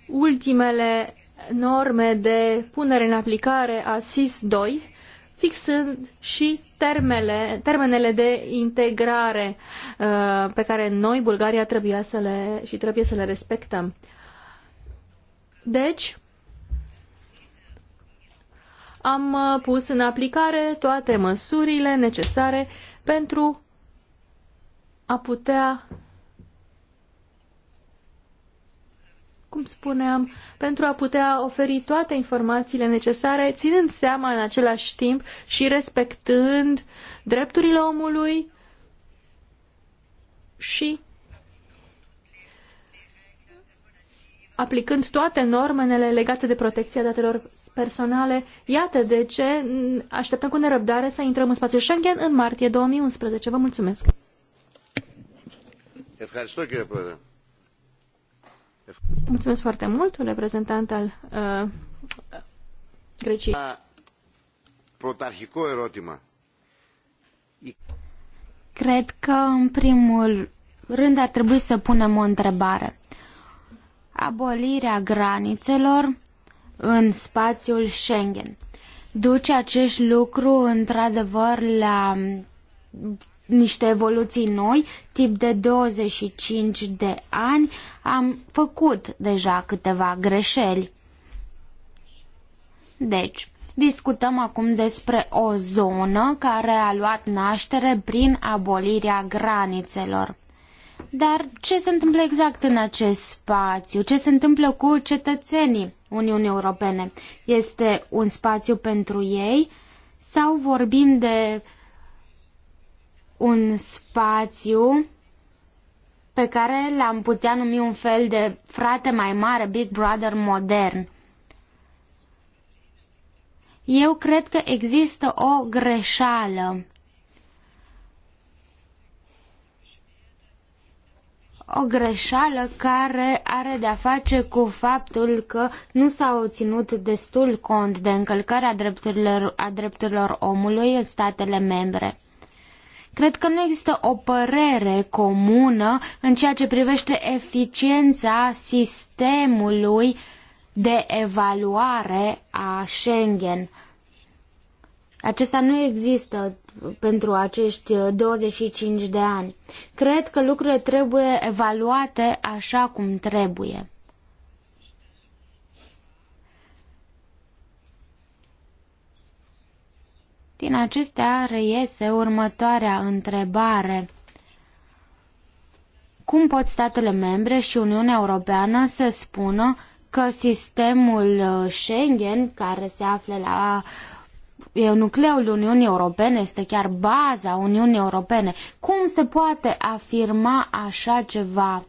ultimele norme de punere în aplicare a SIS-2, fixând și termele, termenele de integrare uh, pe care noi, Bulgaria, trebuia să le, și trebuie să le respectăm. Deci, am uh, pus în aplicare toate măsurile necesare pentru a putea, cum spuneam, pentru a putea oferi toate informațiile necesare, ținând seama în același timp și respectând drepturile omului și aplicând toate normele legate de protecția datelor personale. Iată de ce așteptăm cu nerăbdare să intrăm în spațiul Schengen în martie 2011. Vă mulțumesc! Mulțumesc foarte mult, reprezentant al uh, Greciei. Protarhico erotima. Cred că, în primul rând, ar trebui să punem o întrebare abolirea granițelor în spațiul Schengen. Duce acest lucru într-adevăr la niște evoluții noi, tip de 25 de ani, am făcut deja câteva greșeli. Deci, discutăm acum despre o zonă care a luat naștere prin abolirea granițelor. Dar ce se întâmplă exact în acest spațiu? Ce se întâmplă cu cetățenii Uniunii Europene? Este un spațiu pentru ei sau vorbim de un spațiu pe care l-am putea numi un fel de frate mai mare, Big Brother modern? Eu cred că există o greșeală o greșeală care are de-a face cu faptul că nu s-au ținut destul cont de încălcarea drepturilor, a drepturilor omului în statele membre. Cred că nu există o părere comună în ceea ce privește eficiența sistemului de evaluare a Schengen. Acesta nu există pentru acești 25 de ani. Cred că lucrurile trebuie evaluate așa cum trebuie. Din acestea reiese următoarea întrebare. Cum pot statele membre și Uniunea Europeană să spună că sistemul Schengen, care se află la uh, nucleul Uniunii Europene, este chiar baza Uniunii Europene. Cum se poate afirma așa ceva?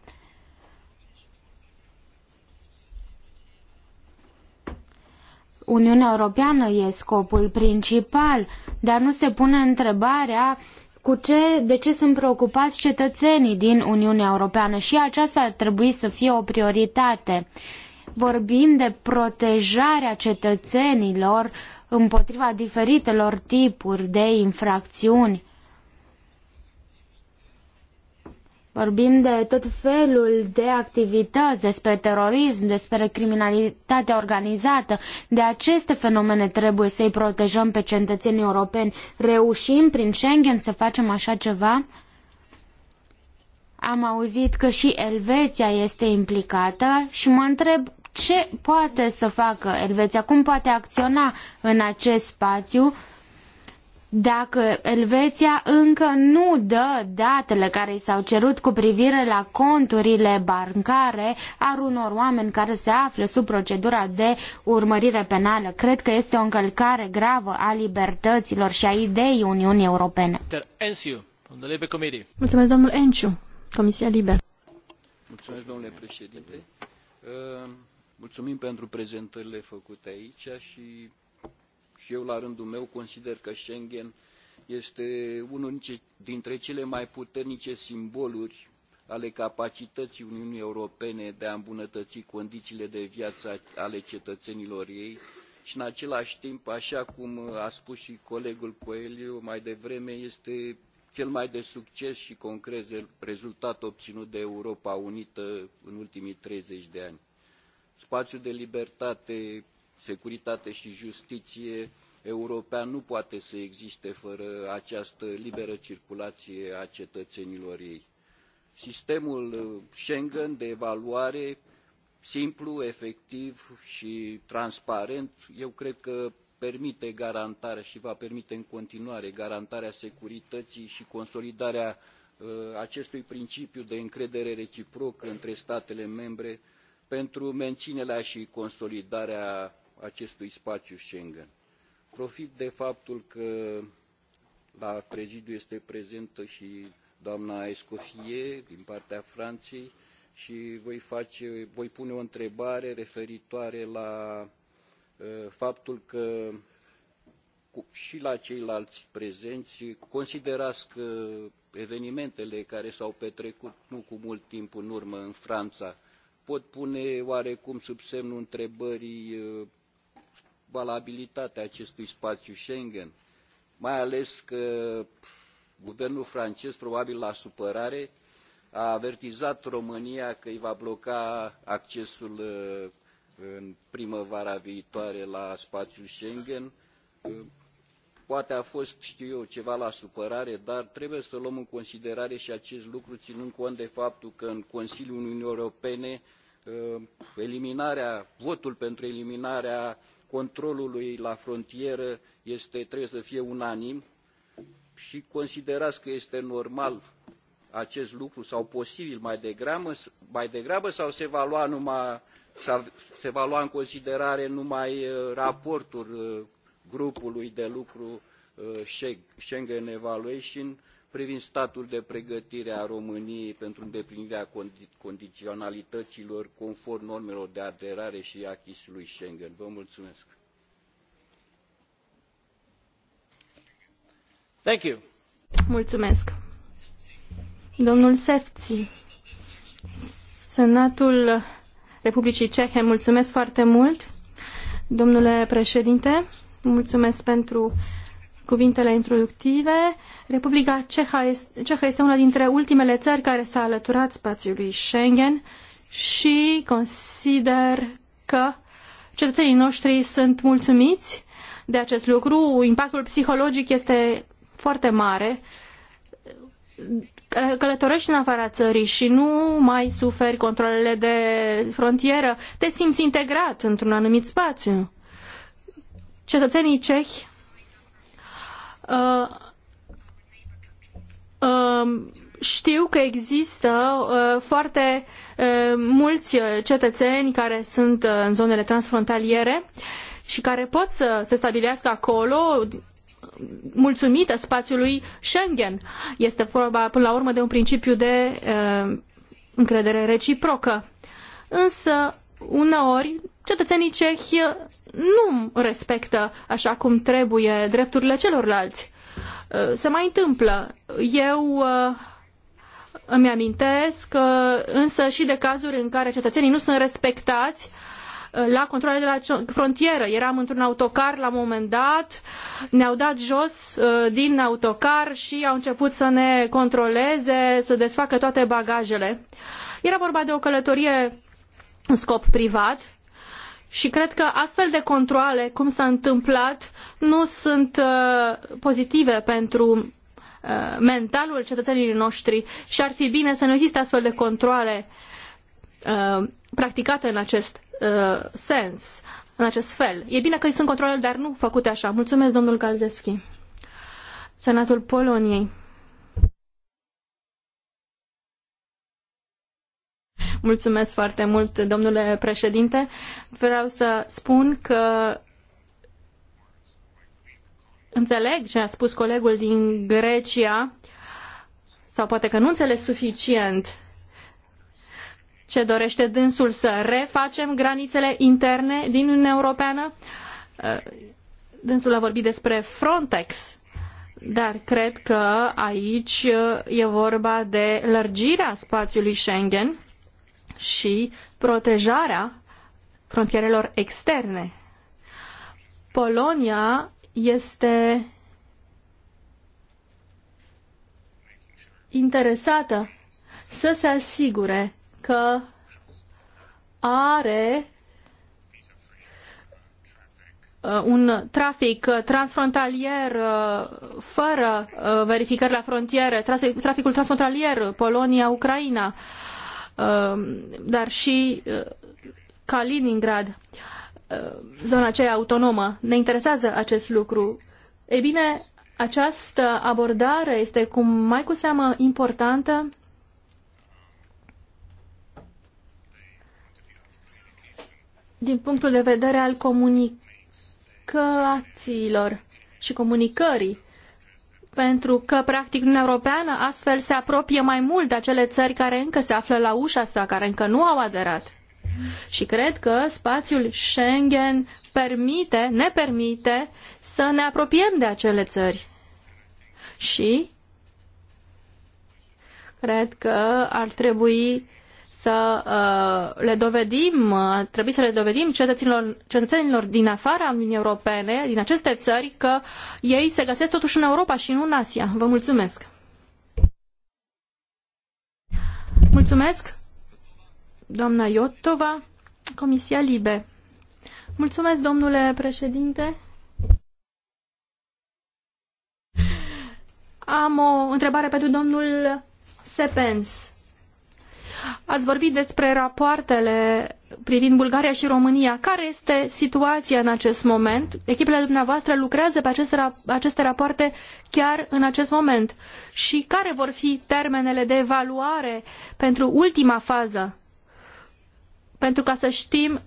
Uniunea Europeană e scopul principal, dar nu se pune întrebarea cu ce, de ce sunt preocupați cetățenii din Uniunea Europeană și aceasta ar trebui să fie o prioritate. Vorbim de protejarea cetățenilor uh, împotriva diferitelor tipuri de infracțiuni. Vorbim de tot felul de activități, despre terorism, despre criminalitatea organizată. De aceste fenomene trebuie să-i protejăm pe cetățenii europeni. Reușim prin Schengen să facem așa ceva? Am auzit că și Elveția este implicată și mă întreb ce poate să facă Elveția, cum poate acționa în acest spațiu dacă Elveția încă nu dă datele care i s-au cerut cu privire la conturile bancare a unor oameni care se află sub procedura de urmărire penală. Cred că este o încălcare gravă a libertăților și a ideii Uniunii Europene. Mulțumesc, domnul Enciu, Comisia Liberă. Mulțumesc, domnule președinte. Uh... Mulțumim pentru prezentările făcute aici și, și eu la rândul meu consider că Schengen este unul dintre cele mai puternice simboluri ale capacității Uniunii Europene de a îmbunătăți condițiile de viață ale cetățenilor ei și în același timp, așa cum a spus și colegul Coelho mai devreme, este cel mai de succes și concret rezultat obținut de Europa Unită în ultimii 30 de ani spațiul de libertate, securitate și justiție european nu poate să existe fără această liberă circulație a cetățenilor ei. Sistemul uh, Schengen de evaluare simplu, efectiv și transparent, eu cred că permite garantarea și va permite în continuare garantarea securității și consolidarea uh, acestui principiu de încredere reciprocă între statele membre uh, pentru menținerea și consolidarea acestui spațiu Schengen. Profit de faptul că la prezidiu este prezentă și doamna Escofie din partea Franței și voi, face, voi pune o întrebare referitoare la uh, faptul că și la ceilalți prezenți, considerați că evenimentele care s-au petrecut nu cu mult timp în urmă în Franța pot pune oarecum sub semnul întrebării uh, valabilitatea acestui spațiu Schengen, mai ales că guvernul francez, probabil la supărare, a avertizat România că îi va bloca accesul uh, în primăvara viitoare la spațiul Schengen. Uh, Poate a fost, știu eu, ceva la supărare, dar trebuie să luăm în considerare și acest lucru, ținând cont de faptul că în Consiliul Uniunii Europene uh, eliminarea, votul pentru eliminarea controlului la frontieră este, trebuie să fie unanim și considerați că este normal acest lucru sau posibil mai degrabă, mai degrabă sau se va lua numai se va lua în considerare numai uh, raportul uh, grupului de lucru uh, Schengen Evaluation privind statul de pregătire a României pentru îndeplinirea condi condiționalităților conform normelor de aderare și achisului Schengen. Vă mulțumesc. Thank you. Mulțumesc. Domnul Sefci, Senatul Republicii Cehe, mulțumesc foarte mult. Domnule președinte, Mulțumesc pentru cuvintele introductive. Republica Ceha este, este una dintre ultimele țări care s-a alăturat spațiului Schengen și consider că cetățenii noștri sunt mulțumiți de acest lucru. Impactul psihologic este foarte mare. Călătorești în afara țării și nu mai suferi controlele de frontieră. Te simți integrat într-un anumit spațiu cetățenii cehi uh, uh, știu că există uh, foarte uh, mulți cetățeni care sunt uh, în zonele transfrontaliere și care pot să se stabilească acolo mulțumită spațiului Schengen. Este vorba până la urmă de un principiu de uh, încredere reciprocă. Însă, uneori, cetățenii cehi nu respectă așa cum trebuie drepturile celorlalți. Uh, se mai întâmplă. Eu uh, îmi amintesc uh, însă și de cazuri în care cetățenii nu sunt respectați la controlele de la frontieră. Eram într-un autocar la un moment dat, ne-au dat jos din autocar și au început să ne controleze, să desfacă toate bagajele. Era vorba de o călătorie în scop privat și cred că astfel de controle, cum s-a întâmplat, nu sunt uh, pozitive pentru uh, mentalul cetățenilor noștri și ar fi bine să nu existe astfel de controle uh, practicate în acest uh, sens, în acest fel. E bine că sunt controle, dar nu făcute așa. Mulțumesc, domnul Galzeschi. Senatul Poloniei. Mulțumesc foarte mult, domnule președinte. Vreau să spun că înțeleg ce a spus colegul din Grecia, sau poate că nu înțeles suficient ce dorește dânsul să refacem granițele interne din Uniunea Europeană. Dânsul a vorbit despre Frontex, dar cred că aici e vorba de lărgirea spațiului Schengen și protejarea frontierelor externe. Polonia este interesată să se asigure că are uh, un trafic transfrontalier uh, fără uh, verificări la frontiere, traficul transfrontalier Polonia-Ucraina Um, dar și Kaliningrad, uh, uh, zona aceea autonomă. Ne interesează acest lucru. Ei bine, această abordare este cu mai cu seamă importantă din punctul de vedere al comunicațiilor și comunicării pentru că, practic, Uniunea Europeană astfel se apropie mai mult de acele țări care încă se află la ușa sa, care încă nu au aderat. Și cred că spațiul Schengen permite, ne permite să ne apropiem de acele țări. Și cred că ar trebui să uh, le dovedim, uh, trebuie să le dovedim cetățenilor, cetățenilor din afara Uniunii Europene, din aceste țări, că ei se găsesc totuși în Europa și nu în Asia. Vă mulțumesc! Mulțumesc, doamna Iotova, Comisia Libe. Mulțumesc, domnule președinte. Am o întrebare pentru domnul Sepens Ați vorbit despre rapoartele privind Bulgaria și România. Care este situația în acest moment? Echipele dumneavoastră lucrează pe aceste, aceste rapoarte chiar în acest moment. Și care vor fi termenele de evaluare pentru ultima fază? Pentru ca să știm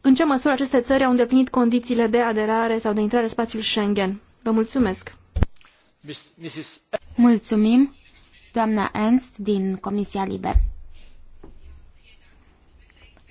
în ce măsură aceste țări au îndeplinit condițiile de aderare sau de intrare în spațiul Schengen. Vă mulțumesc! Mulțumim, doamna Ernst din Comisia Libe.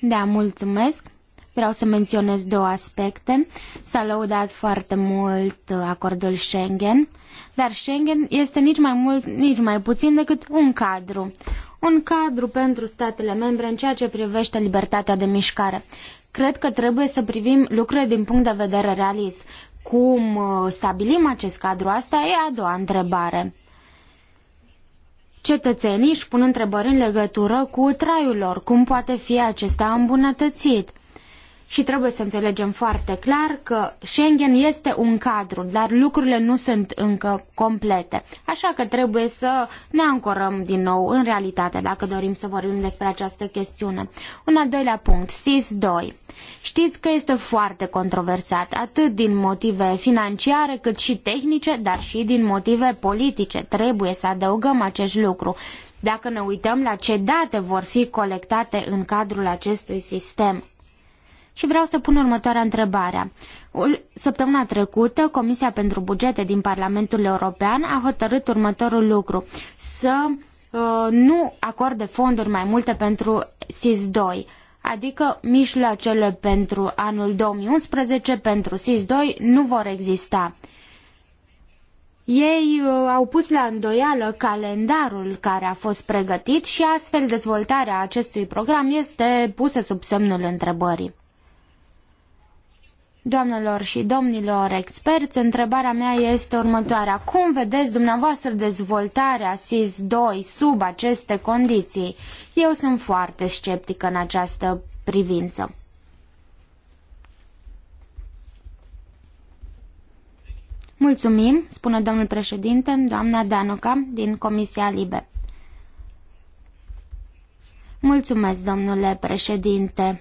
Da, mulțumesc. Vreau să menționez două aspecte. S-a lăudat foarte mult uh, acordul Schengen, dar Schengen este nici mai mult, nici mai puțin decât un cadru. Un cadru pentru statele membre în ceea ce privește libertatea de mișcare. Cred că trebuie să privim lucrurile din punct de vedere realist. Cum uh, stabilim acest cadru? Asta e a doua întrebare. Cetățenii își pun întrebări în legătură cu traiul lor, cum poate fi acesta îmbunătățit și trebuie să înțelegem foarte clar că Schengen este un cadru, dar lucrurile nu sunt încă complete. Așa că trebuie să ne ancorăm din nou în realitate dacă dorim să vorbim despre această chestiune. Un al doilea punct, SIS 2. Știți că este foarte controversat, atât din motive financiare cât și tehnice, dar și din motive politice. Trebuie să adăugăm acest lucru. Dacă ne uităm la ce date vor fi colectate în cadrul acestui sistem, și vreau să pun următoarea întrebare. Săptămâna trecută, Comisia pentru Bugete din Parlamentul European a hotărât următorul lucru. Să uh, nu acorde fonduri mai multe pentru SIS-2 adică mijloacele pentru anul 2011 pentru SIS-2 nu vor exista. Ei uh, au pus la îndoială calendarul care a fost pregătit și astfel dezvoltarea acestui program este pusă sub semnul întrebării. Doamnelor și domnilor experți, întrebarea mea este următoarea. Cum vedeți dumneavoastră dezvoltarea SIS-2 sub aceste condiții? Eu sunt foarte sceptică în această privință. Mulțumim, spune domnul președinte, doamna Danoca, din Comisia Libe. Mulțumesc, domnule președinte.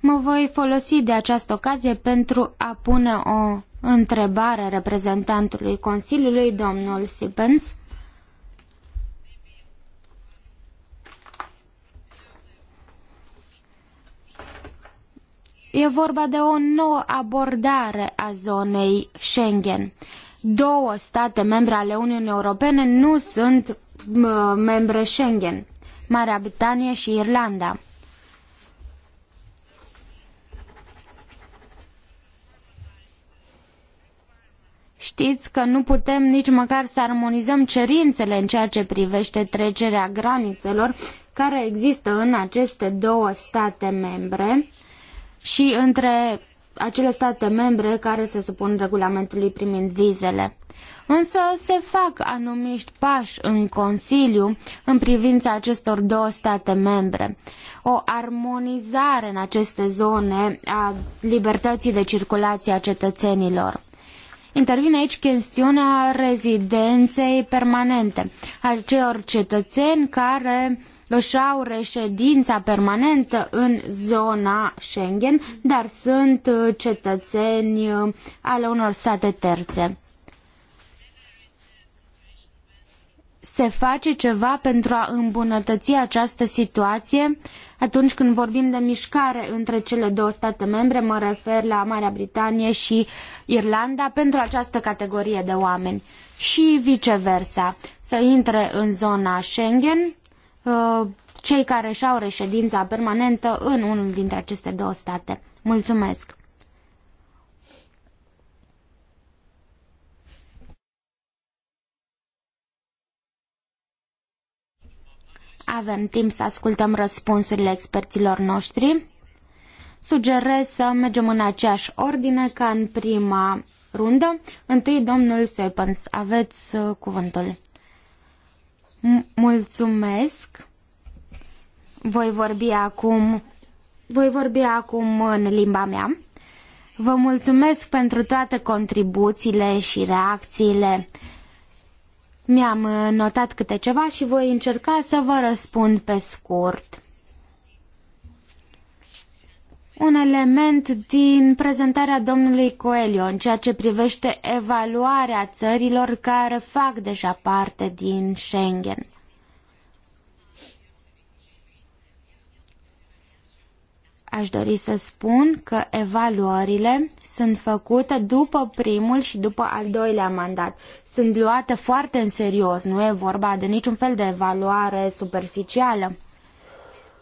Mă voi folosi de această ocazie pentru a pune o întrebare reprezentantului Consiliului, domnul Sipens. E vorba de o nouă abordare a zonei Schengen. Două state membre ale Uniunii Europene nu sunt membre Schengen, Marea Britanie și Irlanda. Știți că nu putem nici măcar să armonizăm cerințele în ceea ce privește trecerea granițelor care există în aceste două state membre și între acele state membre care se supun regulamentului primind vizele. Însă se fac anumiști pași în Consiliu în privința acestor două state membre. O armonizare în aceste zone a libertății de circulație a cetățenilor. Intervine aici chestiunea rezidenței permanente, acelor cetățeni care își au reședința permanentă în zona Schengen, dar sunt uh, cetățeni uh, ale unor state terțe. Se face ceva pentru a îmbunătăți această situație? Uh, atunci când vorbim de mișcare între cele două state membre, mă refer la Marea Britanie și Irlanda pentru această categorie de oameni și viceversa, să intre în zona Schengen uh, cei care și-au reședința permanentă în unul dintre aceste două state. Mulțumesc! avem timp să ascultăm răspunsurile experților noștri. Sugerez să mergem în aceeași ordine ca în prima rundă. Întâi, domnul Soepens, aveți uh, cuvântul. Mulțumesc. Voi vorbi acum voi vorbi acum în limba mea. Vă mulțumesc pentru toate contribuțiile și reacțiile. Mi-am uh, notat câte ceva și voi încerca să vă răspund pe scurt. Un element din prezentarea domnului Coelho în ceea ce privește evaluarea țărilor care fac deja parte din Schengen. Aș dori să spun că evaluările sunt făcute după primul și după al doilea mandat. Sunt luate foarte în serios, nu e vorba de niciun fel de evaluare superficială.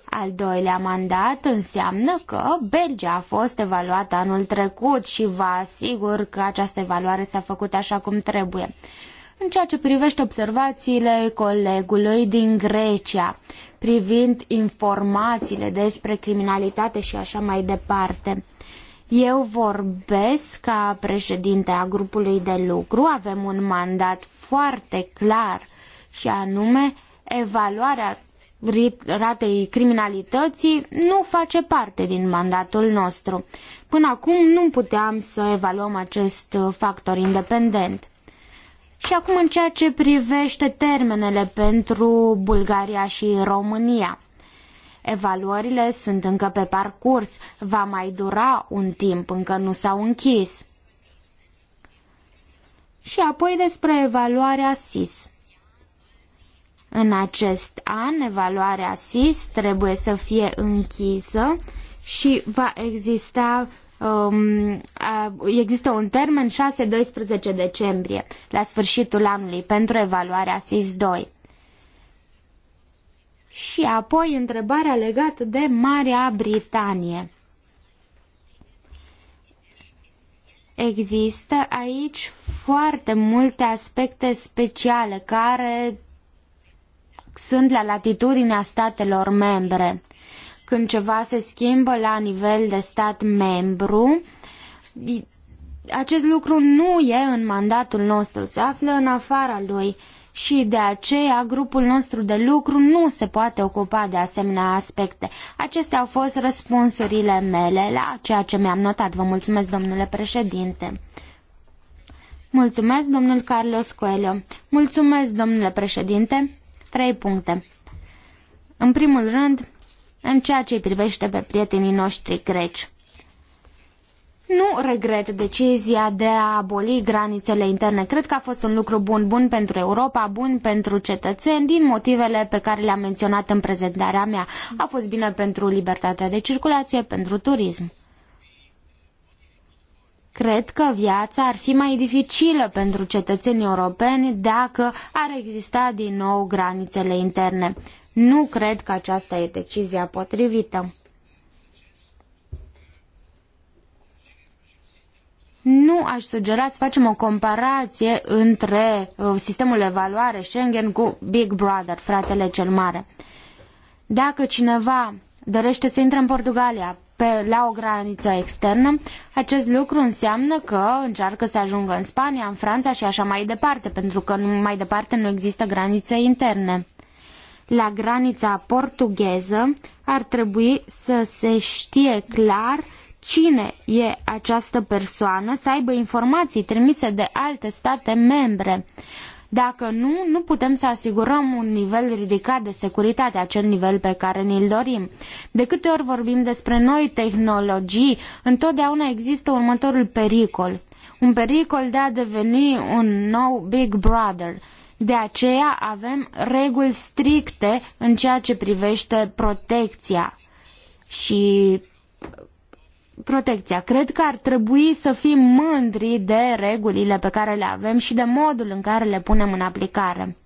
Al doilea mandat înseamnă că Belgia a fost evaluată anul trecut și vă asigur că această evaluare s-a făcut așa cum trebuie. În ceea ce privește observațiile colegului din Grecia, privind informațiile despre criminalitate și așa mai departe. Eu vorbesc ca președinte a grupului de lucru, avem un mandat foarte clar și anume evaluarea ratei criminalității nu face parte din mandatul nostru. Până acum nu puteam să evaluăm acest factor independent. Și acum în ceea ce privește termenele pentru Bulgaria și România. Evaluările sunt încă pe parcurs, va mai dura un timp, încă nu s-au închis. Și apoi despre evaluarea SIS. În acest an, evaluarea SIS trebuie să fie închisă și va exista um, a, există un termen 6-12 decembrie, la sfârșitul anului, pentru evaluarea SIS-2. Și apoi întrebarea legată de Marea Britanie. Există aici foarte multe aspecte speciale care sunt la latitudinea statelor membre când ceva se schimbă la nivel de stat membru, acest lucru nu e în mandatul nostru, se află în afara lui și de aceea grupul nostru de lucru nu se poate ocupa de asemenea aspecte. Acestea au fost răspunsurile mele la ceea ce mi-am notat. Vă mulțumesc, domnule președinte. Mulțumesc, domnul Carlos Coelho. Mulțumesc, domnule președinte. Trei puncte. În primul rând, în ceea ce privește pe prietenii noștri greci. Nu regret decizia de a aboli granițele interne. Cred că a fost un lucru bun, bun pentru Europa, bun pentru cetățeni, din motivele pe care le-am menționat în prezentarea mea. A fost bine pentru libertatea de circulație, pentru turism. Cred că viața ar fi mai dificilă pentru cetățenii europeni dacă ar exista din nou granițele interne. Nu cred că aceasta e decizia potrivită. Nu aș sugera să facem o comparație între uh, sistemul de evaluare Schengen cu Big Brother, fratele cel mare. Dacă cineva dorește să intre în Portugalia pe, la o graniță externă, acest lucru înseamnă că încearcă să ajungă în Spania, în Franța și așa mai departe, pentru că mai departe nu există granițe interne la granița portugheză, ar trebui să se știe clar cine e această persoană, să aibă informații trimise de alte state membre. Dacă nu, nu putem să asigurăm un nivel ridicat de securitate, acel nivel pe care ni-l dorim. De câte ori vorbim despre noi tehnologii, întotdeauna există următorul pericol. Un pericol de a deveni un nou Big Brother de aceea avem reguli stricte în ceea ce privește protecția și protecția. Cred că ar trebui să fim mândri de regulile pe care le avem și de modul în care le punem în aplicare.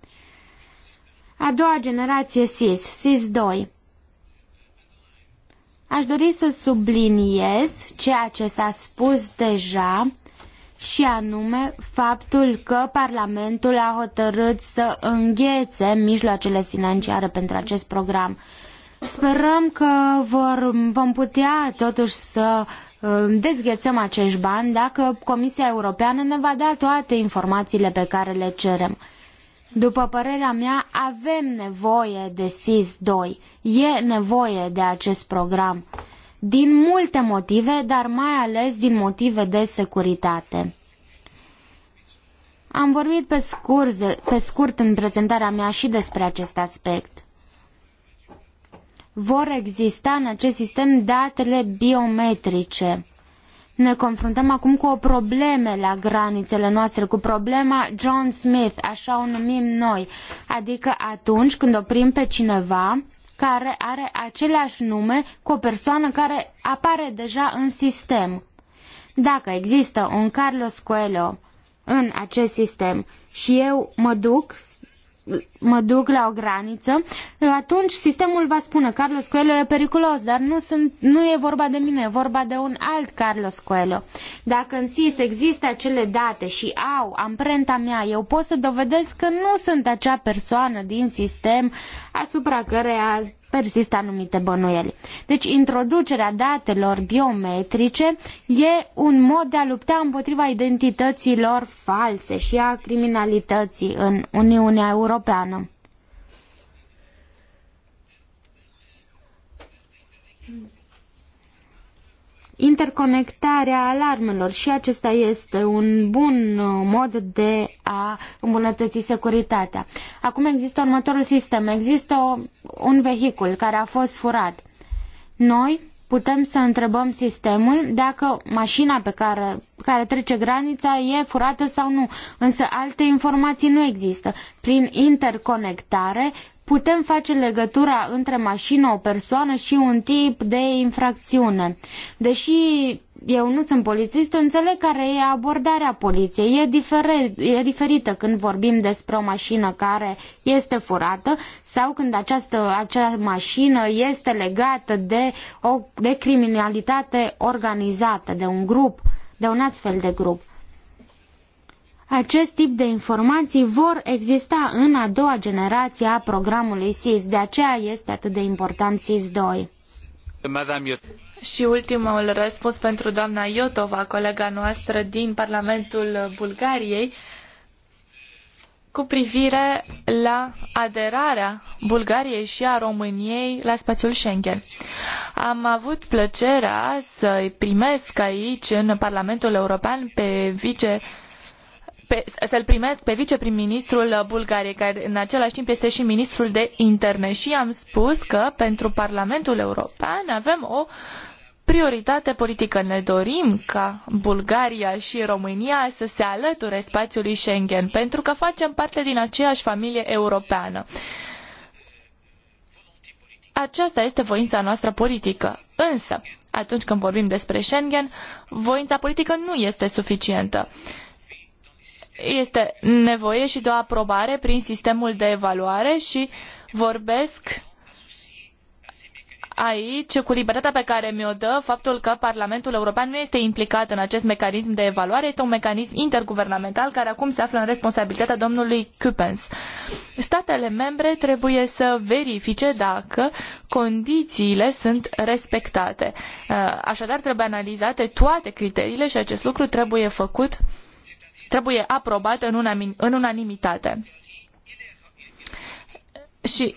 A doua generație SIS, SIS 2. Aș dori să subliniez ceea ce s-a spus deja și anume faptul că Parlamentul a hotărât să înghețe mijloacele financiare pentru acest program. Sperăm că vor, vom putea totuși să uh, dezghețăm acești bani dacă Comisia Europeană ne va da toate informațiile pe care le cerem. După părerea mea, avem nevoie de SIS 2. E nevoie de acest program din multe motive, dar mai ales din motive de securitate. Am vorbit pe scurt, pe scurt în prezentarea mea și despre acest aspect. Vor exista în acest sistem datele biometrice. Ne confruntăm acum cu o problemă la granițele noastre, cu problema John Smith, așa o numim noi, adică atunci când oprim pe cineva care are același nume cu o persoană care apare deja în sistem. Dacă există un Carlos Coelho în acest sistem și eu mă duc mă duc la o graniță, atunci sistemul va spune Carlos Coelho e periculos, dar nu, sunt, nu e vorba de mine, e vorba de un alt Carlos Coelho. Dacă în SIS există acele date și au amprenta mea, eu pot să dovedesc că nu sunt acea persoană din sistem asupra căreia persistă anumite bănuieli. Deci introducerea datelor biometrice e un mod de a lupta împotriva identităților false și a criminalității în Uniunea Europeană. interconectarea alarmelor și acesta este un bun uh, mod de a îmbunătăți securitatea. Acum există următorul sistem. Există o, un vehicul care a fost furat. Noi putem să întrebăm sistemul dacă mașina pe care, care trece granița e furată sau nu, însă alte informații nu există. Prin interconectare putem face legătura între mașină, o persoană și un tip de infracțiune. Deși eu nu sunt polițist, înțeleg care e abordarea poliției. E, diferit, e diferită când vorbim despre o mașină care este furată sau când această, acea mașină este legată de, o, de criminalitate organizată, de un grup, de un astfel de grup. Acest tip de informații vor exista în a doua generație a programului SIS, de aceea este atât de important SIS-2. Și ultimul răspuns pentru doamna Iotova, colega noastră din Parlamentul Bulgariei, cu privire la aderarea Bulgariei și a României la spațiul Schengen. Am avut plăcerea să-i primesc aici, în Parlamentul European, pe vice să-l primesc pe viceprim-ministrul Bulgariei, care în același timp este și ministrul de interne. Și am spus că pentru Parlamentul European avem o prioritate politică. Ne dorim ca Bulgaria și România să se alăture spațiului Schengen, pentru că facem parte din aceeași familie europeană. Aceasta este voința noastră politică. Însă, atunci când vorbim despre Schengen, voința politică nu este suficientă. Uh, este nevoie și de o aprobare prin sistemul de evaluare și vorbesc aici cu libertatea pe care mi-o dă faptul că Parlamentul European nu este implicat în acest mecanism de evaluare, este un mecanism interguvernamental care acum se află în responsabilitatea domnului Cupens. Statele membre trebuie să verifice dacă condițiile sunt respectate. Așadar, trebuie analizate toate criteriile și acest lucru trebuie făcut trebuie aprobat în, în unanimitate. Și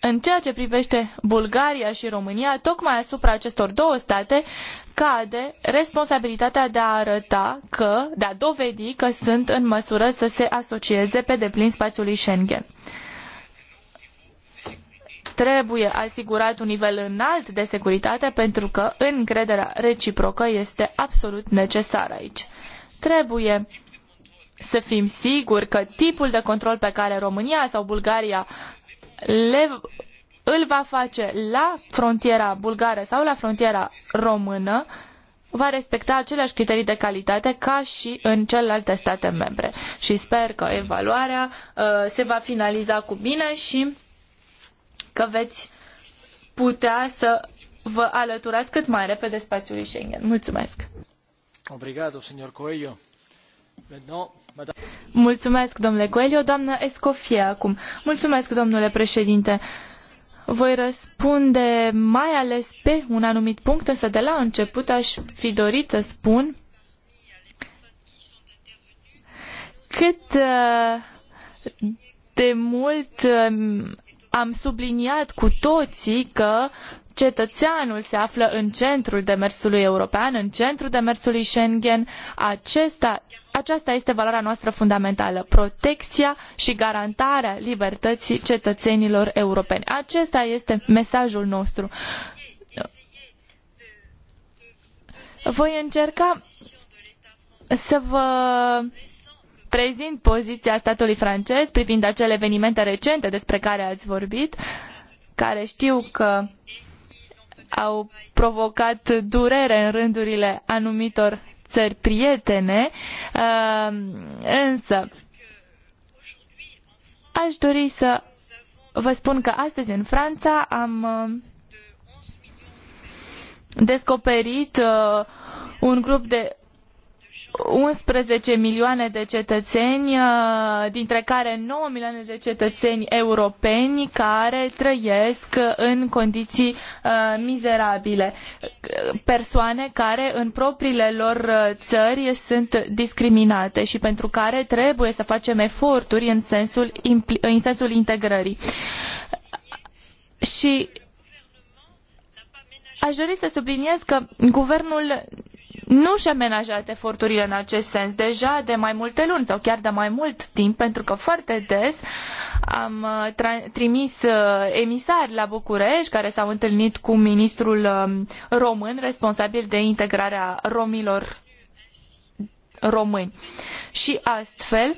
în ceea ce privește Bulgaria și România, tocmai asupra acestor două state cade responsabilitatea de a arăta că, de a dovedi că sunt în măsură să se asocieze pe deplin spațiului Schengen. Trebuie asigurat un nivel înalt de securitate pentru că încrederea reciprocă este absolut necesară aici. Trebuie să fim siguri că tipul de control pe care România sau Bulgaria le, îl va face la frontiera bulgară sau la frontiera română va respecta aceleași criterii de calitate ca și în celelalte state membre. Și sper că evaluarea uh, se va finaliza cu bine și că veți putea să vă alăturați cât mai repede spațiului Schengen. Mulțumesc! Obrigado, signor Coelho. Mulțumesc, domnule Coelho. Doamnă Escofie, acum. Mulțumesc, domnule președinte. Voi răspunde mai ales pe un anumit punct, însă de la început aș fi dorit să spun cât uh, de mult um, am subliniat cu toții că cetățeanul se află în centrul demersului european, în centrul demersului Schengen. Acesta, aceasta este valoarea noastră fundamentală, protecția și garantarea libertății cetățenilor europeni. Acesta este mesajul nostru. Voi încerca să vă prezint poziția statului francez privind acele evenimente recente despre care ați vorbit, care știu că au provocat durere în rândurile anumitor țări prietene, uh, însă aș dori să vă spun că astăzi în Franța am uh, descoperit uh, un grup de 11 milioane de cetățeni, uh, dintre care 9 milioane de cetățeni europeni care trăiesc în condiții uh, mizerabile. Persoane care în propriile lor uh, țări sunt discriminate și pentru care trebuie să facem eforturi în sensul, în sensul integrării. Și aș dori să subliniez că guvernul nu și-a menajat eforturile în acest sens deja de mai multe luni sau chiar de mai mult timp, pentru că foarte des am uh, trimis uh, emisari la București care s-au întâlnit cu ministrul um, român responsabil de integrarea romilor români. Și astfel,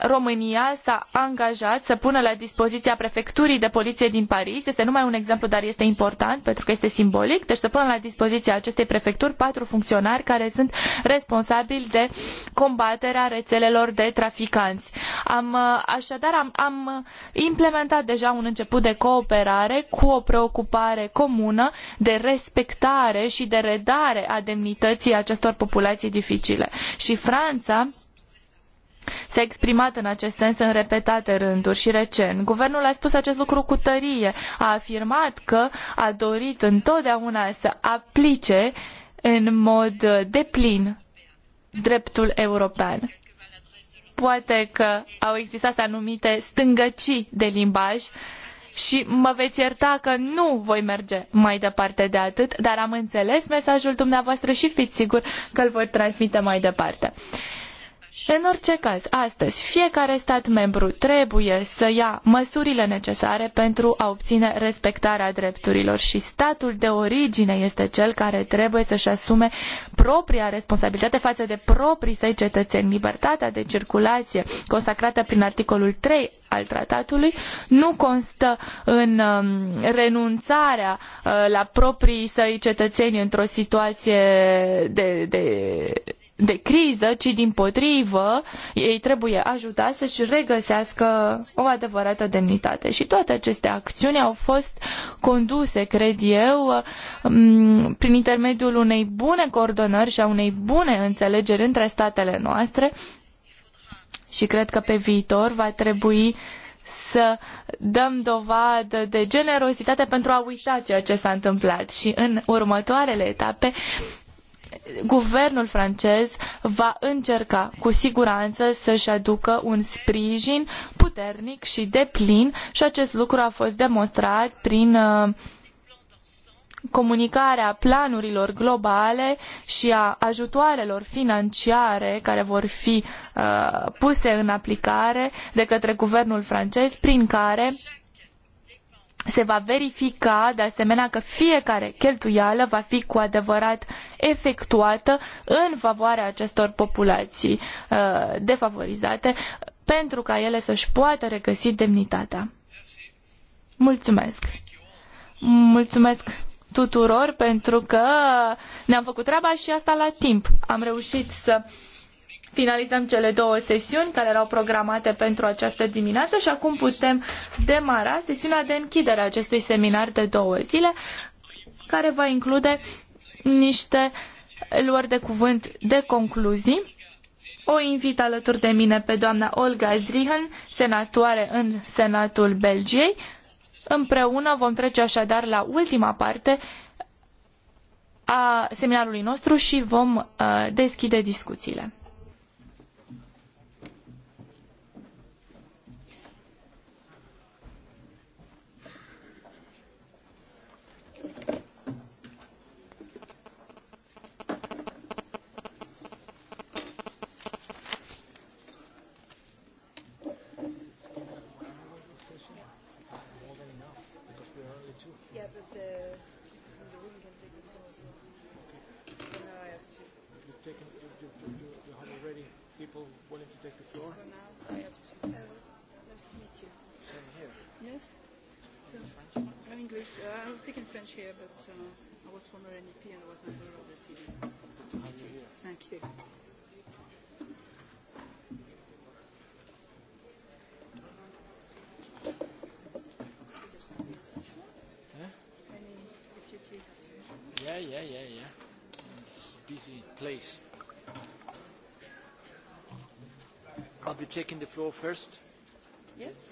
România s-a angajat să pună la dispoziția prefecturii de poliție din Paris, este numai un exemplu, dar este important pentru că este simbolic, deci să pună la dispoziția acestei prefecturi patru funcționari care sunt responsabili de combaterea rețelelor de traficanți. Am, uh, așadar, am, am implementat deja un început de cooperare cu o preocupare comună de respectare și de redare a demnității acestor populații dificile. Și Franța, s-a exprimat în acest sens în repetate rânduri și recent. Guvernul a spus acest lucru cu tărie, a afirmat că a dorit întotdeauna să aplice în mod deplin dreptul european. Poate că au existat anumite stângăcii de limbaj și mă veți ierta că nu voi merge mai departe de atât, dar am înțeles mesajul dumneavoastră și fiți sigur că îl voi transmite mai departe. În orice caz, astăzi, fiecare stat membru trebuie să ia măsurile necesare pentru a obține respectarea drepturilor și statul de origine este cel care trebuie să-și asume propria responsabilitate față de proprii săi cetățeni. Libertatea de circulație consacrată prin articolul 3 al tratatului nu constă în um, renunțarea uh, la proprii săi cetățeni într-o situație de, de de criză, ci din potrivă, ei trebuie ajutați să-și regăsească o adevărată demnitate. Și toate aceste acțiuni au fost conduse, cred eu, prin intermediul unei bune coordonări și a unei bune înțelegeri între statele noastre și cred că pe viitor va trebui să dăm dovadă de generozitate pentru a uita ceea ce s-a întâmplat și în următoarele etape guvernul francez va încerca cu siguranță să-și aducă un sprijin puternic și deplin și acest lucru a fost demonstrat prin uh, comunicarea planurilor globale și a ajutoarelor financiare care vor fi uh, puse în aplicare de către guvernul francez, prin care se va verifica de asemenea că fiecare cheltuială va fi cu adevărat efectuată în favoarea acestor populații uh, defavorizate pentru ca ele să-și poată regăsi demnitatea. Mulțumesc! Mulțumesc tuturor pentru că ne-am făcut treaba și asta la timp. Am reușit să finalizăm cele două sesiuni care erau programate pentru această dimineață și acum putem demara sesiunea de închidere a acestui seminar de două zile, care va include niște luări de cuvânt de concluzii. O invit alături de mine pe doamna Olga Zrihan, senatoare în Senatul Belgiei. Împreună vom trece așadar la ultima parte a seminarului nostru și vom uh, deschide discuțiile. chair, but uh, I was former MEP and I was member of the city. Thank you. Yeah, yeah, yeah, yeah. It's a busy place. I'll be taking the floor first. Yes.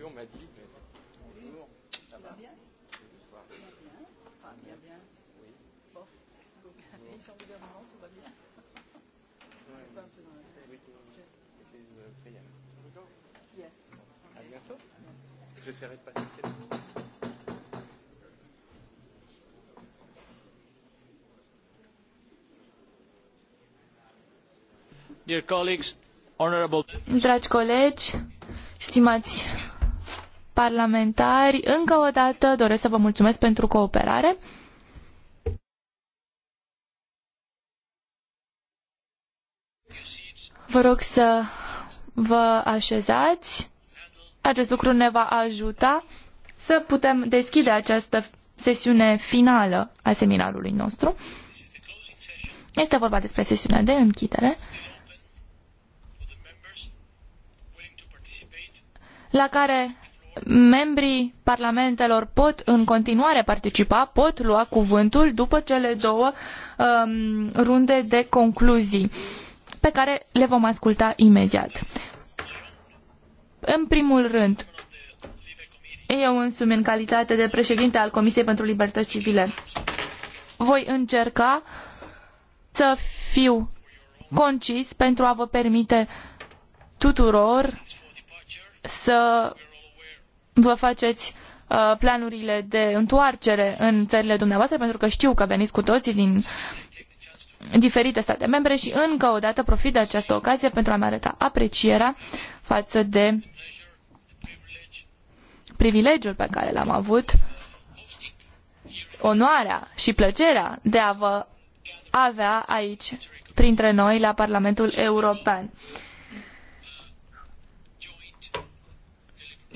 peu, on m'a dit. Mais... Bonjour. Ça va bien Bonsoir. Enfin, bien, bien. Oui. Pays sans gouvernement, tout va bien. Ouais, pas un peu dans la tête. Oui. Euh, yes. À bientôt. J'essaierai de passer cette Dear colleagues, honorable... Dragi colegi, stimați parlamentari, încă o dată doresc să vă mulțumesc pentru cooperare. Vă rog să vă așezați. Acest lucru ne va ajuta să putem deschide această sesiune finală a seminarului nostru. Este vorba despre sesiunea de închidere, la care membrii parlamentelor pot în continuare participa, pot lua cuvântul după cele două um, runde de concluzii pe care le vom asculta imediat. În primul rând, eu însumi în calitate de președinte al Comisiei pentru Libertăți Civile voi încerca să fiu concis pentru a vă permite tuturor să vă faceți uh, planurile de întoarcere în țările dumneavoastră, pentru că știu că veniți cu toții din diferite state membre și încă o dată profit de această ocazie pentru a-mi arăta aprecierea față de privilegiul pe care l-am avut, onoarea și plăcerea de a vă avea aici printre noi la Parlamentul European.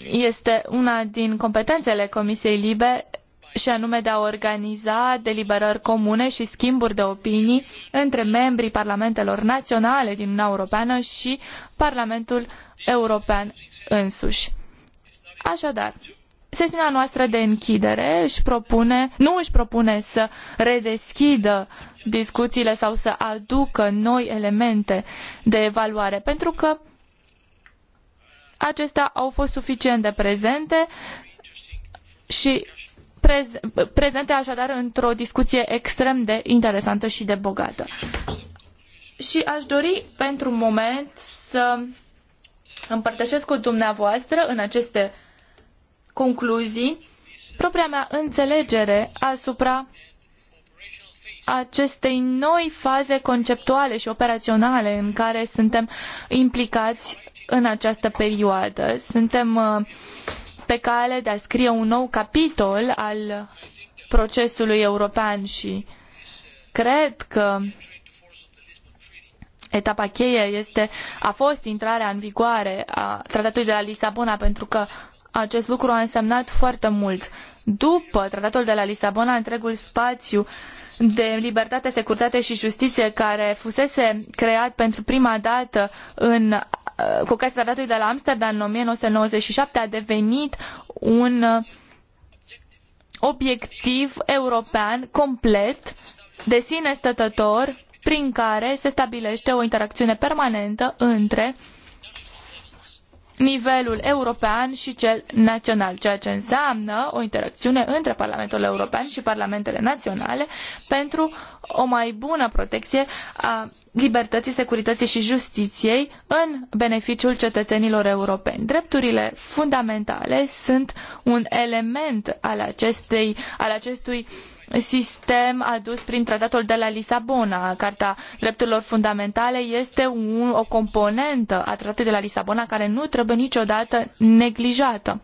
este una din competențele Comisiei Libe și anume de a organiza deliberări comune și schimburi de opinii între membrii parlamentelor naționale din Uniunea Europeană și Parlamentul European însuși. Așadar, sesiunea noastră de închidere își propune, nu își propune să redeschidă discuțiile sau să aducă noi elemente de evaluare, pentru că acestea au fost suficient de prezente și prezente așadar într-o discuție extrem de interesantă și de bogată. Și aș dori pentru moment să împărtășesc cu dumneavoastră în aceste concluzii propria mea înțelegere asupra acestei noi faze conceptuale și operaționale în care suntem implicați în această perioadă. Suntem uh, pe cale de a scrie un nou capitol al procesului european și cred că etapa cheie este, a fost intrarea în vigoare a tratatului de la Lisabona, pentru că acest lucru a însemnat foarte mult. După tratatul de la Lisabona, întregul spațiu de libertate, securitate și justiție care fusese creat pentru prima dată în Uh, cu ocazia tratatului de la Amsterdam în 1997 a devenit un uh, obiectiv european complet de sine stătător prin care se stabilește o interacțiune permanentă între nivelul european și cel național, ceea ce înseamnă o interacțiune între Parlamentul European și Parlamentele Naționale pentru o mai bună protecție a libertății, securității și justiției în beneficiul cetățenilor europeni. Drepturile fundamentale sunt un element al, acestei, al acestui sistem adus prin tratatul de la Lisabona. Carta drepturilor fundamentale este un, o componentă a tratatului de la Lisabona care nu trebuie niciodată neglijată.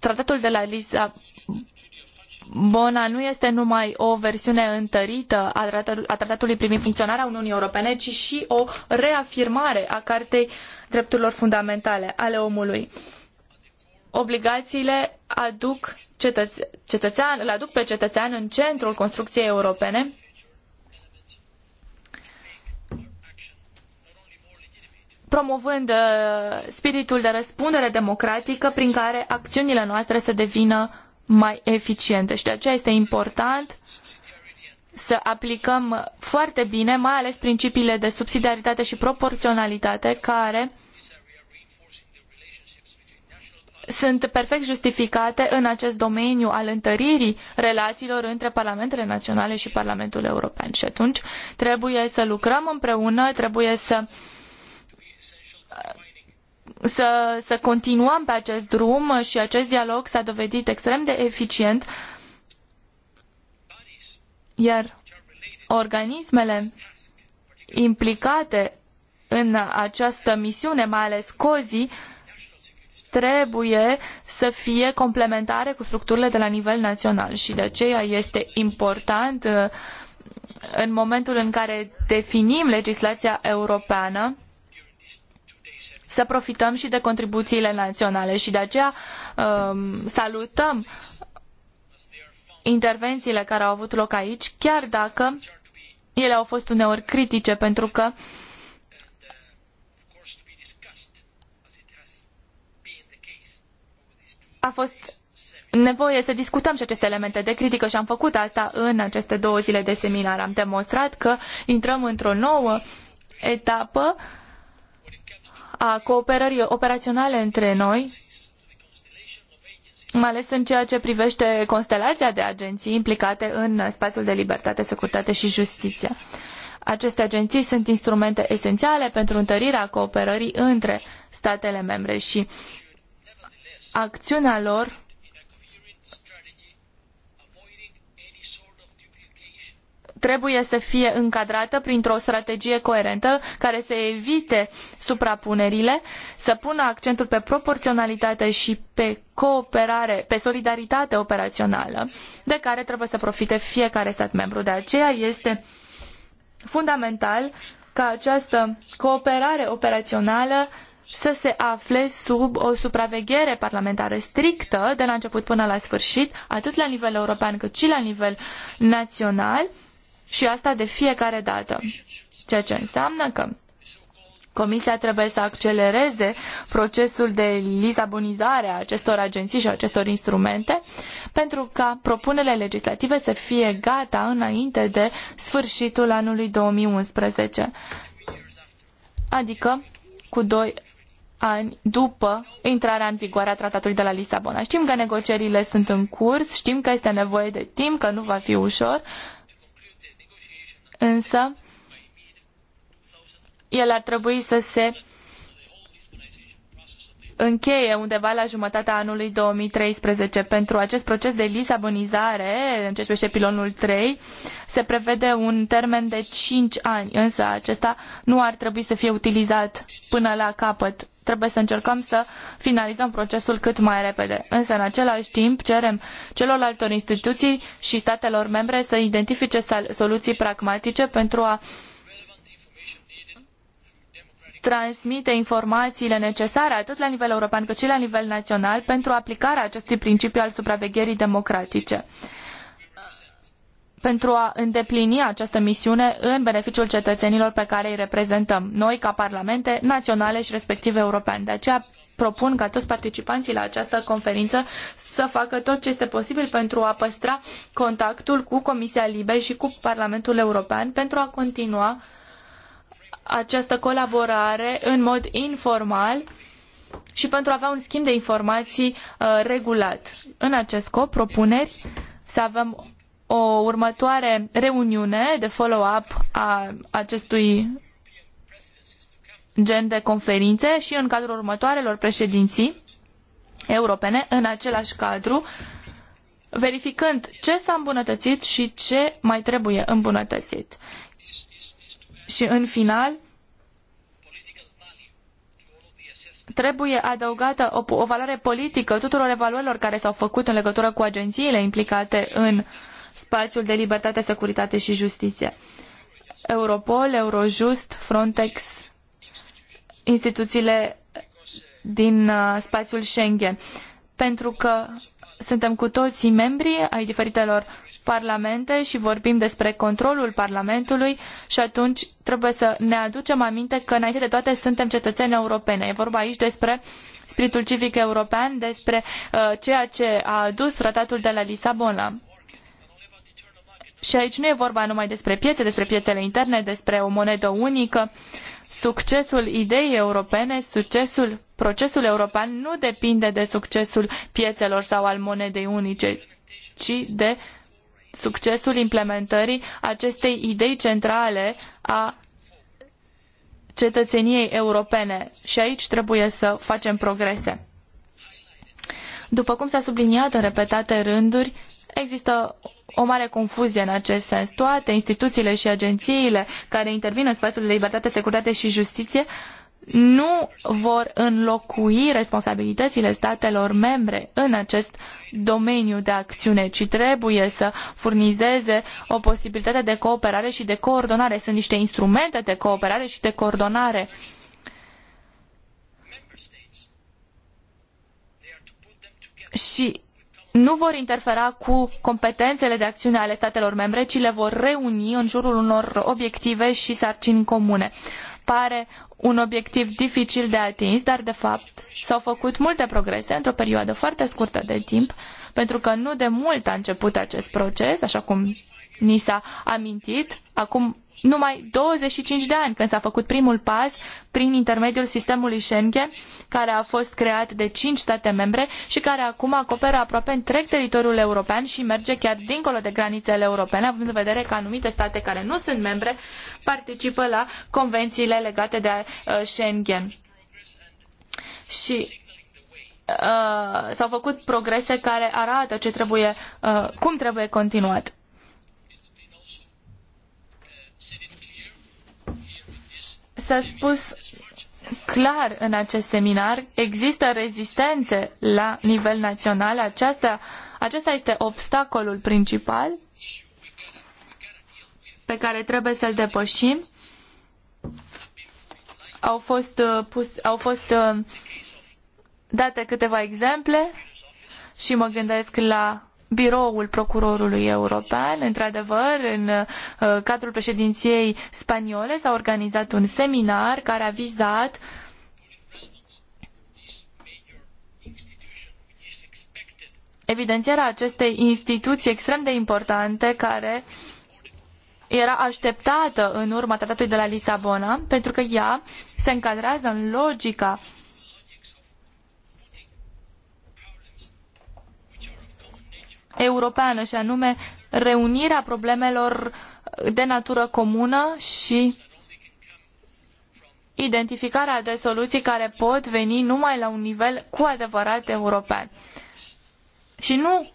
Tratatul de la Lisabona Bona nu este numai o versiune întărită a tratatului privind funcționarea Uniunii Europene, ci și o reafirmare a Cartei Drepturilor Fundamentale ale omului. Obligațiile aduc cetăț- cetățean, îl aduc pe cetățean în centrul construcției europene promovând uh, spiritul de răspundere democratică prin care acțiunile noastre să devină mai eficiente și de aceea este important să aplicăm foarte bine, mai ales principiile de subsidiaritate și proporționalitate, care sunt perfect justificate în acest domeniu al întăririi relațiilor între parlamentele naționale și Parlamentul European. Și atunci trebuie să lucrăm împreună, trebuie să să, să continuăm pe acest drum și acest dialog s-a dovedit extrem de eficient. Iar organismele implicate în această misiune, mai ales COZI, trebuie să fie complementare cu structurile de la nivel național și de aceea este important uh, în momentul în care definim legislația europeană să profităm și de contribuțiile naționale și de aceea um, salutăm intervențiile care au avut loc aici, chiar dacă ele au fost uneori critice, pentru că a fost nevoie să discutăm și aceste elemente de critică și am făcut asta în aceste două zile de seminar. Am demonstrat că intrăm într-o nouă etapă uh, a cooperării operaționale între noi, mai ales în ceea ce privește constelația de agenții implicate în spațiul de libertate, securitate și justiție. Aceste agenții sunt instrumente esențiale pentru întărirea cooperării între statele membre și acțiunea lor trebuie să fie încadrată printr-o strategie coerentă care să evite suprapunerile, să pună accentul pe proporționalitate și pe cooperare, pe solidaritate operațională, de care trebuie să profite fiecare stat membru. De aceea este fundamental ca această cooperare operațională să se afle sub o supraveghere parlamentară strictă de la început până la sfârșit, atât la nivel european cât și la nivel național, și asta de fiecare dată. Ceea ce înseamnă că Comisia trebuie să accelereze procesul de lisabonizare a acestor agenții și a acestor instrumente pentru ca propunerile legislative să fie gata înainte de sfârșitul anului 2011, adică cu doi ani după intrarea în vigoare a tratatului de la Lisabona. Știm că negocierile sunt în curs, știm că este nevoie de timp, că nu va fi ușor, însă el ar trebui să se încheie undeva la jumătatea anului 2013. Pentru acest proces de lisabonizare, în ceea ce privește pilonul 3, se prevede un termen de 5 ani, însă acesta nu ar trebui să fie utilizat până la capăt trebuie să încercăm să finalizăm procesul cât mai repede. Însă, în același timp, cerem celorlalte instituții și statelor membre să identifice soluții pragmatice pentru a transmite informațiile necesare atât la nivel european cât și la nivel național pentru aplicarea acestui principiu al supravegherii democratice pentru a îndeplini această misiune în beneficiul cetățenilor pe care îi reprezentăm, noi ca parlamente naționale și respectiv europene. De aceea propun ca toți participanții la această conferință să facă tot ce este posibil pentru a păstra contactul cu Comisia Libe și cu Parlamentul European pentru a continua această colaborare în mod informal și pentru a avea un schimb de informații uh, regulat. În acest scop, propuneri să avem o următoare reuniune de follow-up a acestui gen de conferințe și în cadrul următoarelor președinții europene în același cadru, verificând ce s-a îmbunătățit și ce mai trebuie îmbunătățit. Și în final, trebuie adăugată o, o valoare politică tuturor evaluărilor care s-au făcut în legătură cu agențiile implicate în uh, spațiul de libertate, securitate și justiție. Europol, Eurojust, Frontex, instituțiile din uh, spațiul Schengen. Pentru că suntem cu toții membri ai diferitelor parlamente și vorbim despre controlul Parlamentului și atunci trebuie să ne aducem aminte că înainte de toate suntem cetățeni europene. E vorba aici despre spiritul civic european, despre uh, ceea ce a adus tratatul de la Lisabona. Și aici nu e vorba numai despre piețe, despre piețele interne, despre o monedă unică. Succesul ideii europene, succesul, procesul european nu depinde de succesul piețelor sau al monedei unice, ci de succesul implementării acestei idei centrale a cetățeniei europene. Și aici trebuie să facem progrese. După cum s-a subliniat în repetate rânduri, există o mare confuzie în acest sens. Toate instituțiile și agențiile care intervin în spațiul de libertate, securitate și justiție nu vor înlocui responsabilitățile statelor membre în acest domeniu de acțiune, ci trebuie să furnizeze o posibilitate de cooperare și de coordonare. Sunt niște instrumente de cooperare și de coordonare. Și nu vor interfera cu competențele de acțiune ale statelor membre, ci le vor reuni în jurul unor obiective și sarcini comune. Pare un obiectiv dificil de atins, dar de fapt s-au făcut multe progrese într-o perioadă foarte scurtă de timp, pentru că nu de mult a început acest proces, așa cum ni s-a amintit, acum numai 25 de ani când s-a făcut primul pas prin intermediul sistemului Schengen, care a fost creat de 5 state membre și care acum acoperă aproape întreg teritoriul european și merge chiar dincolo de granițele europene, având în vedere că anumite state care nu sunt membre participă la convențiile legate de uh, Schengen. Și uh, s-au făcut progrese care arată ce trebuie, uh, cum trebuie continuat. S-a spus clar în acest seminar, există rezistențe la nivel național, Aceasta, acesta este obstacolul principal pe care trebuie să-l depășim. Au fost, uh, pus, au fost uh, date câteva exemple și mă gândesc la biroul procurorului european. Într-adevăr, în uh, cadrul președinției spaniole s-a organizat un seminar care a vizat evidențierea acestei instituții extrem de importante care era așteptată în urma tratatului de la Lisabona, pentru că ea se încadrează în logica europeană și anume reunirea problemelor de natură comună și identificarea de soluții care pot veni numai la un nivel cu adevărat european. Și nu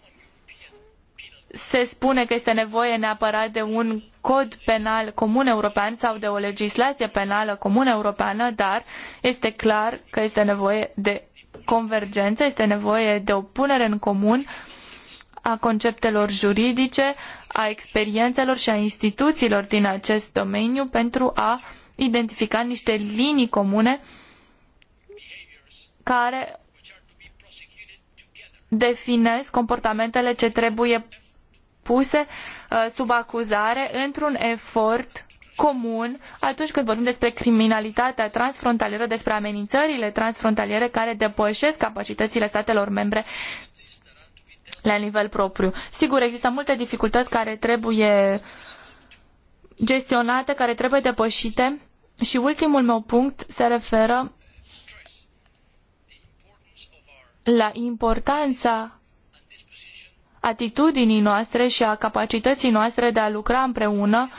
se spune că este nevoie neapărat de un cod penal comun european sau de o legislație penală comună europeană, dar este clar că este nevoie de convergență, este nevoie de o punere în comun uh, a conceptelor juridice, a experiențelor și a instituțiilor din acest domeniu pentru a identifica niște linii comune care definesc comportamentele ce trebuie puse uh, sub acuzare într-un efort comun atunci când vorbim despre criminalitatea transfrontalieră, despre amenințările transfrontaliere care depășesc capacitățile statelor membre la nivel propriu. Sigur, există multe dificultăți care trebuie gestionate, care trebuie depășite și ultimul meu punct se referă la importanța atitudinii noastre și a capacității noastre de a lucra împreună uh,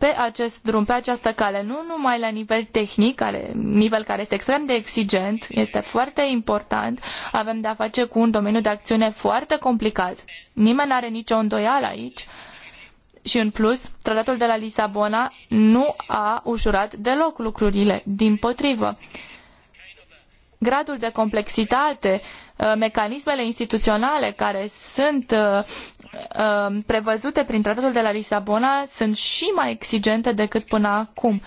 pe acest drum, pe această cale, nu numai la nivel tehnic, care, nivel care este extrem de exigent, este foarte important, avem de-a face cu un domeniu de acțiune foarte complicat. Nimeni nu are nicio îndoială aici. Și în plus, tratatul de la Lisabona nu a ușurat deloc lucrurile, din potrivă gradul de complexitate, uh, mecanismele instituționale care sunt uh, uh, prevăzute prin tratatul de la Lisabona sunt și mai exigente decât până acum.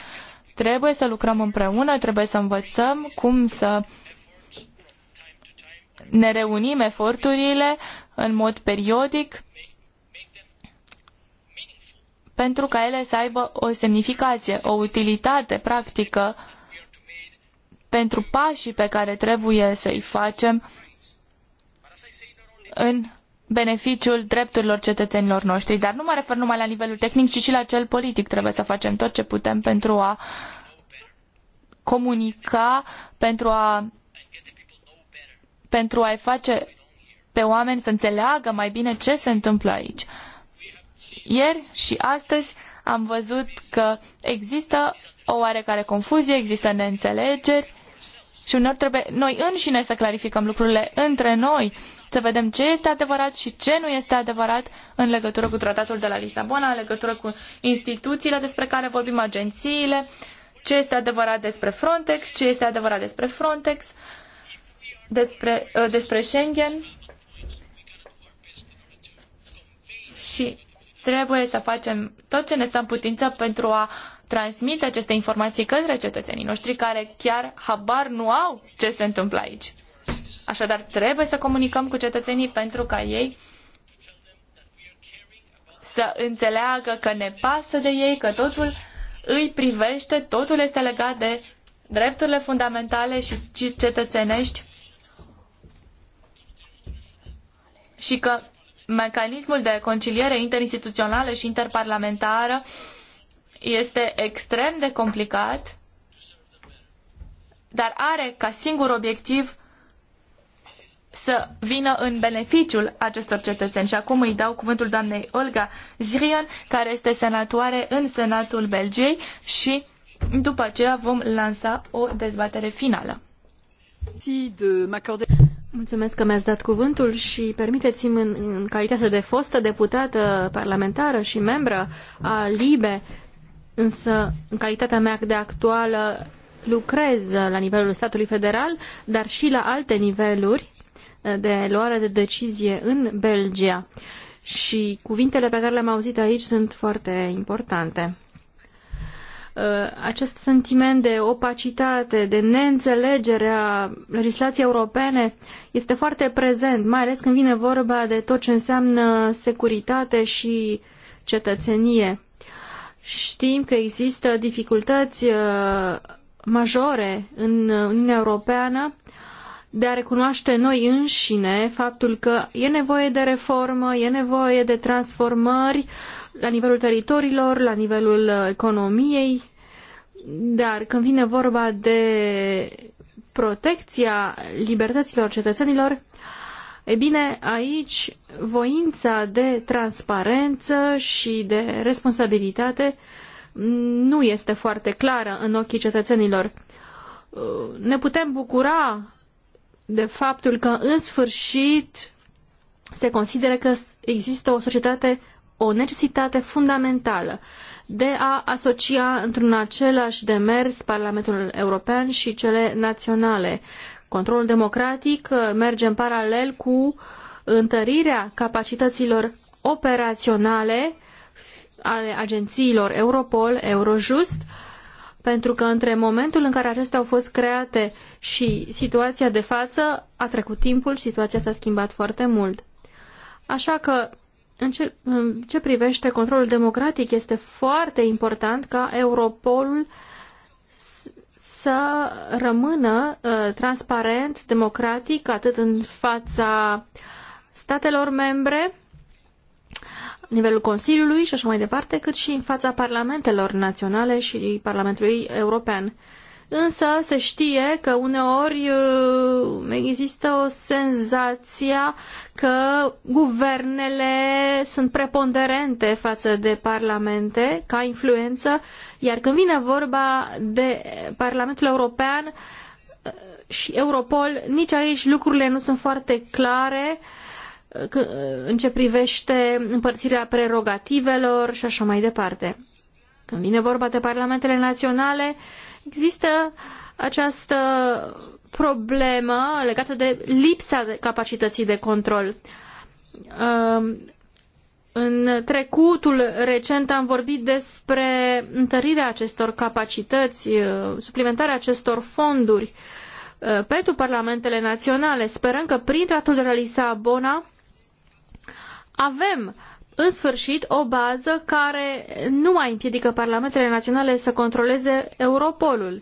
Trebuie să lucrăm împreună, trebuie să învățăm cum să ne reunim eforturile în mod periodic pentru ca ele să aibă o semnificație, o utilitate practică pentru pașii pe care trebuie să-i facem în beneficiul drepturilor cetățenilor noștri. Dar nu mă refer numai la nivelul tehnic, ci și la cel politic. Trebuie să facem tot ce putem pentru a comunica, pentru a pentru a-i face pe oameni să înțeleagă mai bine ce se întâmplă aici. Ieri și astăzi am văzut că există o oarecare confuzie, există neînțelegeri și uneori trebuie noi înșine să clarificăm lucrurile între noi, să vedem ce este adevărat și ce nu este adevărat în legătură cu tratatul de la Lisabona, în legătură cu instituțiile despre care vorbim, agențiile, ce este adevărat despre Frontex, ce este adevărat despre Frontex, despre, uh, despre Schengen. Și trebuie să facem tot ce ne stă în putință pentru a transmite aceste informații către cetățenii noștri care chiar habar nu au ce se întâmplă aici. Așadar, trebuie să comunicăm cu cetățenii pentru ca ei să înțeleagă că ne pasă de ei, că totul îi privește, totul este legat de drepturile fundamentale și cetățenești și că mecanismul de conciliere interinstituțională și interparlamentară uh, este extrem de complicat, dar are ca singur obiectiv să vină în beneficiul acestor cetățeni. Și acum îi dau cuvântul doamnei Olga Zirion, care este senatoare în Senatul Belgiei și după aceea vom lansa o dezbatere finală. Mulțumesc că mi-ați dat cuvântul și permiteți-mi în, în, calitate de fostă deputată parlamentară și membră a LIBE însă în calitatea mea de actuală lucrez la nivelul statului federal, dar și la alte niveluri de luare de decizie în Belgia. Și cuvintele pe care le-am auzit aici sunt foarte importante. Uh, acest sentiment de opacitate, de neînțelegere a legislației europene este foarte prezent, mai ales când vine vorba de tot ce înseamnă securitate și cetățenie Știm că există dificultăți uh, majore în Uniunea Europeană de a recunoaște noi înșine faptul că e nevoie de reformă, e nevoie de transformări la nivelul teritoriilor, la nivelul economiei, dar când vine vorba de protecția libertăților cetățenilor, E bine, aici voința de transparență și de responsabilitate nu este foarte clară în ochii cetățenilor. Uh, ne putem bucura de faptul că în sfârșit se consideră că există o societate, o necesitate fundamentală de a asocia într-un același demers Parlamentul European și cele naționale. Controlul democratic uh, merge în paralel cu întărirea capacităților operaționale ale agențiilor Europol, Eurojust, pentru că între momentul în care acestea au fost create și situația de față a trecut timpul situația s-a schimbat foarte mult. Așa că, în ce, în ce privește controlul democratic, este foarte important ca Europolul să rămână uh, transparent, democratic, atât în fața statelor membre, nivelul Consiliului și așa mai departe, cât și în fața parlamentelor naționale și Parlamentului European. Însă se știe că uneori uh, există o senzație că guvernele sunt preponderente față de parlamente ca influență, iar când vine vorba de Parlamentul European uh, și Europol, nici aici lucrurile nu sunt foarte clare uh, în ce privește împărțirea prerogativelor și așa mai departe. Când vine vorba de parlamentele naționale, uh, Există această problemă legată de lipsa de capacității de control. Um, în trecutul recent am vorbit despre întărirea acestor capacități, uh, suplimentarea acestor fonduri uh, pentru parlamentele naționale. Sperăm că prin tratul de la Lisabona avem în sfârșit, o bază care nu mai împiedică parlamentele naționale să controleze Europolul.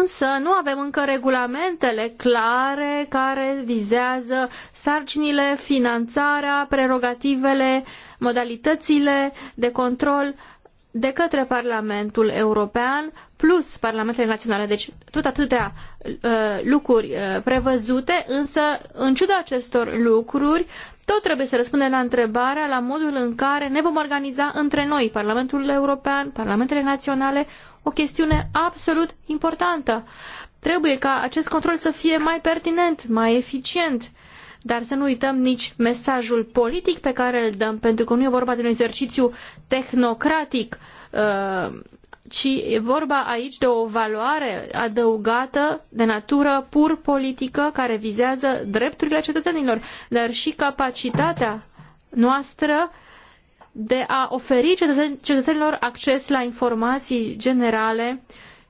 Însă nu avem încă regulamentele clare care vizează sarcinile, finanțarea, prerogativele, modalitățile de control de către Parlamentul European plus Parlamentele Naționale. Deci tot atâtea uh, lucruri uh, prevăzute, însă în ciuda acestor lucruri tot trebuie să răspundem la întrebarea la modul în care ne vom organiza între noi, Parlamentul European, Parlamentele Naționale, o chestiune absolut importantă. Trebuie ca acest control să fie mai pertinent, mai eficient dar să nu uităm nici mesajul politic pe care îl dăm, pentru că nu e vorba de un exercițiu tehnocratic, uh, ci e vorba aici de o valoare adăugată de natură pur politică care vizează drepturile cetățenilor, dar și capacitatea noastră de a oferi cetățenilor acces la informații generale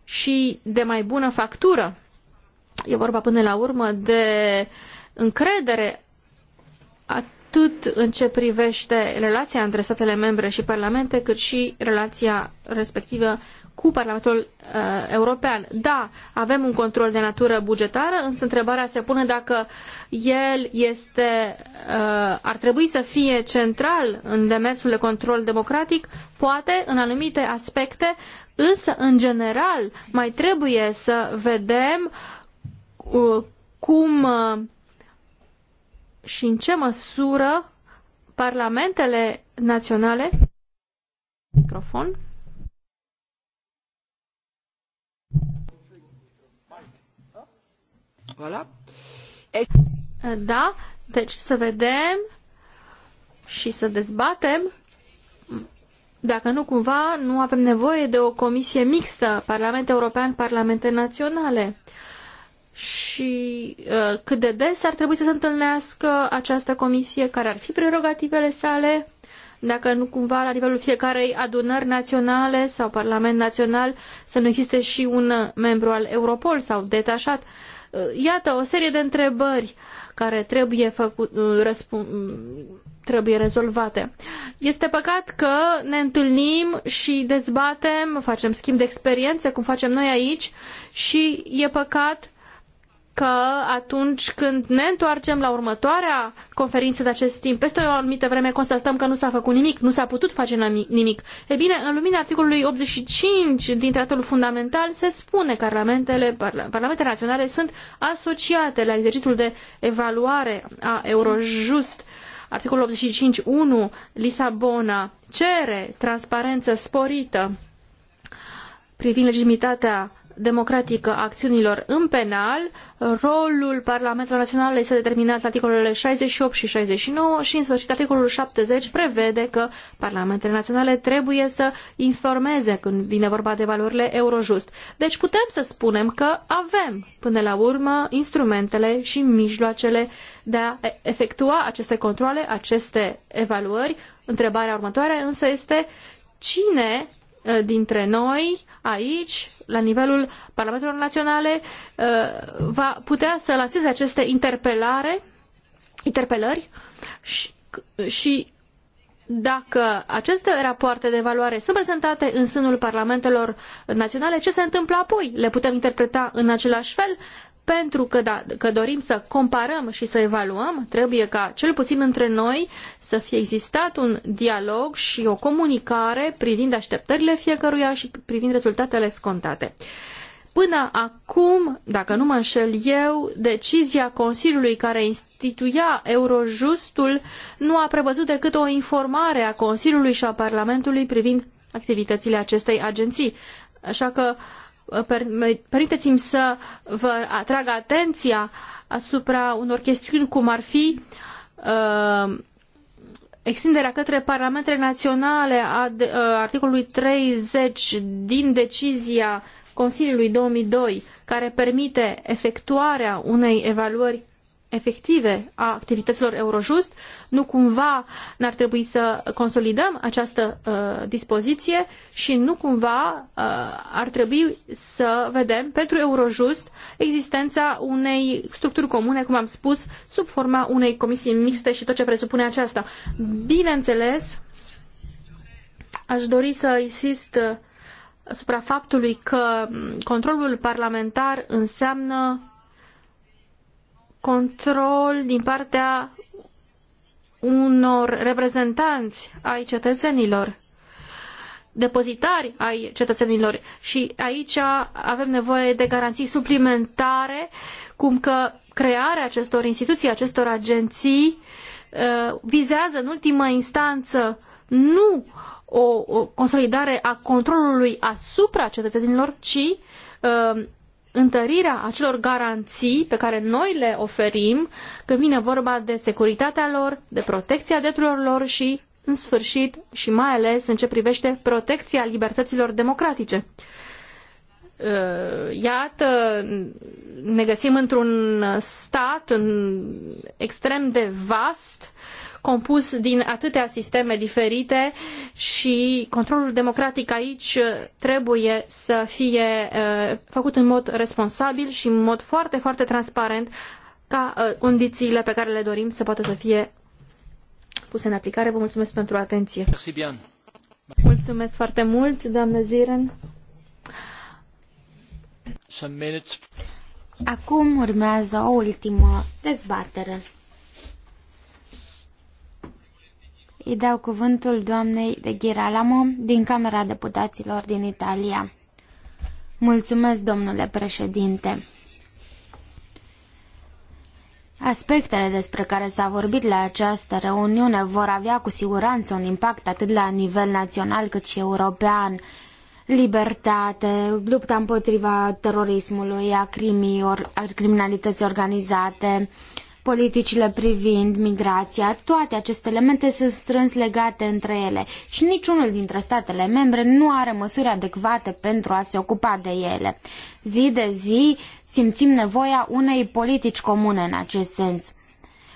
și de mai bună factură. E vorba până la urmă de încredere atât în ce privește relația între statele membre și parlamente, cât și relația respectivă cu Parlamentul uh, European. Da, avem un control de natură bugetară, însă întrebarea se pune dacă el este, uh, ar trebui să fie central în demersul de control democratic, poate în anumite aspecte, însă în general mai trebuie să vedem uh, cum uh, și în ce măsură parlamentele naționale microfon Voilà. Da, deci să vedem și să dezbatem dacă nu cumva nu avem nevoie de o comisie mixtă, Parlament European, Parlamente Naționale și uh, cât de des ar trebui să se întâlnească această comisie, care ar fi prerogativele sale, dacă nu cumva la nivelul fiecarei adunări naționale sau parlament național să nu existe și un membru al Europol sau detașat. Uh, iată o serie de întrebări care trebuie, făcut, uh, trebuie rezolvate. Este păcat că ne întâlnim și dezbatem, facem schimb de experiențe, cum facem noi aici, și e păcat că atunci când ne întoarcem la următoarea conferință de acest timp, peste o anumită vreme constatăm că nu s-a făcut nimic, nu s-a putut face nimic. E bine, în lumina articolului 85 din tratatul fundamental se spune că parlamentele, parlamentele naționale sunt asociate la exercițiul de evaluare a Eurojust. Articolul 85.1 Lisabona cere transparență sporită privind legitimitatea democratică a acțiunilor în penal, rolul Parlamentelor Naționale este determinat la articolele 68 și 69 și în sfârșit articolul 70 prevede că Parlamentele Naționale trebuie să informeze când vine vorba de valorile Eurojust. Deci putem să spunem că avem până la urmă instrumentele și mijloacele de a efectua aceste controle, aceste evaluări. Întrebarea următoare însă este cine Eh, dintre noi aici, la nivelul Parlamentelor Naționale, eh, va putea să lanseze aceste interpelare, interpelări și, și dacă aceste rapoarte de evaluare sunt prezentate în sânul parlamentelor naționale, ce se întâmplă apoi? Le putem interpreta în același fel? pentru că, da, că dorim să comparăm și să evaluăm, trebuie ca cel puțin între noi să fie existat un dialog și o comunicare privind așteptările fiecăruia și privind rezultatele scontate. Până acum, dacă nu mă înșel eu, decizia Consiliului care instituia Eurojustul nu a prevăzut decât o informare a Consiliului și a Parlamentului privind activitățile acestei agenții. Așa că uh, Uh, permiteți-mi să vă atrag atenția asupra unor chestiuni cum ar fi uh, extinderea către parlamentele naționale a uh, articolului 30 din decizia Consiliului 2002, care permite efectuarea unei evaluări efective a activităților Eurojust, nu cumva n-ar trebui să consolidăm această uh, dispoziție și nu cumva uh, ar trebui să vedem pentru Eurojust existența unei structuri comune, cum am spus, sub forma unei comisii mixte și tot ce presupune aceasta. Bineînțeles, aș dori să insist uh, asupra faptului că mm, controlul parlamentar înseamnă control din partea unor reprezentanți ai cetățenilor, depozitari ai cetățenilor și aici avem nevoie de garanții suplimentare, cum că crearea acestor instituții, acestor agenții, uh, vizează în ultimă instanță nu o consolidare a controlului asupra cetățenilor, ci uh, întărirea acelor garanții pe care noi le oferim când vine vorba de securitatea lor, de protecția drepturilor lor și, în sfârșit, și mai ales în ce privește protecția libertăților democratice. Uh, iată, ne găsim într-un stat extrem de vast compus din atâtea sisteme diferite și controlul democratic aici trebuie să fie uh, făcut în mod responsabil și în mod foarte, foarte transparent ca uh, condițiile pe care le dorim să poată să fie puse în aplicare. Vă mulțumesc pentru atenție. Mulțumesc foarte mult, doamnă Ziren. Acum urmează o ultimă dezbatere. Îi dau cuvântul doamnei de Ghiralamo din Camera Deputaților din Italia. Mulțumesc, domnule președinte. Aspectele despre care s-a vorbit la această reuniune vor avea cu siguranță un impact atât la nivel național cât și european. Libertate, lupta împotriva terorismului, a crimii, or, a criminalității organizate, uh, politicile privind migrația, toate aceste elemente sunt strâns legate între ele și niciunul dintre statele membre nu are măsuri adecvate pentru a se ocupa de ele. Zi de zi simțim nevoia unei politici comune în acest sens.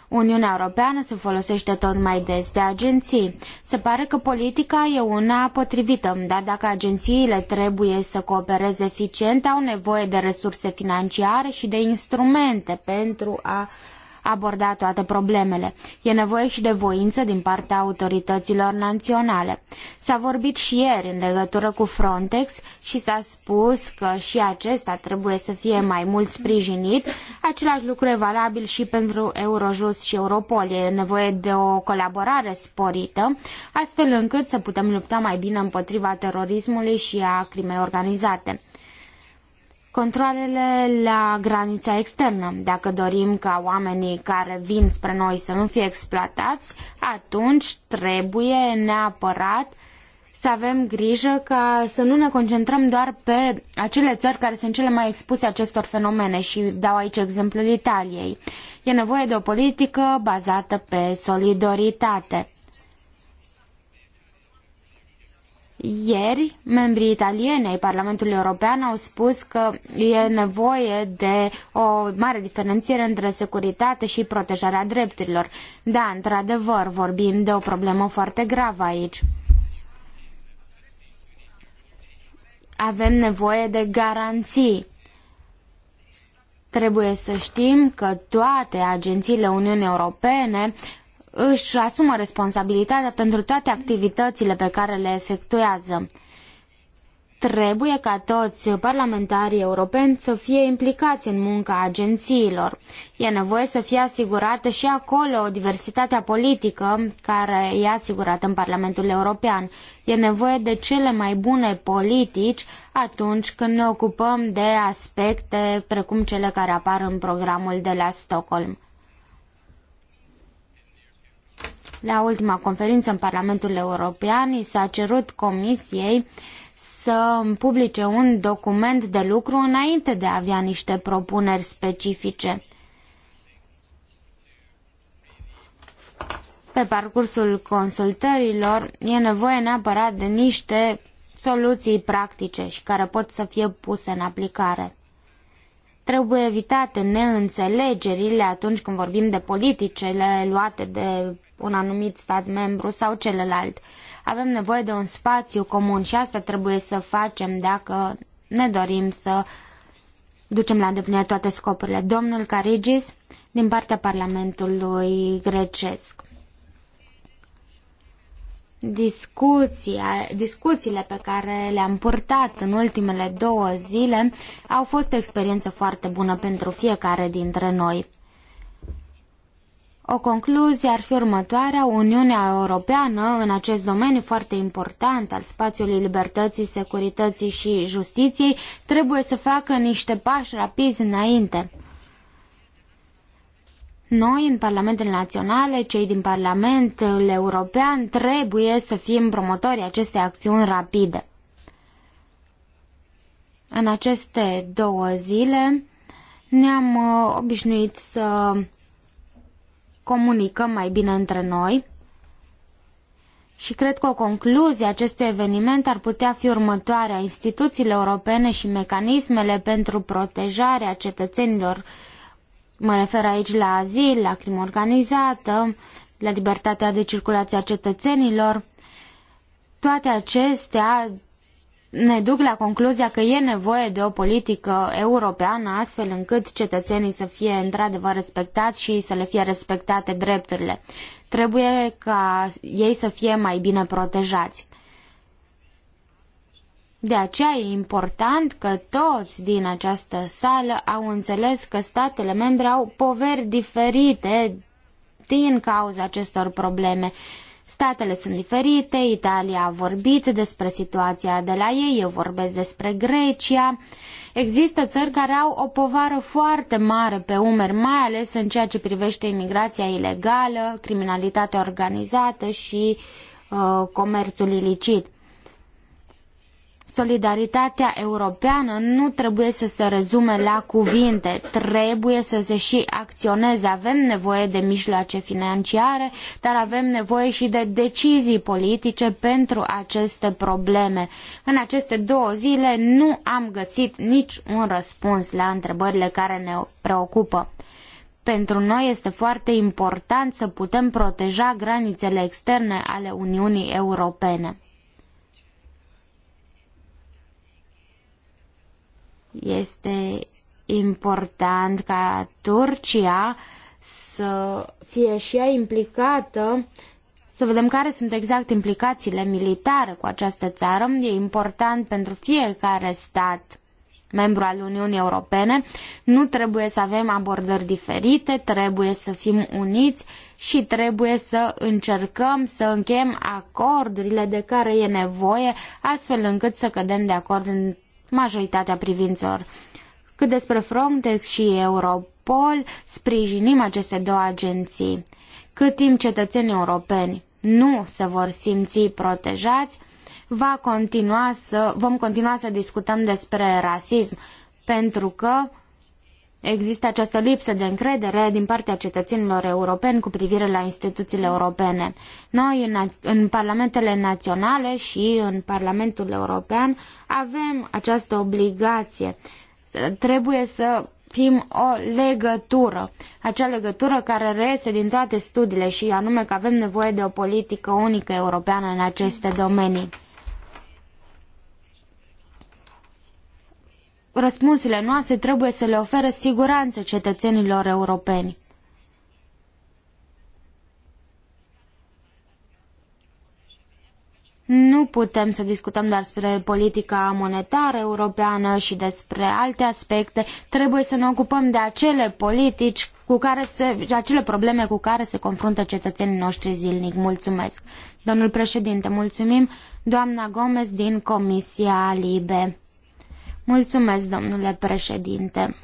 Uniunea Europeană se folosește tot mai des de agenții. Se pare că politica e una potrivită, dar dacă agențiile trebuie să coopereze eficient, au nevoie de resurse financiare și de instrumente pentru a aborda toate problemele. E nevoie și de voință din partea autorităților naționale. S-a vorbit și ieri în legătură cu Frontex și s-a spus că și acesta trebuie să fie mai mult sprijinit. Același lucru e valabil și pentru Eurojust și Europol. E nevoie de o colaborare sporită, astfel încât să putem lupta mai bine împotriva terorismului și a crimei organizate controlele la granița externă. Dacă dorim ca oamenii care vin spre noi să nu fie exploatați, atunci trebuie neapărat să avem grijă ca să nu ne concentrăm doar pe acele țări care sunt cele mai expuse acestor fenomene și dau aici exemplul Italiei. E nevoie de o politică bazată pe solidaritate. Ieri, membrii italieni ai Parlamentului European au spus că e nevoie de o mare diferențiere între securitate și protejarea drepturilor. Da, într-adevăr, vorbim de o problemă foarte gravă aici. Avem nevoie de garanții. Trebuie să știm că toate agențiile Uniunii Europene își asumă responsabilitatea pentru toate activitățile pe care le efectuează. Trebuie ca toți parlamentarii europeni să fie implicați în munca agențiilor. E nevoie să fie asigurată și acolo diversitatea politică care e asigurată în Parlamentul European. E nevoie de cele mai bune politici atunci când ne ocupăm de aspecte precum cele care apar în programul de la Stockholm. La ultima conferință în Parlamentul European i s-a cerut Comisiei să publice un document de lucru înainte de a avea niște propuneri specifice. Pe parcursul consultărilor e nevoie neapărat de niște soluții practice și care pot să fie puse în aplicare. Trebuie evitate neînțelegerile atunci când vorbim de politicele luate de un anumit stat membru sau celălalt. Avem nevoie de un spațiu comun și asta trebuie să facem dacă ne dorim să ducem la îndeplinire toate scopurile. Domnul Carigis, din partea Parlamentului grecesc. Discuția, discuțiile pe care le-am purtat în ultimele două zile au fost o experiență foarte bună pentru fiecare dintre noi. O concluzie ar fi următoarea. Uniunea Europeană, în acest domeniu foarte important al spațiului libertății, securității și justiției, trebuie să facă niște pași rapizi înainte. Noi, în Parlamentele Naționale, cei din Parlamentul European, trebuie să fim promotorii acestei acțiuni rapide. În aceste două zile ne-am uh, obișnuit să comunicăm mai bine între noi și cred că o concluzie a acestui eveniment ar putea fi următoarea. Instituțiile europene și mecanismele pentru protejarea cetățenilor, mă refer aici la azil, la crimă organizată, la libertatea de circulație a cetățenilor, toate acestea ne duc la concluzia că e nevoie de o politică europeană astfel încât cetățenii să fie într-adevăr respectați și să le fie respectate drepturile. Trebuie ca ei să fie mai bine protejați. De aceea e important că toți din această sală au înțeles că statele membre au poveri diferite din cauza acestor probleme Statele sunt diferite, Italia a vorbit despre situația de la ei, eu vorbesc despre Grecia. Există țări care au o povară foarte mare pe umeri, mai ales în ceea ce privește imigrația ilegală, criminalitatea organizată și uh, comerțul ilicit. Solidaritatea europeană nu trebuie să se rezume la cuvinte, trebuie să se și acționeze. Avem nevoie de mijloace financiare, dar avem nevoie și de decizii politice pentru aceste probleme. În aceste două zile nu am găsit nici un răspuns la întrebările care ne preocupă. Pentru noi este foarte important să putem proteja granițele externe ale Uniunii Europene. Este important ca Turcia să fie și ea implicată, să vedem care sunt exact implicațiile militare cu această țară. E important pentru fiecare stat membru al Uniunii Europene. Nu trebuie să avem abordări diferite, trebuie să fim uniți și trebuie să încercăm să încheiem acordurile de care e nevoie, astfel încât să cădem de acord în majoritatea privințelor. Cât despre Frontex și Europol, sprijinim aceste două agenții. Cât timp cetățenii europeni nu se vor simți protejați, va continua să, vom continua să discutăm despre rasism, pentru că există această lipsă de încredere din partea cetățenilor europeni cu privire la instituțiile europene. Noi, în, în parlamentele naționale și în Parlamentul European, avem această obligație. Trebuie să fim o legătură, acea legătură care reiese din toate studiile și anume că avem nevoie de o politică unică europeană în aceste domenii. Răspunsurile noastre trebuie să le ofere siguranță cetățenilor europeni. Nu putem să discutăm doar despre politica monetară europeană și despre alte aspecte. Trebuie să ne ocupăm de acele politici cu care se, acele probleme cu care se confruntă cetățenii noștri zilnic. Mulțumesc. Domnul președinte, mulțumim. Doamna Gomez din Comisia Libe. Mulțumesc, domnule președinte.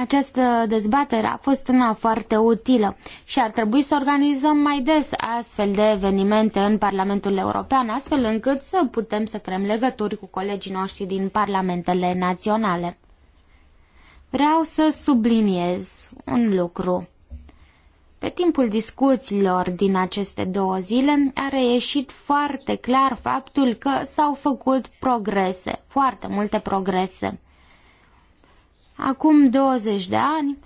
Această dezbatere a fost una foarte utilă și ar trebui să organizăm mai des astfel de evenimente în Parlamentul European, astfel încât să putem să creăm legături cu colegii noștri din parlamentele naționale. Vreau să subliniez un lucru. Pe timpul discuțiilor din aceste două zile a reieșit foarte clar faptul că s-au făcut progrese, foarte multe progrese. Acum 20 de ani,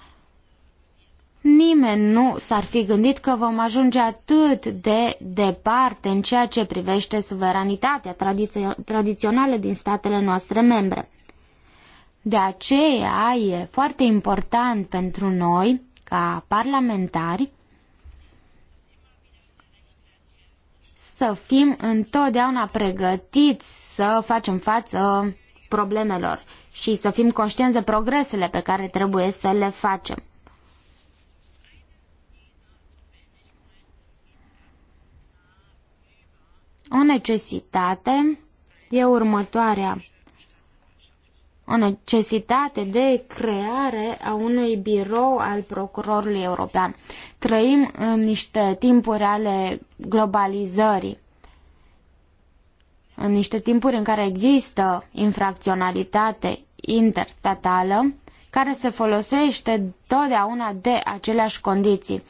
nimeni nu s-ar fi gândit că vom ajunge atât de departe în ceea ce privește suveranitatea tradiț- tradițională din statele noastre membre. De aceea e foarte important pentru noi, ca parlamentari, să fim întotdeauna pregătiți să facem față problemelor și să fim conștienți de progresele pe care trebuie să le facem. O necesitate e următoarea. O necesitate de creare a unui birou al procurorului european. Trăim în niște timpuri ale globalizării în niște timpuri în care există infracționalitate interstatală, care se folosește totdeauna de aceleași condiții.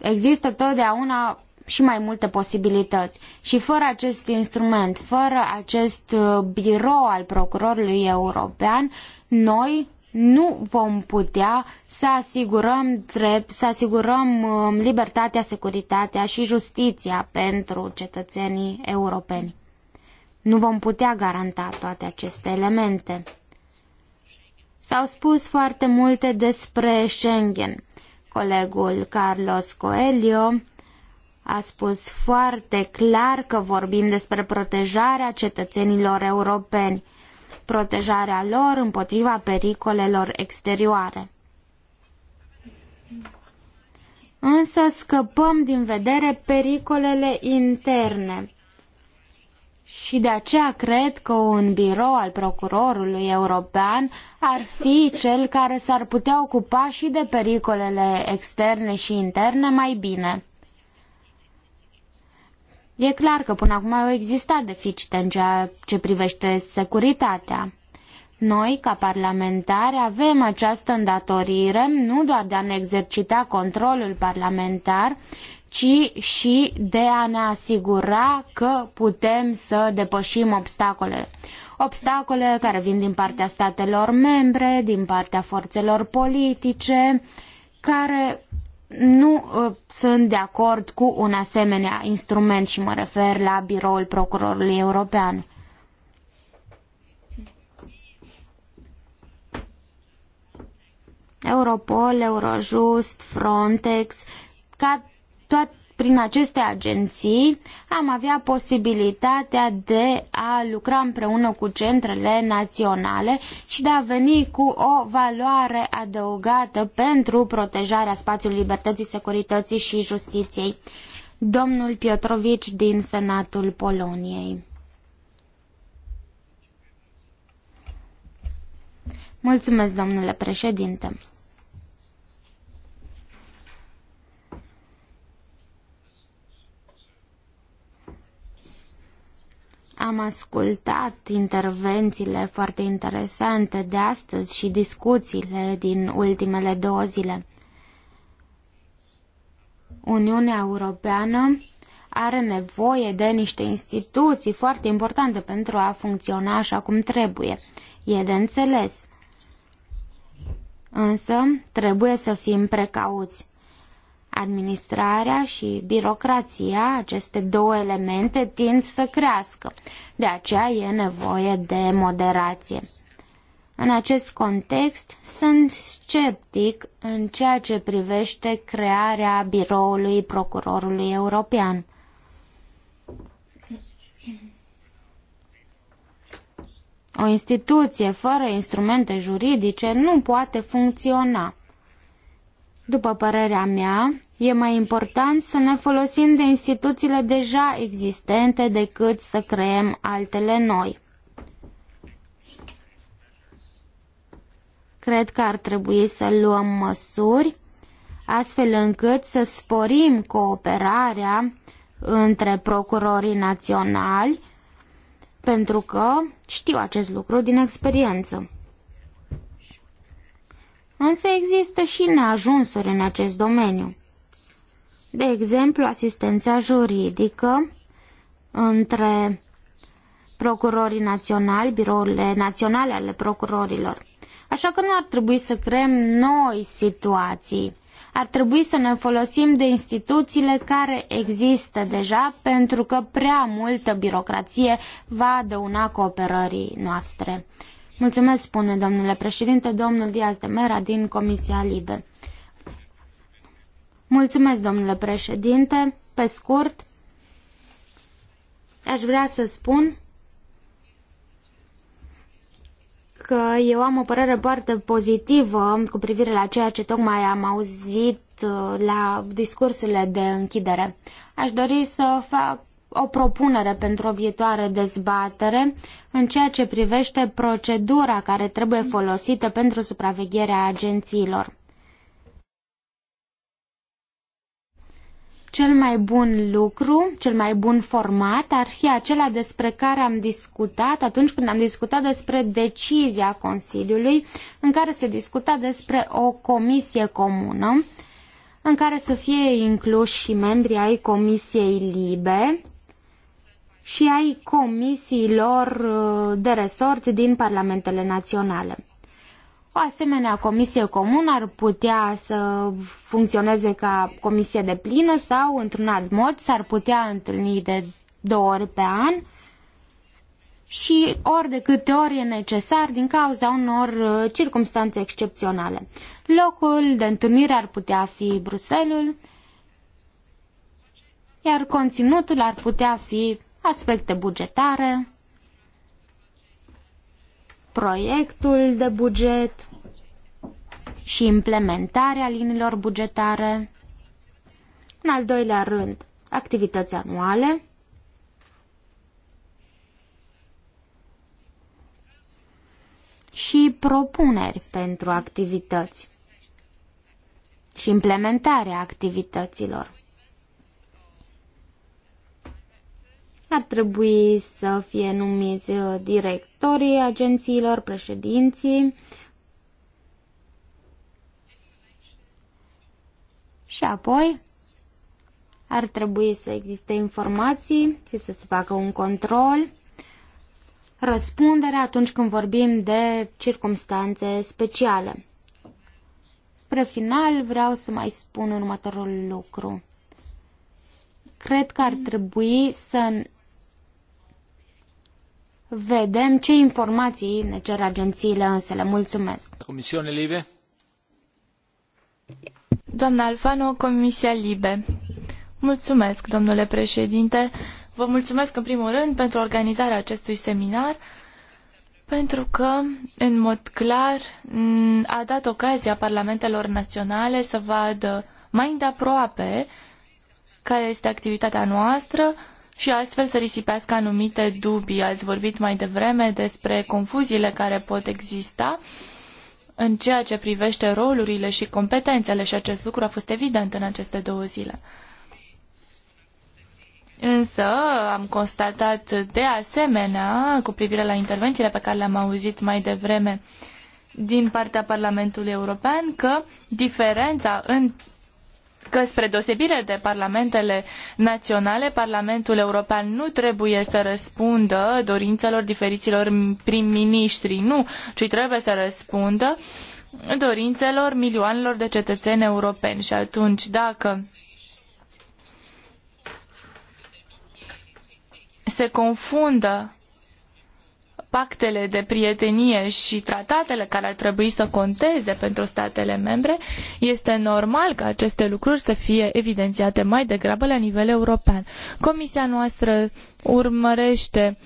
Există totdeauna și mai multe posibilități. Și fără acest instrument, fără acest uh, birou al procurorului european, noi nu vom putea să asigurăm, drept, să asigurăm um, libertatea, securitatea și justiția pentru cetățenii europeni. Nu vom putea garanta toate aceste elemente. S-au spus foarte multe despre Schengen. Colegul Carlos Coelho a spus foarte clar că vorbim despre protejarea cetățenilor europeni, protejarea lor împotriva pericolelor exterioare. Însă scăpăm din vedere pericolele interne. Și de aceea cred că un birou al procurorului european ar fi cel care s-ar putea ocupa și de pericolele externe și interne mai bine. E clar că până acum au existat deficite în ceea ce privește securitatea. Noi, ca parlamentari, avem această îndatorire nu doar de a ne exercita controlul parlamentar, ci și de a ne asigura că putem să depășim obstacolele. Obstacole care vin din partea statelor membre, din partea forțelor politice, care nu uh, sunt de acord cu un asemenea instrument și mă refer la biroul procurorului european. Europol, Eurojust, Frontex, ca Toat, prin aceste agenții am avea posibilitatea de a lucra împreună cu centrele naționale și de a veni cu o valoare adăugată pentru protejarea spațiului libertății, securității și justiției. Domnul Piotrovici din Senatul Poloniei. Mulțumesc, domnule președinte. Am ascultat intervențiile foarte interesante de astăzi și discuțiile din ultimele două zile. Uniunea Europeană are nevoie de niște instituții foarte importante pentru a funcționa așa cum trebuie. E de înțeles. Însă, trebuie să fim precauți. Administrarea și birocrația, aceste două elemente, tind să crească. De aceea e nevoie de moderație. În acest context, sunt sceptic în ceea ce privește crearea biroului procurorului european. O instituție fără instrumente juridice nu poate funcționa. După părerea mea, e mai important să ne folosim de instituțiile deja existente decât să creăm altele noi. Cred că ar trebui să luăm măsuri astfel încât să sporim cooperarea între procurorii naționali, pentru că știu acest lucru din experiență însă există și neajunsuri în acest domeniu. De exemplu, asistența juridică între procurorii naționali, birourile naționale ale procurorilor. Așa că nu ar trebui să creăm noi situații. Ar trebui să ne folosim de instituțiile care există deja, pentru că prea multă birocrație va dăuna cooperării noastre. Mulțumesc, spune domnule președinte, domnul Diaz de Mera din Comisia Libe. Mulțumesc, domnule președinte. Pe scurt, aș vrea să spun că eu am o părere foarte pozitivă cu privire la ceea ce tocmai am auzit uh, la discursurile de închidere. Aș dori să fac o propunere pentru o viitoare dezbatere în ceea ce privește procedura care trebuie folosită pentru supravegherea agențiilor. Cel mai bun lucru, cel mai bun format ar fi acela despre care am discutat atunci când am discutat despre decizia Consiliului, în care se discuta despre o comisie comună, în care să fie incluși și membrii ai Comisiei Libe, și ai comisiilor uh, de resort din parlamentele naționale. O asemenea comisie comună ar putea să funcționeze ca comisie de plină sau, într-un alt mod, s-ar putea întâlni de două ori pe an și ori de câte ori e necesar din cauza unor uh, circumstanțe excepționale. Locul de întâlnire ar putea fi Bruselul, iar conținutul ar putea fi aspecte bugetare, proiectul de buget și implementarea liniilor bugetare. În al doilea rând, activități anuale. și propuneri pentru activități și implementarea activităților. ar trebui să fie numiți uh, directorii agențiilor, președinții și apoi ar trebui să existe informații și să se facă un control răspundere atunci când vorbim de circumstanțe speciale. Spre final vreau să mai spun următorul lucru. Cred că ar trebui să vedem ce informații ne cer agențiile însele. Mulțumesc! Comisiune Libe? Doamna Alfano, Comisia Libe. Mulțumesc, domnule președinte. Vă mulțumesc în primul rând pentru organizarea acestui seminar, pentru că, în mod clar, a dat ocazia parlamentelor naționale să vadă mai îndeaproape care este activitatea noastră, și astfel să risipească anumite dubii. Ați vorbit mai devreme despre confuziile care pot exista în ceea ce privește rolurile și competențele și acest lucru a fost evident în aceste două zile. Însă am constatat de asemenea, cu privire la intervențiile pe care le-am auzit mai devreme din partea Parlamentului European, că diferența în că, spre deosebire de parlamentele naționale, Parlamentul European nu trebuie să răspundă dorințelor diferiților prim-ministri, nu, ci trebuie să răspundă dorințelor milioanelor de cetățeni europeni. Și atunci, dacă se confundă pactele de prietenie și tratatele care ar trebui să conteze pentru statele membre, este normal ca aceste lucruri să fie evidențiate mai degrabă la nivel european. Comisia noastră urmărește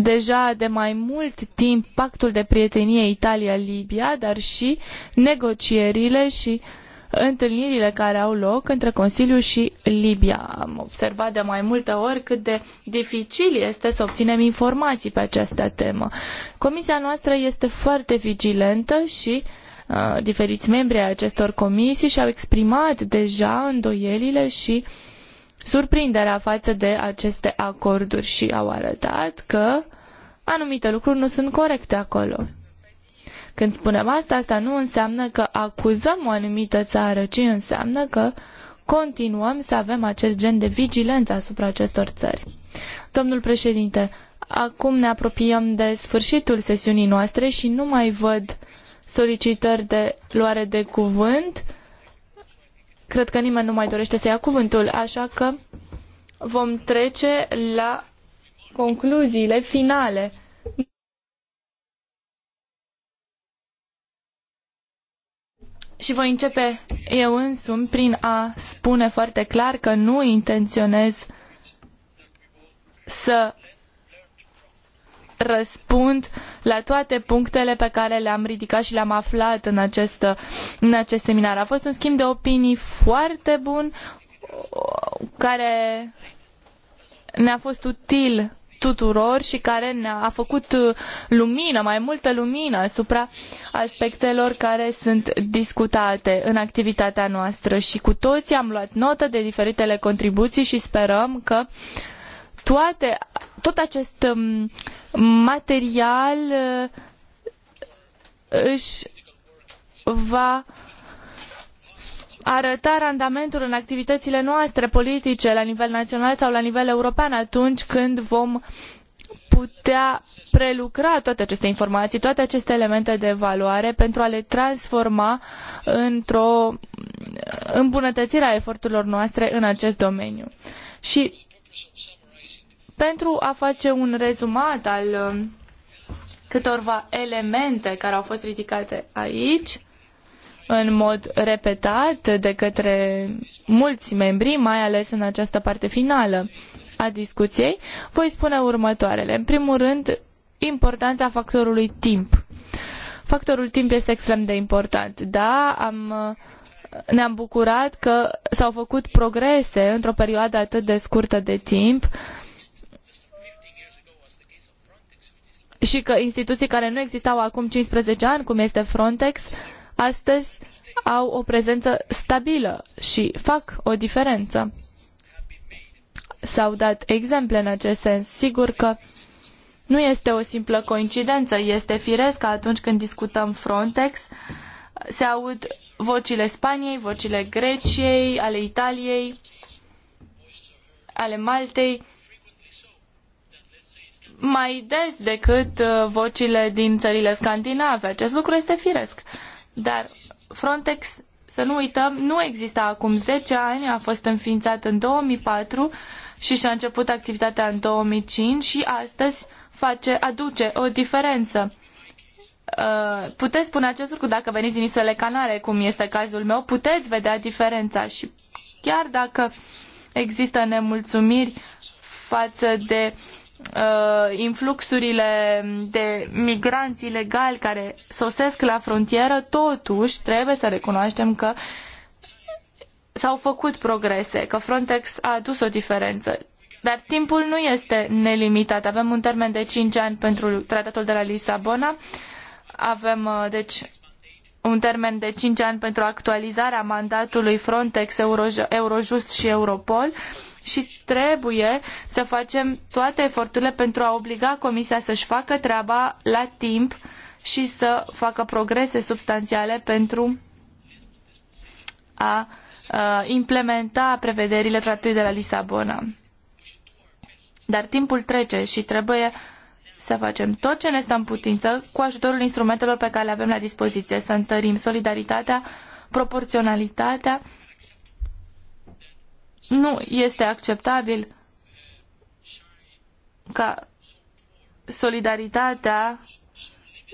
deja de mai mult timp pactul de prietenie Italia-Libia, dar și negocierile și uh, întâlnirile care au loc între Consiliu și Libia. Am observat de mai multe ori cât de dificil este să obținem informații pe această temă. Comisia noastră este foarte vigilentă și uh, diferiți membri ai acestor comisii și-au exprimat deja îndoielile și surprinderea față de aceste acorduri și au arătat că anumite lucruri nu sunt corecte acolo. Când spunem asta, asta nu înseamnă că acuzăm o anumită țară, ci înseamnă că continuăm să avem acest gen de vigilență asupra acestor țări. Domnul președinte, acum ne apropiem de sfârșitul sesiunii noastre și nu mai văd solicitări de luare de cuvânt. Cred că nimeni nu mai dorește să ia cuvântul, așa că vom trece la concluziile finale. și voi începe eu însumi prin a spune foarte clar că nu intenționez să răspund la toate punctele pe care le-am ridicat și le-am aflat în acest, în acest seminar. A fost un schimb de opinii foarte bun care ne-a fost util tuturor și care ne-a făcut uh, lumină, mai multă lumină asupra aspectelor care sunt discutate în activitatea noastră și cu toți am luat notă de diferitele contribuții și sperăm că toate, tot acest um, material uh, își va arăta randamentul în activităile noastre politice la nivel național sau la nivel european atunci când vom putea prelucra toate aceste informații, toate aceste elemente de evaluare pentru a le transforma într-o îmbunătățire a eforturilor noastre în acest domeniu. Și pentru a face un rezumat al câtorva elemente care au fost ridicate aici, în mod repetat de către mulți membri, mai ales în această parte finală a discuției, voi spune următoarele. În primul rând, importanța factorului timp. Factorul timp este extrem de important. Da, am ne-am bucurat că s-au făcut progrese într-o perioadă atât de scurtă de timp și că instituții care nu existau acum 15 ani, cum este Frontex, astăzi au o prezență stabilă și fac o diferență. S-au dat exemple în acest sens. Sigur că nu este o simplă coincidență, este firesc că atunci când discutăm Frontex se aud vocile Spaniei, vocile Greciei, ale Italiei, ale Maltei, mai des decât uh, vocile din țările scandinave. Acest lucru este firesc. Uh, dar Frontex, să nu uităm, nu exista acum 10 ani, a fost înființat în 2004 și și-a început activitatea în 2005 și astăzi face, aduce o diferență. Uh, puteți spune acest lucru dacă veniți din insulele Canare, cum este cazul meu, puteți vedea diferența și chiar dacă există nemulțumiri față de uh, Uh, influxurile de migranți ilegali care sosesc la frontieră, totuși trebuie să recunoaștem că s-au făcut progrese, că Frontex a adus o diferență. Dar timpul nu este nelimitat. Avem un termen de cinci ani pentru tratatul de la Lisabona. Avem, uh, deci, un termen de cinci ani pentru actualizarea mandatului Frontex, Eurojust și Europol și trebuie să facem toate eforturile pentru a obliga Comisia să-și facă treaba la timp și să facă progrese substanțiale pentru a implementa prevederile tratatului de la Lisabona. Dar timpul trece și trebuie să facem tot ce ne stă în putință cu ajutorul instrumentelor pe care le avem la dispoziție, să întărim solidaritatea, proporționalitatea. Nu este acceptabil ca solidaritatea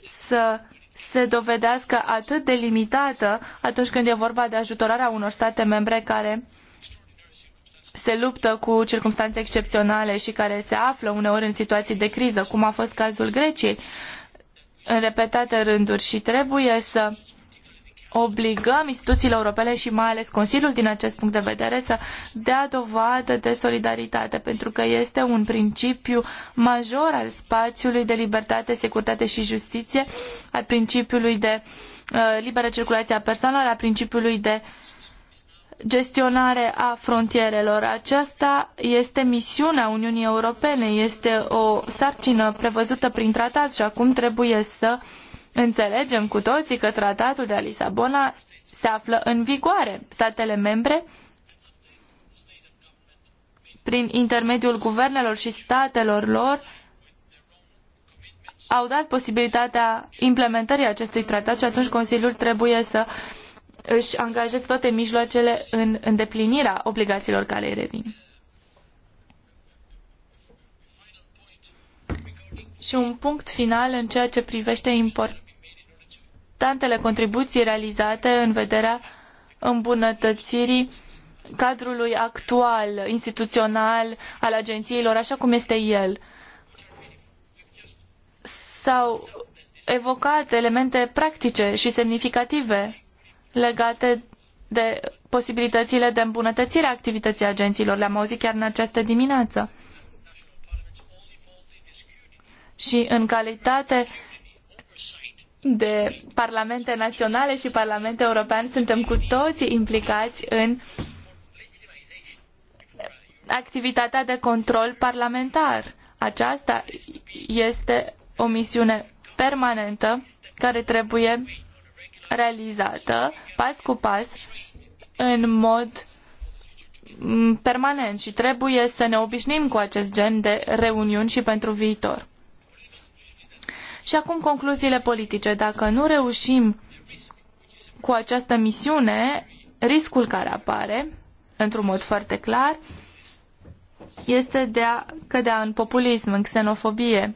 să se dovedească atât de limitată atunci când e vorba de ajutorarea unor state membre care se luptă cu circunstanțe excepționale și care se află uneori în situații de criză, cum a fost cazul Greciei, în repetate rânduri și trebuie să obligăm instituțiile europene și mai ales Consiliul din acest punct de vedere să dea dovadă de solidaritate, pentru că este un principiu major al spațiului de libertate, securitate și justiție, al principiului de uh, liberă circulație a persoanelor, al principiului de uh, gestionare a frontierelor. Aceasta este misiunea Uniunii Europene, este o sarcină prevăzută prin tratat și acum trebuie să înțelegem cu toții că tratatul de la Lisabona se află în vigoare. Statele membre, prin intermediul guvernelor și statelor lor, au dat posibilitatea implementării acestui tratat și atunci Consiliul trebuie să își angajeze toate mijloacele în îndeplinirea obligațiilor care îi revin. Și un punct final în ceea ce privește importantele contribuții realizate în vederea îmbunătățirii cadrului actual, instituțional, al agențiilor, așa cum este el. S-au evocat elemente practice și semnificative legate de posibilitățile de îmbunătățire a activității agenților. Le-am auzit chiar în această dimineață. Și în calitate de parlamente naționale și parlamente europene suntem cu toții implicați în activitatea de control parlamentar. Aceasta este o misiune permanentă care trebuie realizată pas cu pas în mod mm, permanent și trebuie să ne obișnim cu acest gen de reuniuni și pentru viitor. Și acum concluziile politice. Dacă nu reușim cu această misiune, riscul care apare, într-un mod foarte clar, este de a cădea în populism, în xenofobie.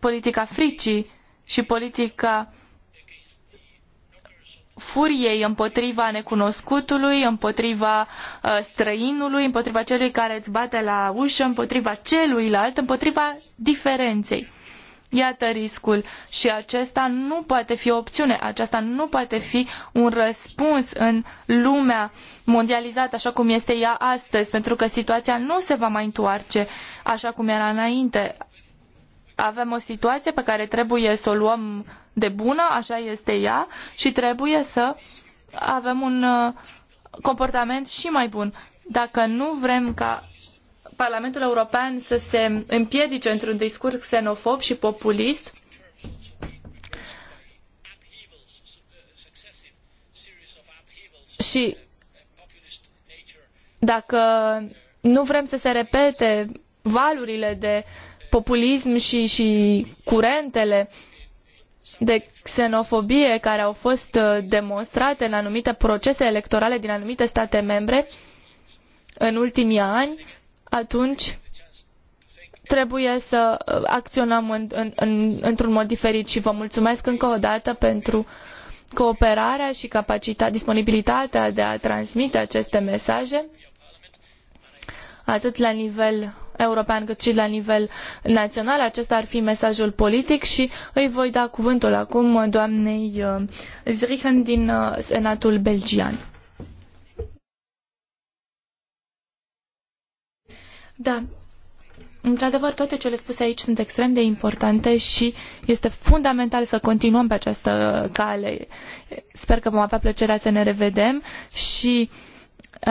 Politica fricii și politica furiei împotriva necunoscutului, împotriva uh, străinului, împotriva celui care îți bate la ușă, împotriva celuilalt, împotriva diferenței. Iată riscul și acesta nu poate fi o opțiune, aceasta nu poate fi un răspuns în lumea mondializată așa cum este ea astăzi, pentru că situația nu se va mai întoarce așa cum era înainte. Avem o situație pe care trebuie să o luăm de bună, așa este ea și trebuie să avem un uh, comportament și mai bun. Dacă nu vrem ca Parlamentul European să se împiedice într-un discurs xenofob și populist, și dacă nu vrem să se repete valurile de populism și, și curentele uh, de xenofobie care au fost uh, demonstrate în anumite procese electorale din anumite state membre în ultimii ani, atunci trebuie să uh, acționăm în, în, în, într-un mod diferit și vă mulțumesc încă o dată pentru cooperarea și capacitatea, disponibilitatea de a transmite aceste mesaje atât la nivel european cât și la nivel național. Acesta ar fi mesajul politic și îi voi da cuvântul acum doamnei uh, Zrichen din uh, Senatul Belgian. Da, Într-adevăr, toate cele spuse aici sunt extrem de importante și este fundamental să continuăm pe această cale. Sper că vom avea plăcerea să ne revedem și uh, Uh,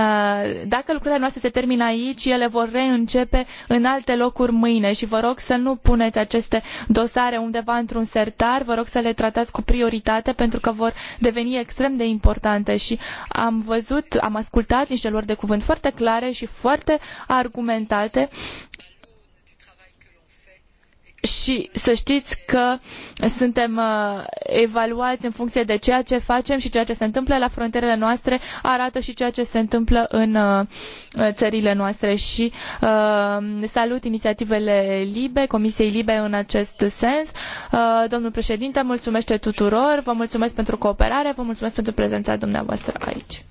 dacă lucrurile noastre se termină aici, ele vor reîncepe în alte locuri mâine și vă rog să nu puneți aceste dosare undeva într-un sertar, vă rog să le tratați cu prioritate pentru că vor deveni extrem de importante și am văzut, am ascultat niște luări de cuvânt foarte clare și foarte argumentate și să știți că suntem uh, evaluați în funcție de ceea ce facem și ceea ce se întâmplă la frontierele noastre arată și ceea ce se întâmplă în uh, uh, țările noastre și uh, salut inițiativele LIBE, Comisiei LIBE în acest sens. Uh, domnul președinte, mulțumește tuturor, vă mulțumesc pentru cooperare, vă mulțumesc pentru prezența dumneavoastră aici.